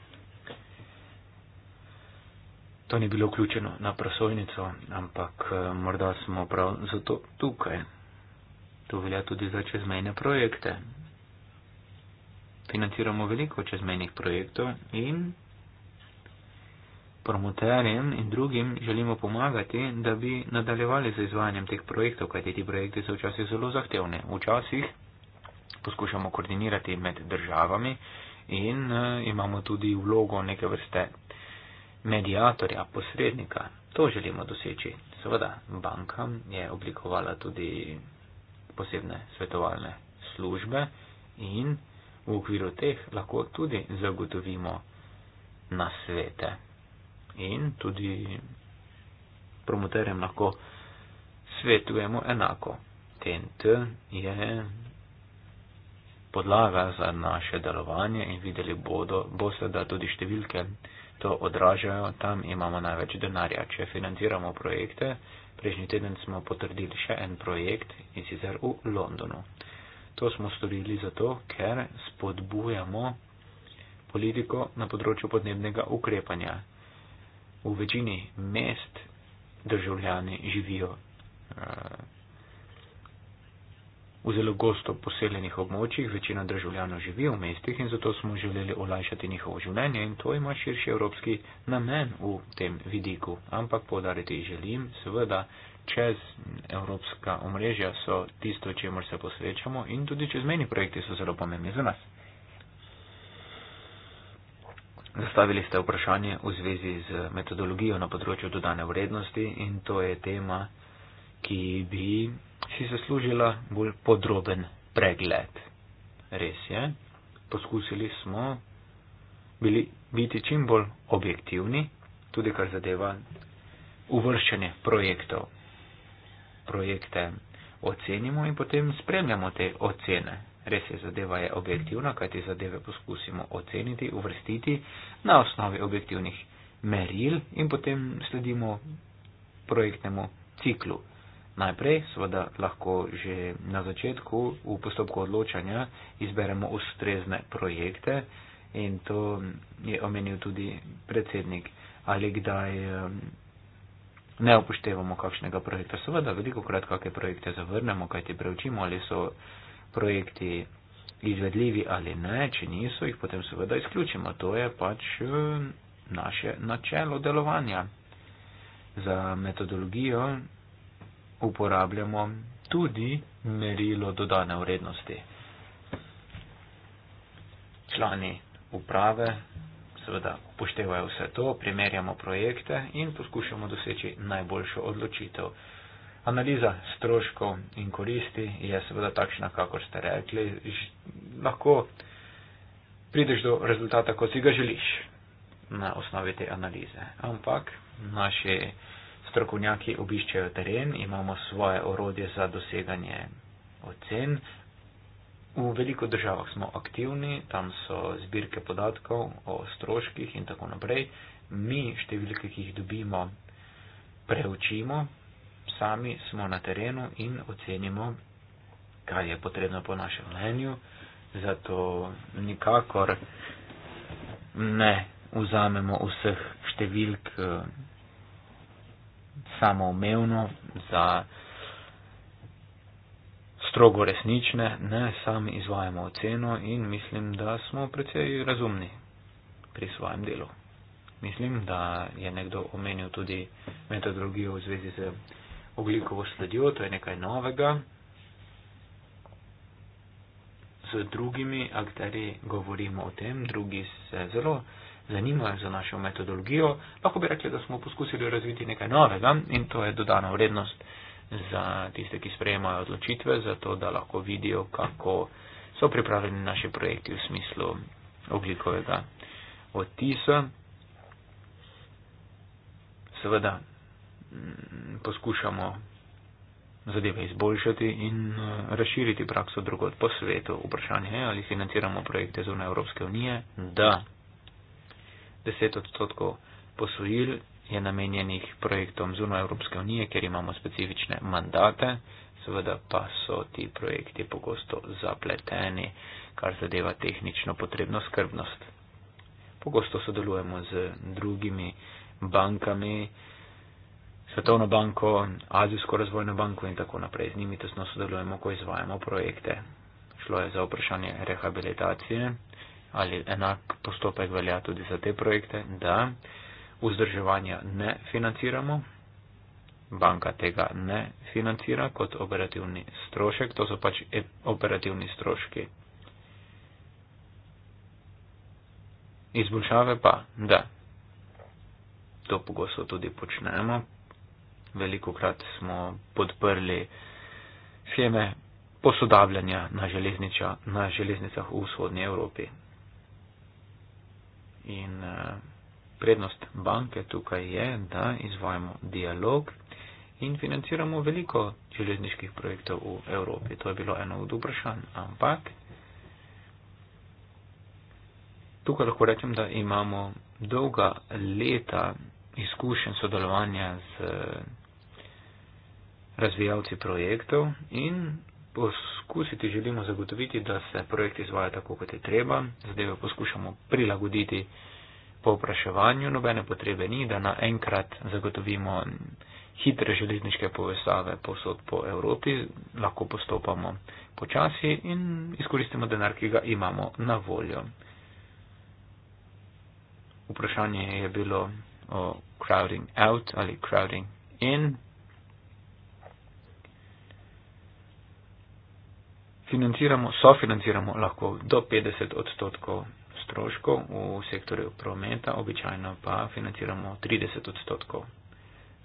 To ni bilo vključeno na prosojnico, ampak eh, morda smo prav zato tukaj. To velja tudi za čezmejne projekte. Financiramo veliko čezmejnih projektov in promoterjem in drugim želimo pomagati, da bi nadaljevali z izvajanjem teh projektov, kajti ti projekti so včasih zelo zahtevni. Včasih poskušamo koordinirati med državami in eh, imamo tudi vlogo neke vrste medijatorja, posrednika. To želimo doseči. Seveda, banka je oblikovala tudi posebne svetovalne službe in v okviru teh lahko tudi zagotovimo nasvete in tudi promoterjem lahko svetujemo enako. TNT je podlaga za naše delovanje in videli bodo, boste, da tudi številke to odražajo, tam imamo največ denarja. Če financiramo projekte, prejšnji teden smo potrdili še en projekt in sicer v Londonu. To smo storili zato, ker spodbujamo politiko na področju podnebnega ukrepanja v večini mest državljani živijo eh, v zelo gosto poseljenih območjih, večina državljanov živi v mestih in zato smo želeli olajšati njihovo življenje in to ima širši evropski namen v tem vidiku. Ampak podariti želim, seveda, čez evropska omrežja so tisto, čemu se posvečamo in tudi čez meni projekti so zelo pomembni za nas. Zastavili ste vprašanje v zvezi z metodologijo na področju dodane vrednosti in to je tema, ki bi si zaslužila bolj podroben pregled. Res je, poskusili smo bili, biti čim bolj objektivni, tudi kar zadeva uvrščanje projektov. Projekte ocenimo in potem spremljamo te ocene Res je, zadeva je objektivna, kajti zadeve poskusimo oceniti, uvrstiti na osnovi objektivnih meril in potem sledimo projektnemu ciklu. Najprej, seveda, lahko že na začetku v postopku odločanja izberemo ustrezne projekte in to je omenil tudi predsednik. Ali kdaj ne upoštevamo kakšnega projekta? Seveda, veliko krat kakšne projekte zavrnemo, kajti preučimo, ali so projekti izvedljivi ali ne, če niso, jih potem seveda izključimo. To je pač eh, naše načelo delovanja. Za metodologijo uporabljamo tudi merilo dodane vrednosti. Člani uprave seveda upoštevajo vse to, primerjamo projekte in poskušamo doseči najboljšo odločitev. Analiza stroškov in koristi je seveda takšna, kakor ste rekli, lahko prideš do rezultata, kot si ga želiš na osnovi te analize. Ampak naši strokovnjaki obiščajo teren, imamo svoje orodje za doseganje ocen. V veliko državah smo aktivni, tam so zbirke podatkov o stroških in tako naprej. Mi številke, ki jih dobimo, preučimo, sami smo na terenu in ocenimo, kaj je potrebno po našem mnenju, zato nikakor ne vzamemo vseh številk eh, samoumevno za strogo resnične, ne sami izvajamo oceno in mislim, da smo precej razumni pri svojem delu. Mislim, da je nekdo omenil tudi metodologijo v zvezi z oglikovo sledijo, to je nekaj novega. Z drugimi akteri govorimo o tem, drugi se zelo zanimajo za našo metodologijo. Lahko bi rekli, da smo poskusili razviti nekaj novega in to je dodana vrednost za tiste, ki sprejemajo odločitve, zato da lahko vidijo, kako so pripravljeni naši projekti v smislu oglikovega odtisa. Seveda, Mm, poskušamo zadeve izboljšati in eh, razširiti prakso drugot po svetu. Vprašanje je, ali financiramo projekte zunaj Evropske unije. Da. 10 odstotkov posojil je namenjenih projektom zunaj Evropske unije, ker imamo specifične mandate, seveda pa so ti projekti pogosto zapleteni, kar zadeva tehnično potrebno skrbnost. Pogosto sodelujemo z drugimi bankami, Svetovno banko, Azijsko razvojno banko in tako naprej. Z njimi tesno sodelujemo, ko izvajamo projekte. Šlo je za vprašanje rehabilitacije, ali enak postopek velja tudi za te projekte, da vzdrževanja ne financiramo. Banka tega ne financira kot operativni strošek, to so pač e-, operativni stroški. Izboljšave pa, da. To pogosto tudi počnemo, veliko krat smo podprli sheme posodabljanja na, na železnicah v vzhodnji Evropi. In eh, prednost banke tukaj je, da izvajamo dialog in financiramo veliko železniških projektov v Evropi. To je bilo eno od vprašanj, ampak tukaj lahko rečem, da imamo dolga leta izkušen sodelovanja z razvijalci projektov in poskusiti želimo zagotoviti, da se projekt izvaja tako, kot je treba. Zadeve poskušamo prilagoditi po vpraševanju, nobene potrebe ni, da naenkrat zagotovimo hitre železniške povezave posod po Evropi, lahko postopamo počasi in izkoristimo denar, ki ga imamo na voljo. Vprašanje je bilo o crowding out ali crowding in. financiramo, sofinanciramo lahko do 50 odstotkov stroškov v sektorju prometa, običajno pa financiramo 30 odstotkov.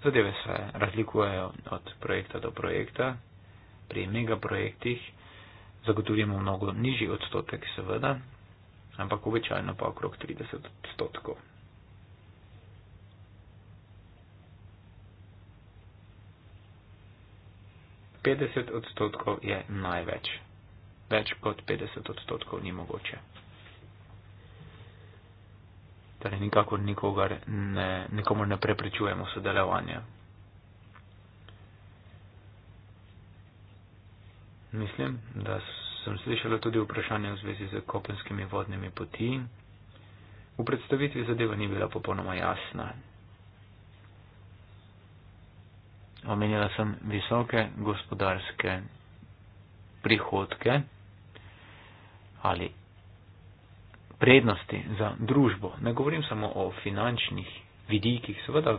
Zadeve se razlikujejo od projekta do projekta. Pri megaprojektih zagotovimo mnogo nižji odstotek, seveda, ampak običajno pa okrog 30 odstotkov. Petdeset odstotkov je največ več kot 50 odstotkov ni mogoče. Torej, nikakor nikogar ne, nikomor ne preprečujemo sodelovanja. Mislim, da sem slišala tudi vprašanje v zvezi z kopenskimi vodnimi poti. V predstavitvi zadeva ni bila popolnoma jasna. Omenjala sem visoke gospodarske prihodke ali prednosti za družbo. Ne govorim samo o finančnih vidikih, seveda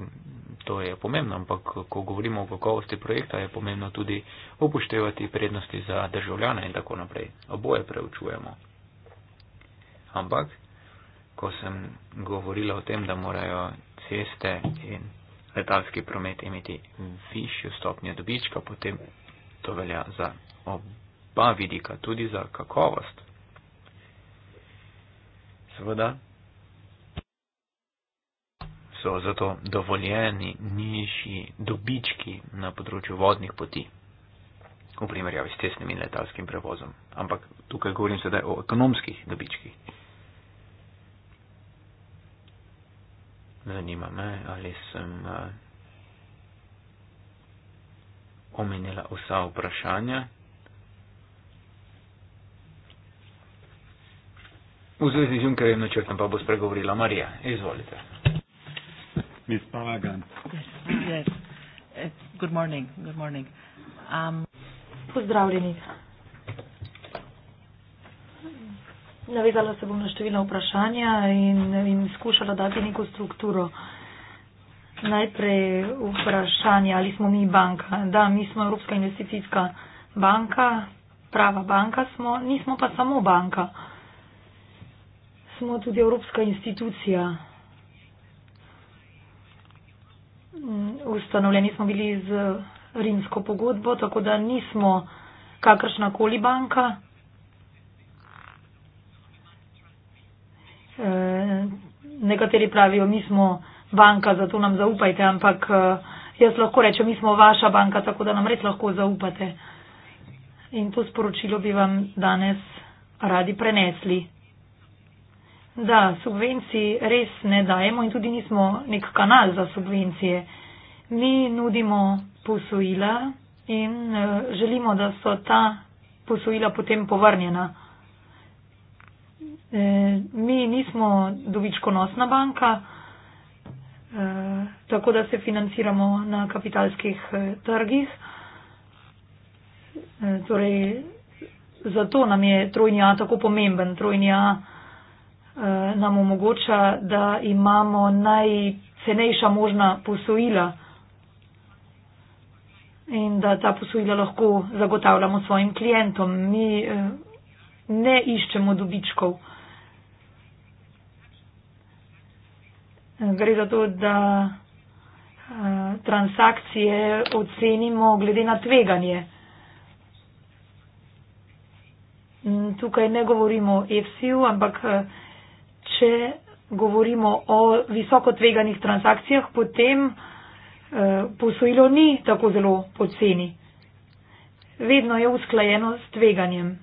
to je pomembno, ampak ko govorimo o kakovosti projekta, je pomembno tudi upoštevati prednosti za državljane in tako naprej. Oboje preučujemo. Ampak, ko sem govorila o tem, da morajo ceste in letalski promet imeti višjo stopnjo dobička, potem to velja za oba vidika, tudi za kakovost seveda so zato dovoljeni nižji dobički na področju vodnih poti v primerjavi s tesnim in letalskim prevozom. Ampak tukaj govorim sedaj o ekonomskih dobičkih. Zanima me, ali sem uh, omenila vsa vprašanja. V zvezi z Junkerjem načrtom pa bo spregovorila Marija. Izvolite. Miss Palagan. Yes, yes. Eh, good morning. Good morning. Um, pozdravljeni. Navezala se bom na številna vprašanja in, in skušala dati neko strukturo. Najprej vprašanje, ali smo mi banka. Da, mi smo Evropska investicijska banka, prava banka smo, nismo pa samo banka. Uh, smo tudi evropska institucija. Mm, ustanovljeni smo bili z rimsko pogodbo, tako da nismo kakršna koli banka. E, nekateri pravijo, mi smo banka, zato nam zaupajte, ampak e, jaz lahko rečem, mi smo vaša banka, tako da nam res lahko zaupate. In to sporočilo bi vam danes radi prenesli. Da, subvencij res ne dajemo in tudi nismo nek kanal za subvencije. Mi nudimo posojila in eh, želimo, da so ta posojila potem povrnjena. Eh, mi nismo dobičkonosna banka, eh, tako da se financiramo na kapitalskih trgih. Torej, zato nam je trojni A tako pomemben. Trojni A Eh, nam omogoča, da imamo najcenejša možna posojila in da ta posojila lahko zagotavljamo svojim klientom. Mi eh, ne iščemo dobičkov. Gre za to, da eh, transakcije ocenimo glede na tveganje. Tukaj ne govorimo o EFSI-ju, ampak če govorimo o visoko tveganih transakcijah, potem eh, posojilo ni tako zelo poceni. Vedno je usklajeno s tveganjem.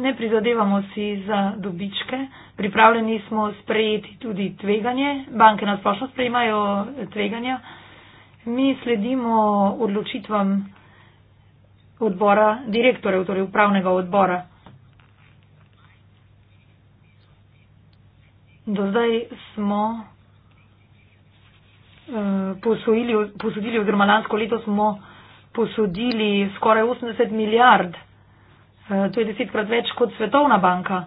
Ne prizadevamo si za dobičke, pripravljeni smo sprejeti tudi tveganje, banke nas pašno sprejmajo eh, tveganja. Mi sledimo odločitvam odbora direktorjev, torej upravnega odbora. Do zdaj smo eh, posojili, posodili oziroma lansko leto smo posodili skoraj 80 milijard, eh, to je desetkrat več kot Svetovna banka.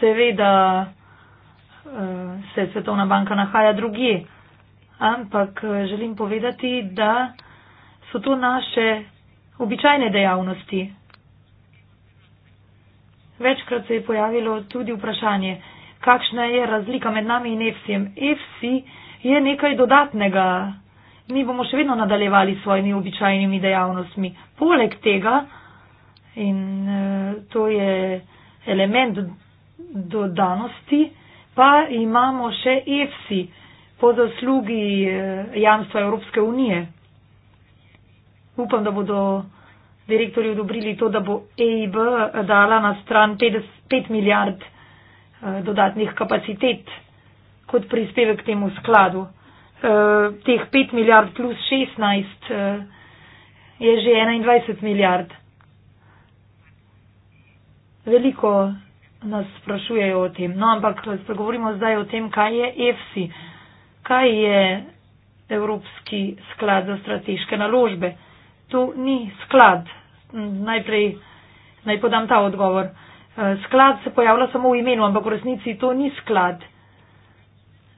Seveda eh, se Svetovna banka nahaja drugi, ampak želim povedati, da so to naše običajne dejavnosti. Večkrat se je pojavilo tudi vprašanje, kakšna je razlika med nami in EFSI-jem. EFSI je nekaj dodatnega. Mi bomo še vedno nadaljevali s svojimi običajnimi dejavnostmi. Poleg tega, in e, to je element dodanosti, pa imamo še EFSI po zaslugi e, jamstva Evropske unije upam, da bodo direktori odobrili to, da bo EIB dala na stran 5 milijard eh, dodatnih kapacitet kot prispevek k temu skladu. Eh, teh 5 milijard plus 16 eh, je že 21 milijard. Veliko nas sprašujejo o tem. No, ampak spregovorimo zdaj o tem, kaj je EFSI, kaj je Evropski sklad za strateške naložbe tu ni sklad. Najprej naj podam ta odgovor. E, sklad se pojavlja samo v imenu, ampak v resnici to ni sklad.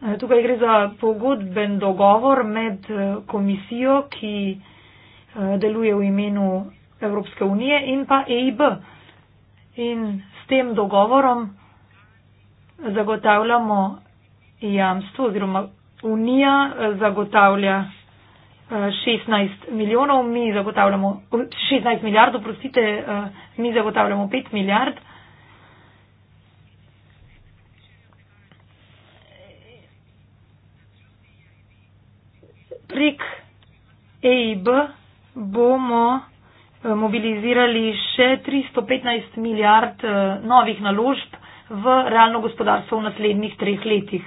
E, tukaj gre za pogodben dogovor med e, komisijo, ki deluje v imenu Evropske unije in pa EIB. In s tem dogovorom zagotavljamo jamstvo oziroma unija zagotavlja 16 milijonov, mi zagotavljamo 16 milijard, oprostite, eh, mi zagotavljamo 5 milijard. Prek EIB bomo eh, mobilizirali še 315 milijard eh, novih naložb v realno gospodarstvo v naslednjih treh letih.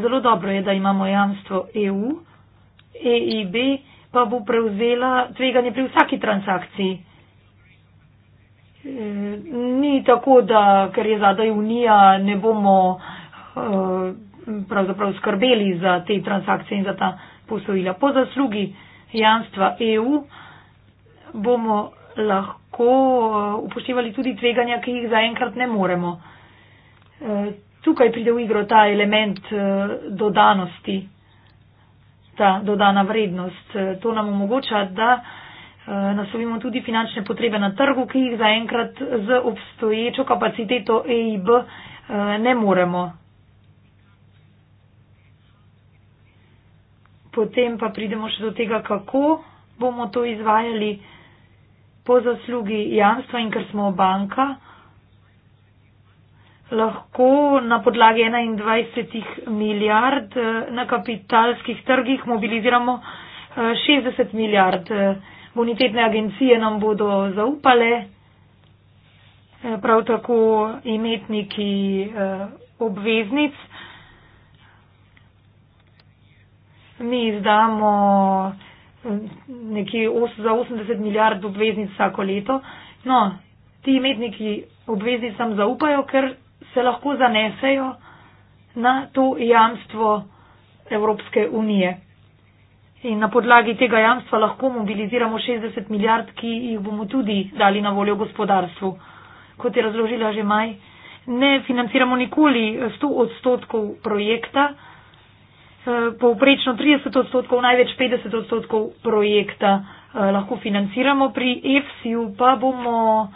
Zelo dobro je, da imamo jamstvo EU. EIB pa bo prevzela tveganje pri vsaki transakciji. E, ni tako, da ker je zadaj Unija, ne bomo e, pravzaprav skrbeli za te transakcije in za ta posojila. Po zaslugi jamstva EU bomo lahko eh, upoštevali tudi tveganja, ki jih zaenkrat ne moremo. E, tukaj pride v igro ta element eh, dodanosti, ta dodana vrednost. Eh, to nam omogoča, da eh, naslovimo tudi finančne potrebe na trgu, ki jih zaenkrat z obstoječo kapaciteto EIB ne moremo. Potem pa pridemo še do tega, kako bomo to izvajali po zaslugi jamstva in ker smo banka lahko na podlagi 21 milijard eh, na kapitalskih trgih mobiliziramo 60 eh, milijard. Eh, bonitetne agencije nam bodo zaupale, prav tako imetniki obveznic. Mi izdamo nekje za 80 milijard obveznic vsako leto. No, ti imetniki obveznic nam zaupajo, ker se lahko zanesejo na to jamstvo Evropske unije. In na podlagi tega jamstva lahko mobiliziramo 60 milijard, ki jih bomo tudi dali na voljo gospodarstvu. Kot je razložila že Maj, ne financiramo nikoli 100 odstotkov projekta, eh, povprečno 30 odstotkov, največ 50 odstotkov projekta eh, lahko financiramo, pri EFSI-ju pa bomo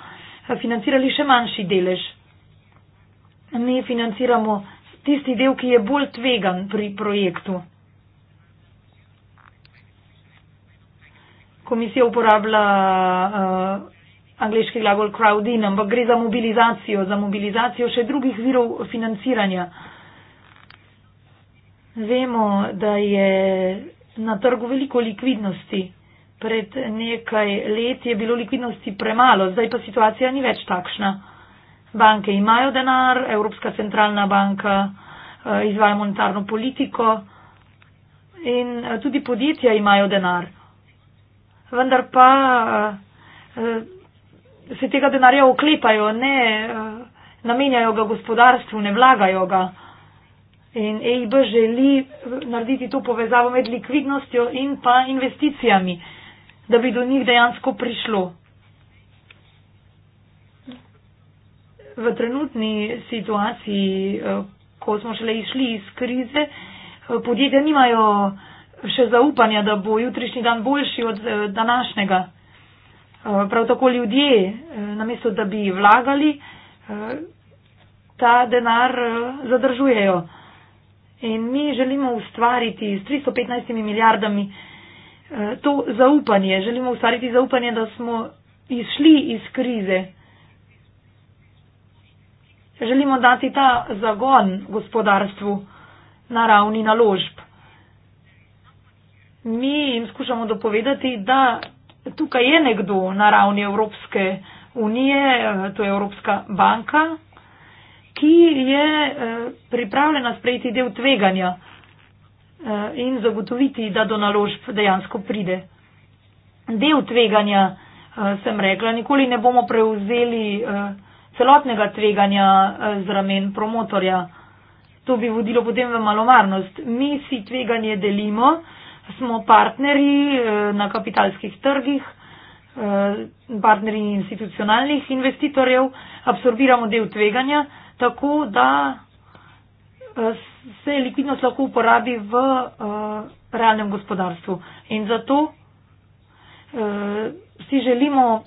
eh, financirali še manjši delež mi financiramo tisti del, ki je bolj tvegan pri projektu. Komisija uporablja uh, angliški glagol crowding, ampak gre za mobilizacijo, za mobilizacijo še drugih virov financiranja. Vemo, da je na trgu veliko likvidnosti. Pred nekaj let je bilo likvidnosti premalo, zdaj pa situacija ni več takšna banke imajo denar, Evropska centralna banka eh, izvaja monetarno politiko in eh, tudi podjetja imajo denar. Vendar pa eh, se tega denarja oklepajo, ne namenjajo ga gospodarstvu, ne vlagajo ga. In EIB želi narediti to povezavo med likvidnostjo in pa investicijami, da bi do njih dejansko prišlo. v trenutni situaciji, eh, ko smo šele išli iz krize, eh, podjetja nimajo še zaupanja, da bo jutrišnji dan boljši od eh, današnjega. Prav tako ljudje, namesto da bi vlagali, ta denar zadržujejo. In mi želimo ustvariti s 315 milijardami to zaupanje, želimo ustvariti zaupanje, da smo izšli iz krize želimo dati ta zagon gospodarstvu na ravni naložb. Mi jim skušamo dopovedati, da tukaj je nekdo na ravni Evropske unije, to je Evropska banka, ki je eh, pripravljena sprejeti del tveganja eh, in zagotoviti, da do naložb dejansko pride. Del tveganja, eh, sem rekla, nikoli ne bomo prevzeli celotnega tveganja eh, z ramen promotorja. To bi vodilo potem v malomarnost. Mi si tveganje delimo, smo partnerji eh, na kapitalskih trgih, eh, partnerji institucionalnih investitorjev, absorbiramo del tveganja, tako da se likvidnost lahko uporabi v realnem gospodarstvu. In zato si želimo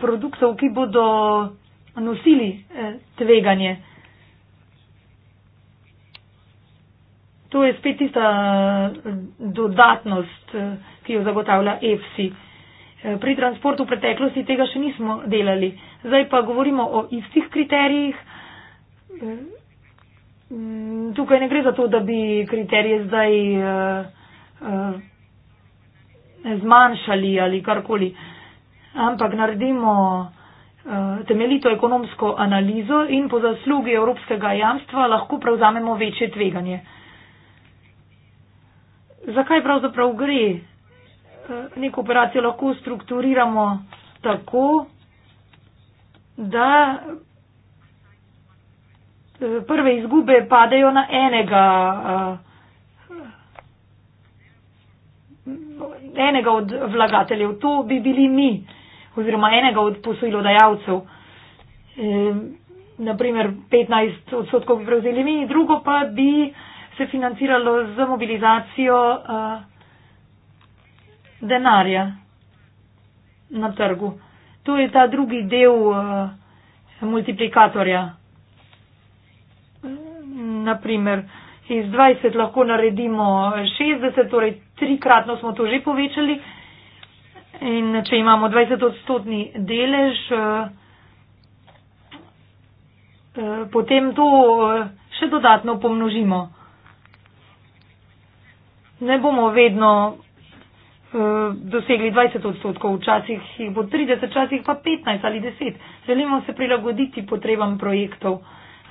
produktov, ki bodo nosili eh, tveganje. To je spet tista eh, dodatnost, eh, ki jo zagotavlja EFSI. Eh, pri transportu v preteklosti tega še nismo delali. Zdaj pa govorimo o istih kriterijih. Tukaj ne gre za to, da bi kriterije zdaj zmanjšali ali karkoli, ampak naredimo Eh, temeljito ekonomsko analizo in po zaslugi evropskega jamstva lahko prevzamemo večje tveganje. Zakaj pravzaprav gre? Eh, neko operacijo lahko strukturiramo tako, da eh, prve izgube padejo na enega, enega od vlagateljev. To bi bili mi oziroma enega od posojilodajalcev. E, naprimer, 15 odstotkov bi prevzeli mi, drugo pa bi se financiralo z mobilizacijo a, e, denarja na trgu. To je ta drugi del a, e, multiplikatorja. E, naprimer, iz 20 lahko naredimo 60, torej trikratno smo to že povečali. In če imamo 20 odstotni delež, eh, eh, potem to eh, še dodatno pomnožimo. Ne bomo vedno dosegli 20 odstotkov, včasih jih bo 30, včasih pa 15 ali 10. Želimo se prilagoditi potrebam projektov.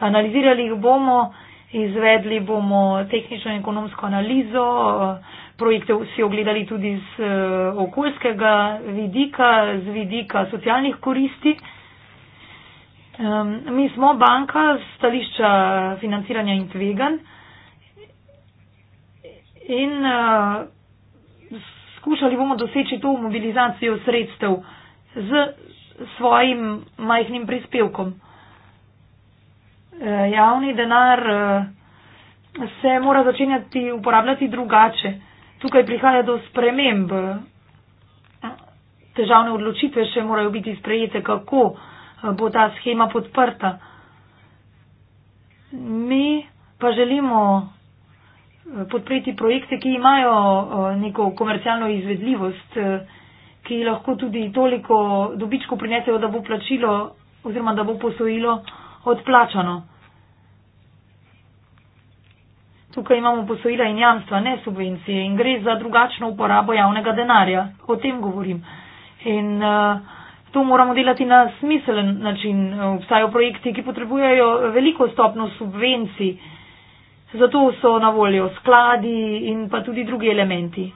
Analizirali jih bomo, izvedli bomo tehnično in ekonomsko analizo, projekte si ogledali tudi z eh, okoljskega vidika, z vidika socialnih koristi. Mi smo banka stališča financiranja in tvegan in eh, skušali bomo doseči to mobilizacijo sredstev z svojim majhnim prispevkom. Eh, javni denar se mora začenjati uporabljati drugače tukaj prihaja do sprememb. Težavne odločitve še morajo biti sprejete, kako bo ta schema podprta. Mi pa želimo eh, podpreti projekte, ki imajo eh, neko komercialno izvedljivost, eh, ki lahko tudi toliko dobičko prinesejo, da bo plačilo oziroma da bo posojilo odplačano. Tukaj imamo posojila in jamstva, ne subvencije in gre za drugačno uporabo javnega denarja. O tem govorim. In uh, to moramo delati na smiselen način. Obstajajo projekti, ki potrebujejo veliko stopno subvencij. Zato so na voljo skladi in pa tudi drugi elementi.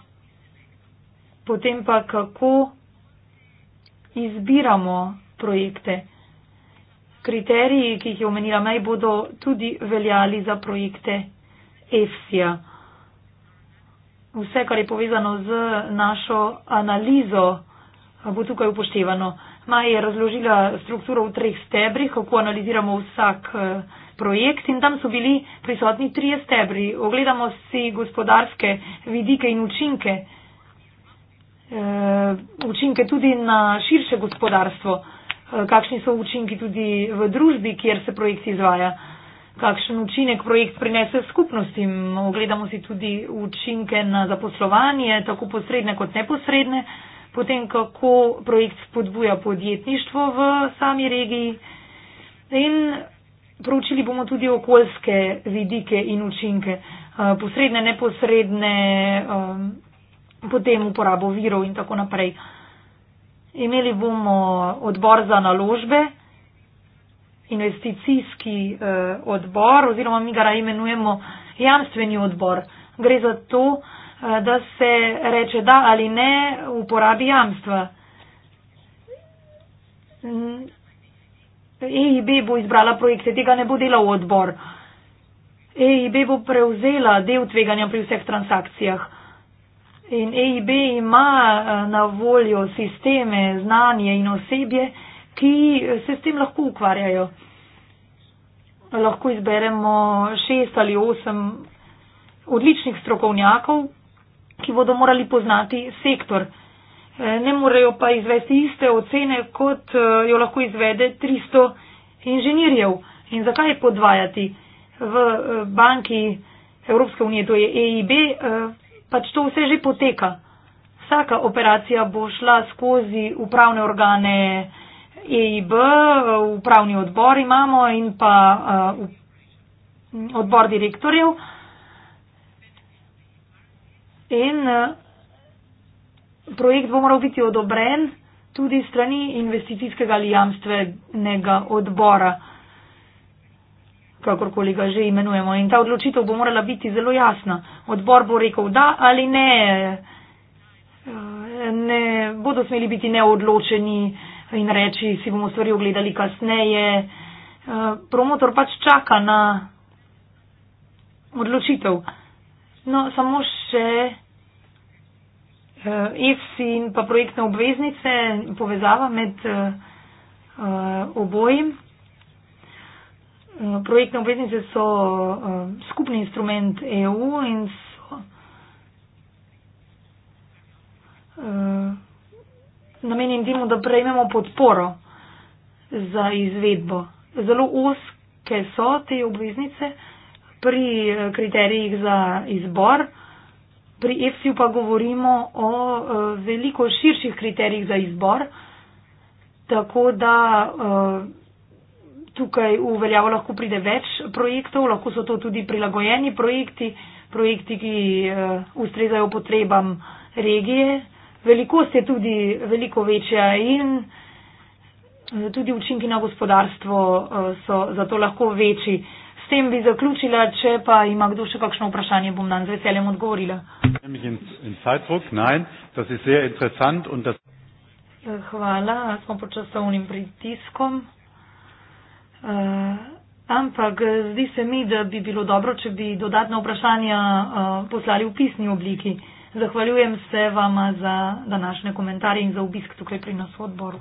Potem pa kako izbiramo projekte. Kriteriji, ki jih je omenila naj, bodo tudi veljali za projekte EFSI-ja. Vse, kar je povezano z našo analizo, bo tukaj upoštevano. Maja je razložila strukturo v treh stebrih, kako analiziramo vsak eh, projekt in tam so bili prisotni trije stebri. Ogledamo si gospodarske vidike in učinke. Eh, učinke tudi na širše gospodarstvo, eh, kakšni so učinki tudi v družbi, kjer se projekt izvaja kakšen učinek projekt prinese skupnostim. Ogledamo si tudi učinke na zaposlovanje, tako posredne kot neposredne, potem kako projekt spodbuja podjetništvo v sami regiji. In proučili bomo tudi okoljske vidike in učinke, eh, posredne, neposredne, eh, potem uporabo virov in tako naprej. Imeli bomo odbor za naložbe, investicijski eh, odbor oziroma mi ga imenujemo jamstveni odbor. Gre za to, eh, da se reče da ali ne uporabi jamstva. EIB bo izbrala projekte, tega ne bo delal odbor. EIB bo prevzela del tveganja pri vseh transakcijah. In EIB ima eh, na voljo sisteme, znanje in osebje, ki se s tem lahko ukvarjajo lahko izberemo šest ali osem odličnih strokovnjakov, ki bodo morali poznati sektor. E, ne morejo pa izvesti iste ocene, kot e, jo lahko izvede 300 inženirjev. In zakaj podvajati v e, banki Evropske unije, to je EIB, pač to vse že poteka. Vsaka operacija bo šla skozi upravne organe, EIB, upravni odbor imamo in pa uh, odbor direktorjev. In eh, projekt bo moral biti odobren tudi strani investicijskega ali jamstvenega odbora, kakorkoli ga že imenujemo. In ta odločitev bo morala biti zelo jasna. Odbor bo rekel da ali ne. Eh, ne bodo smeli biti neodločeni. Uh, in reči, si bomo stvari ogledali kasneje. Eh, promotor pač čaka na odločitev. No, samo še EFSI eh, in pa projektne obveznice, povezava med eh, obojim. Projektne obveznice so skupni instrument EU in so namenjen temu, da prejmemo podporo za izvedbo. Zelo oske so te obveznice pri eh, kriterijih za izbor. Pri EFSI-u pa govorimo o eh, veliko širših kriterijih za izbor, tako da eh, tukaj v veljavo lahko pride več projektov, lahko so to tudi prilagojeni projekti, projekti, ki ustrezajo potrebam regije, velikost je tudi veliko večja in eh, tudi učinki na gospodarstvo eh, so zato lahko večji. S tem bi zaključila, če pa ima kdo še kakšno vprašanje, bom dan z veseljem odgovorila. Eh, hvala, smo pod časovnim pritiskom. Uh, ampak zdi se mi, da bi bilo dobro, če bi dodatna vprašanja uh, poslali v pisni obliki. Zahvaljujem se vama za današnje komentarje in za obisk tukaj pri nas v odboru.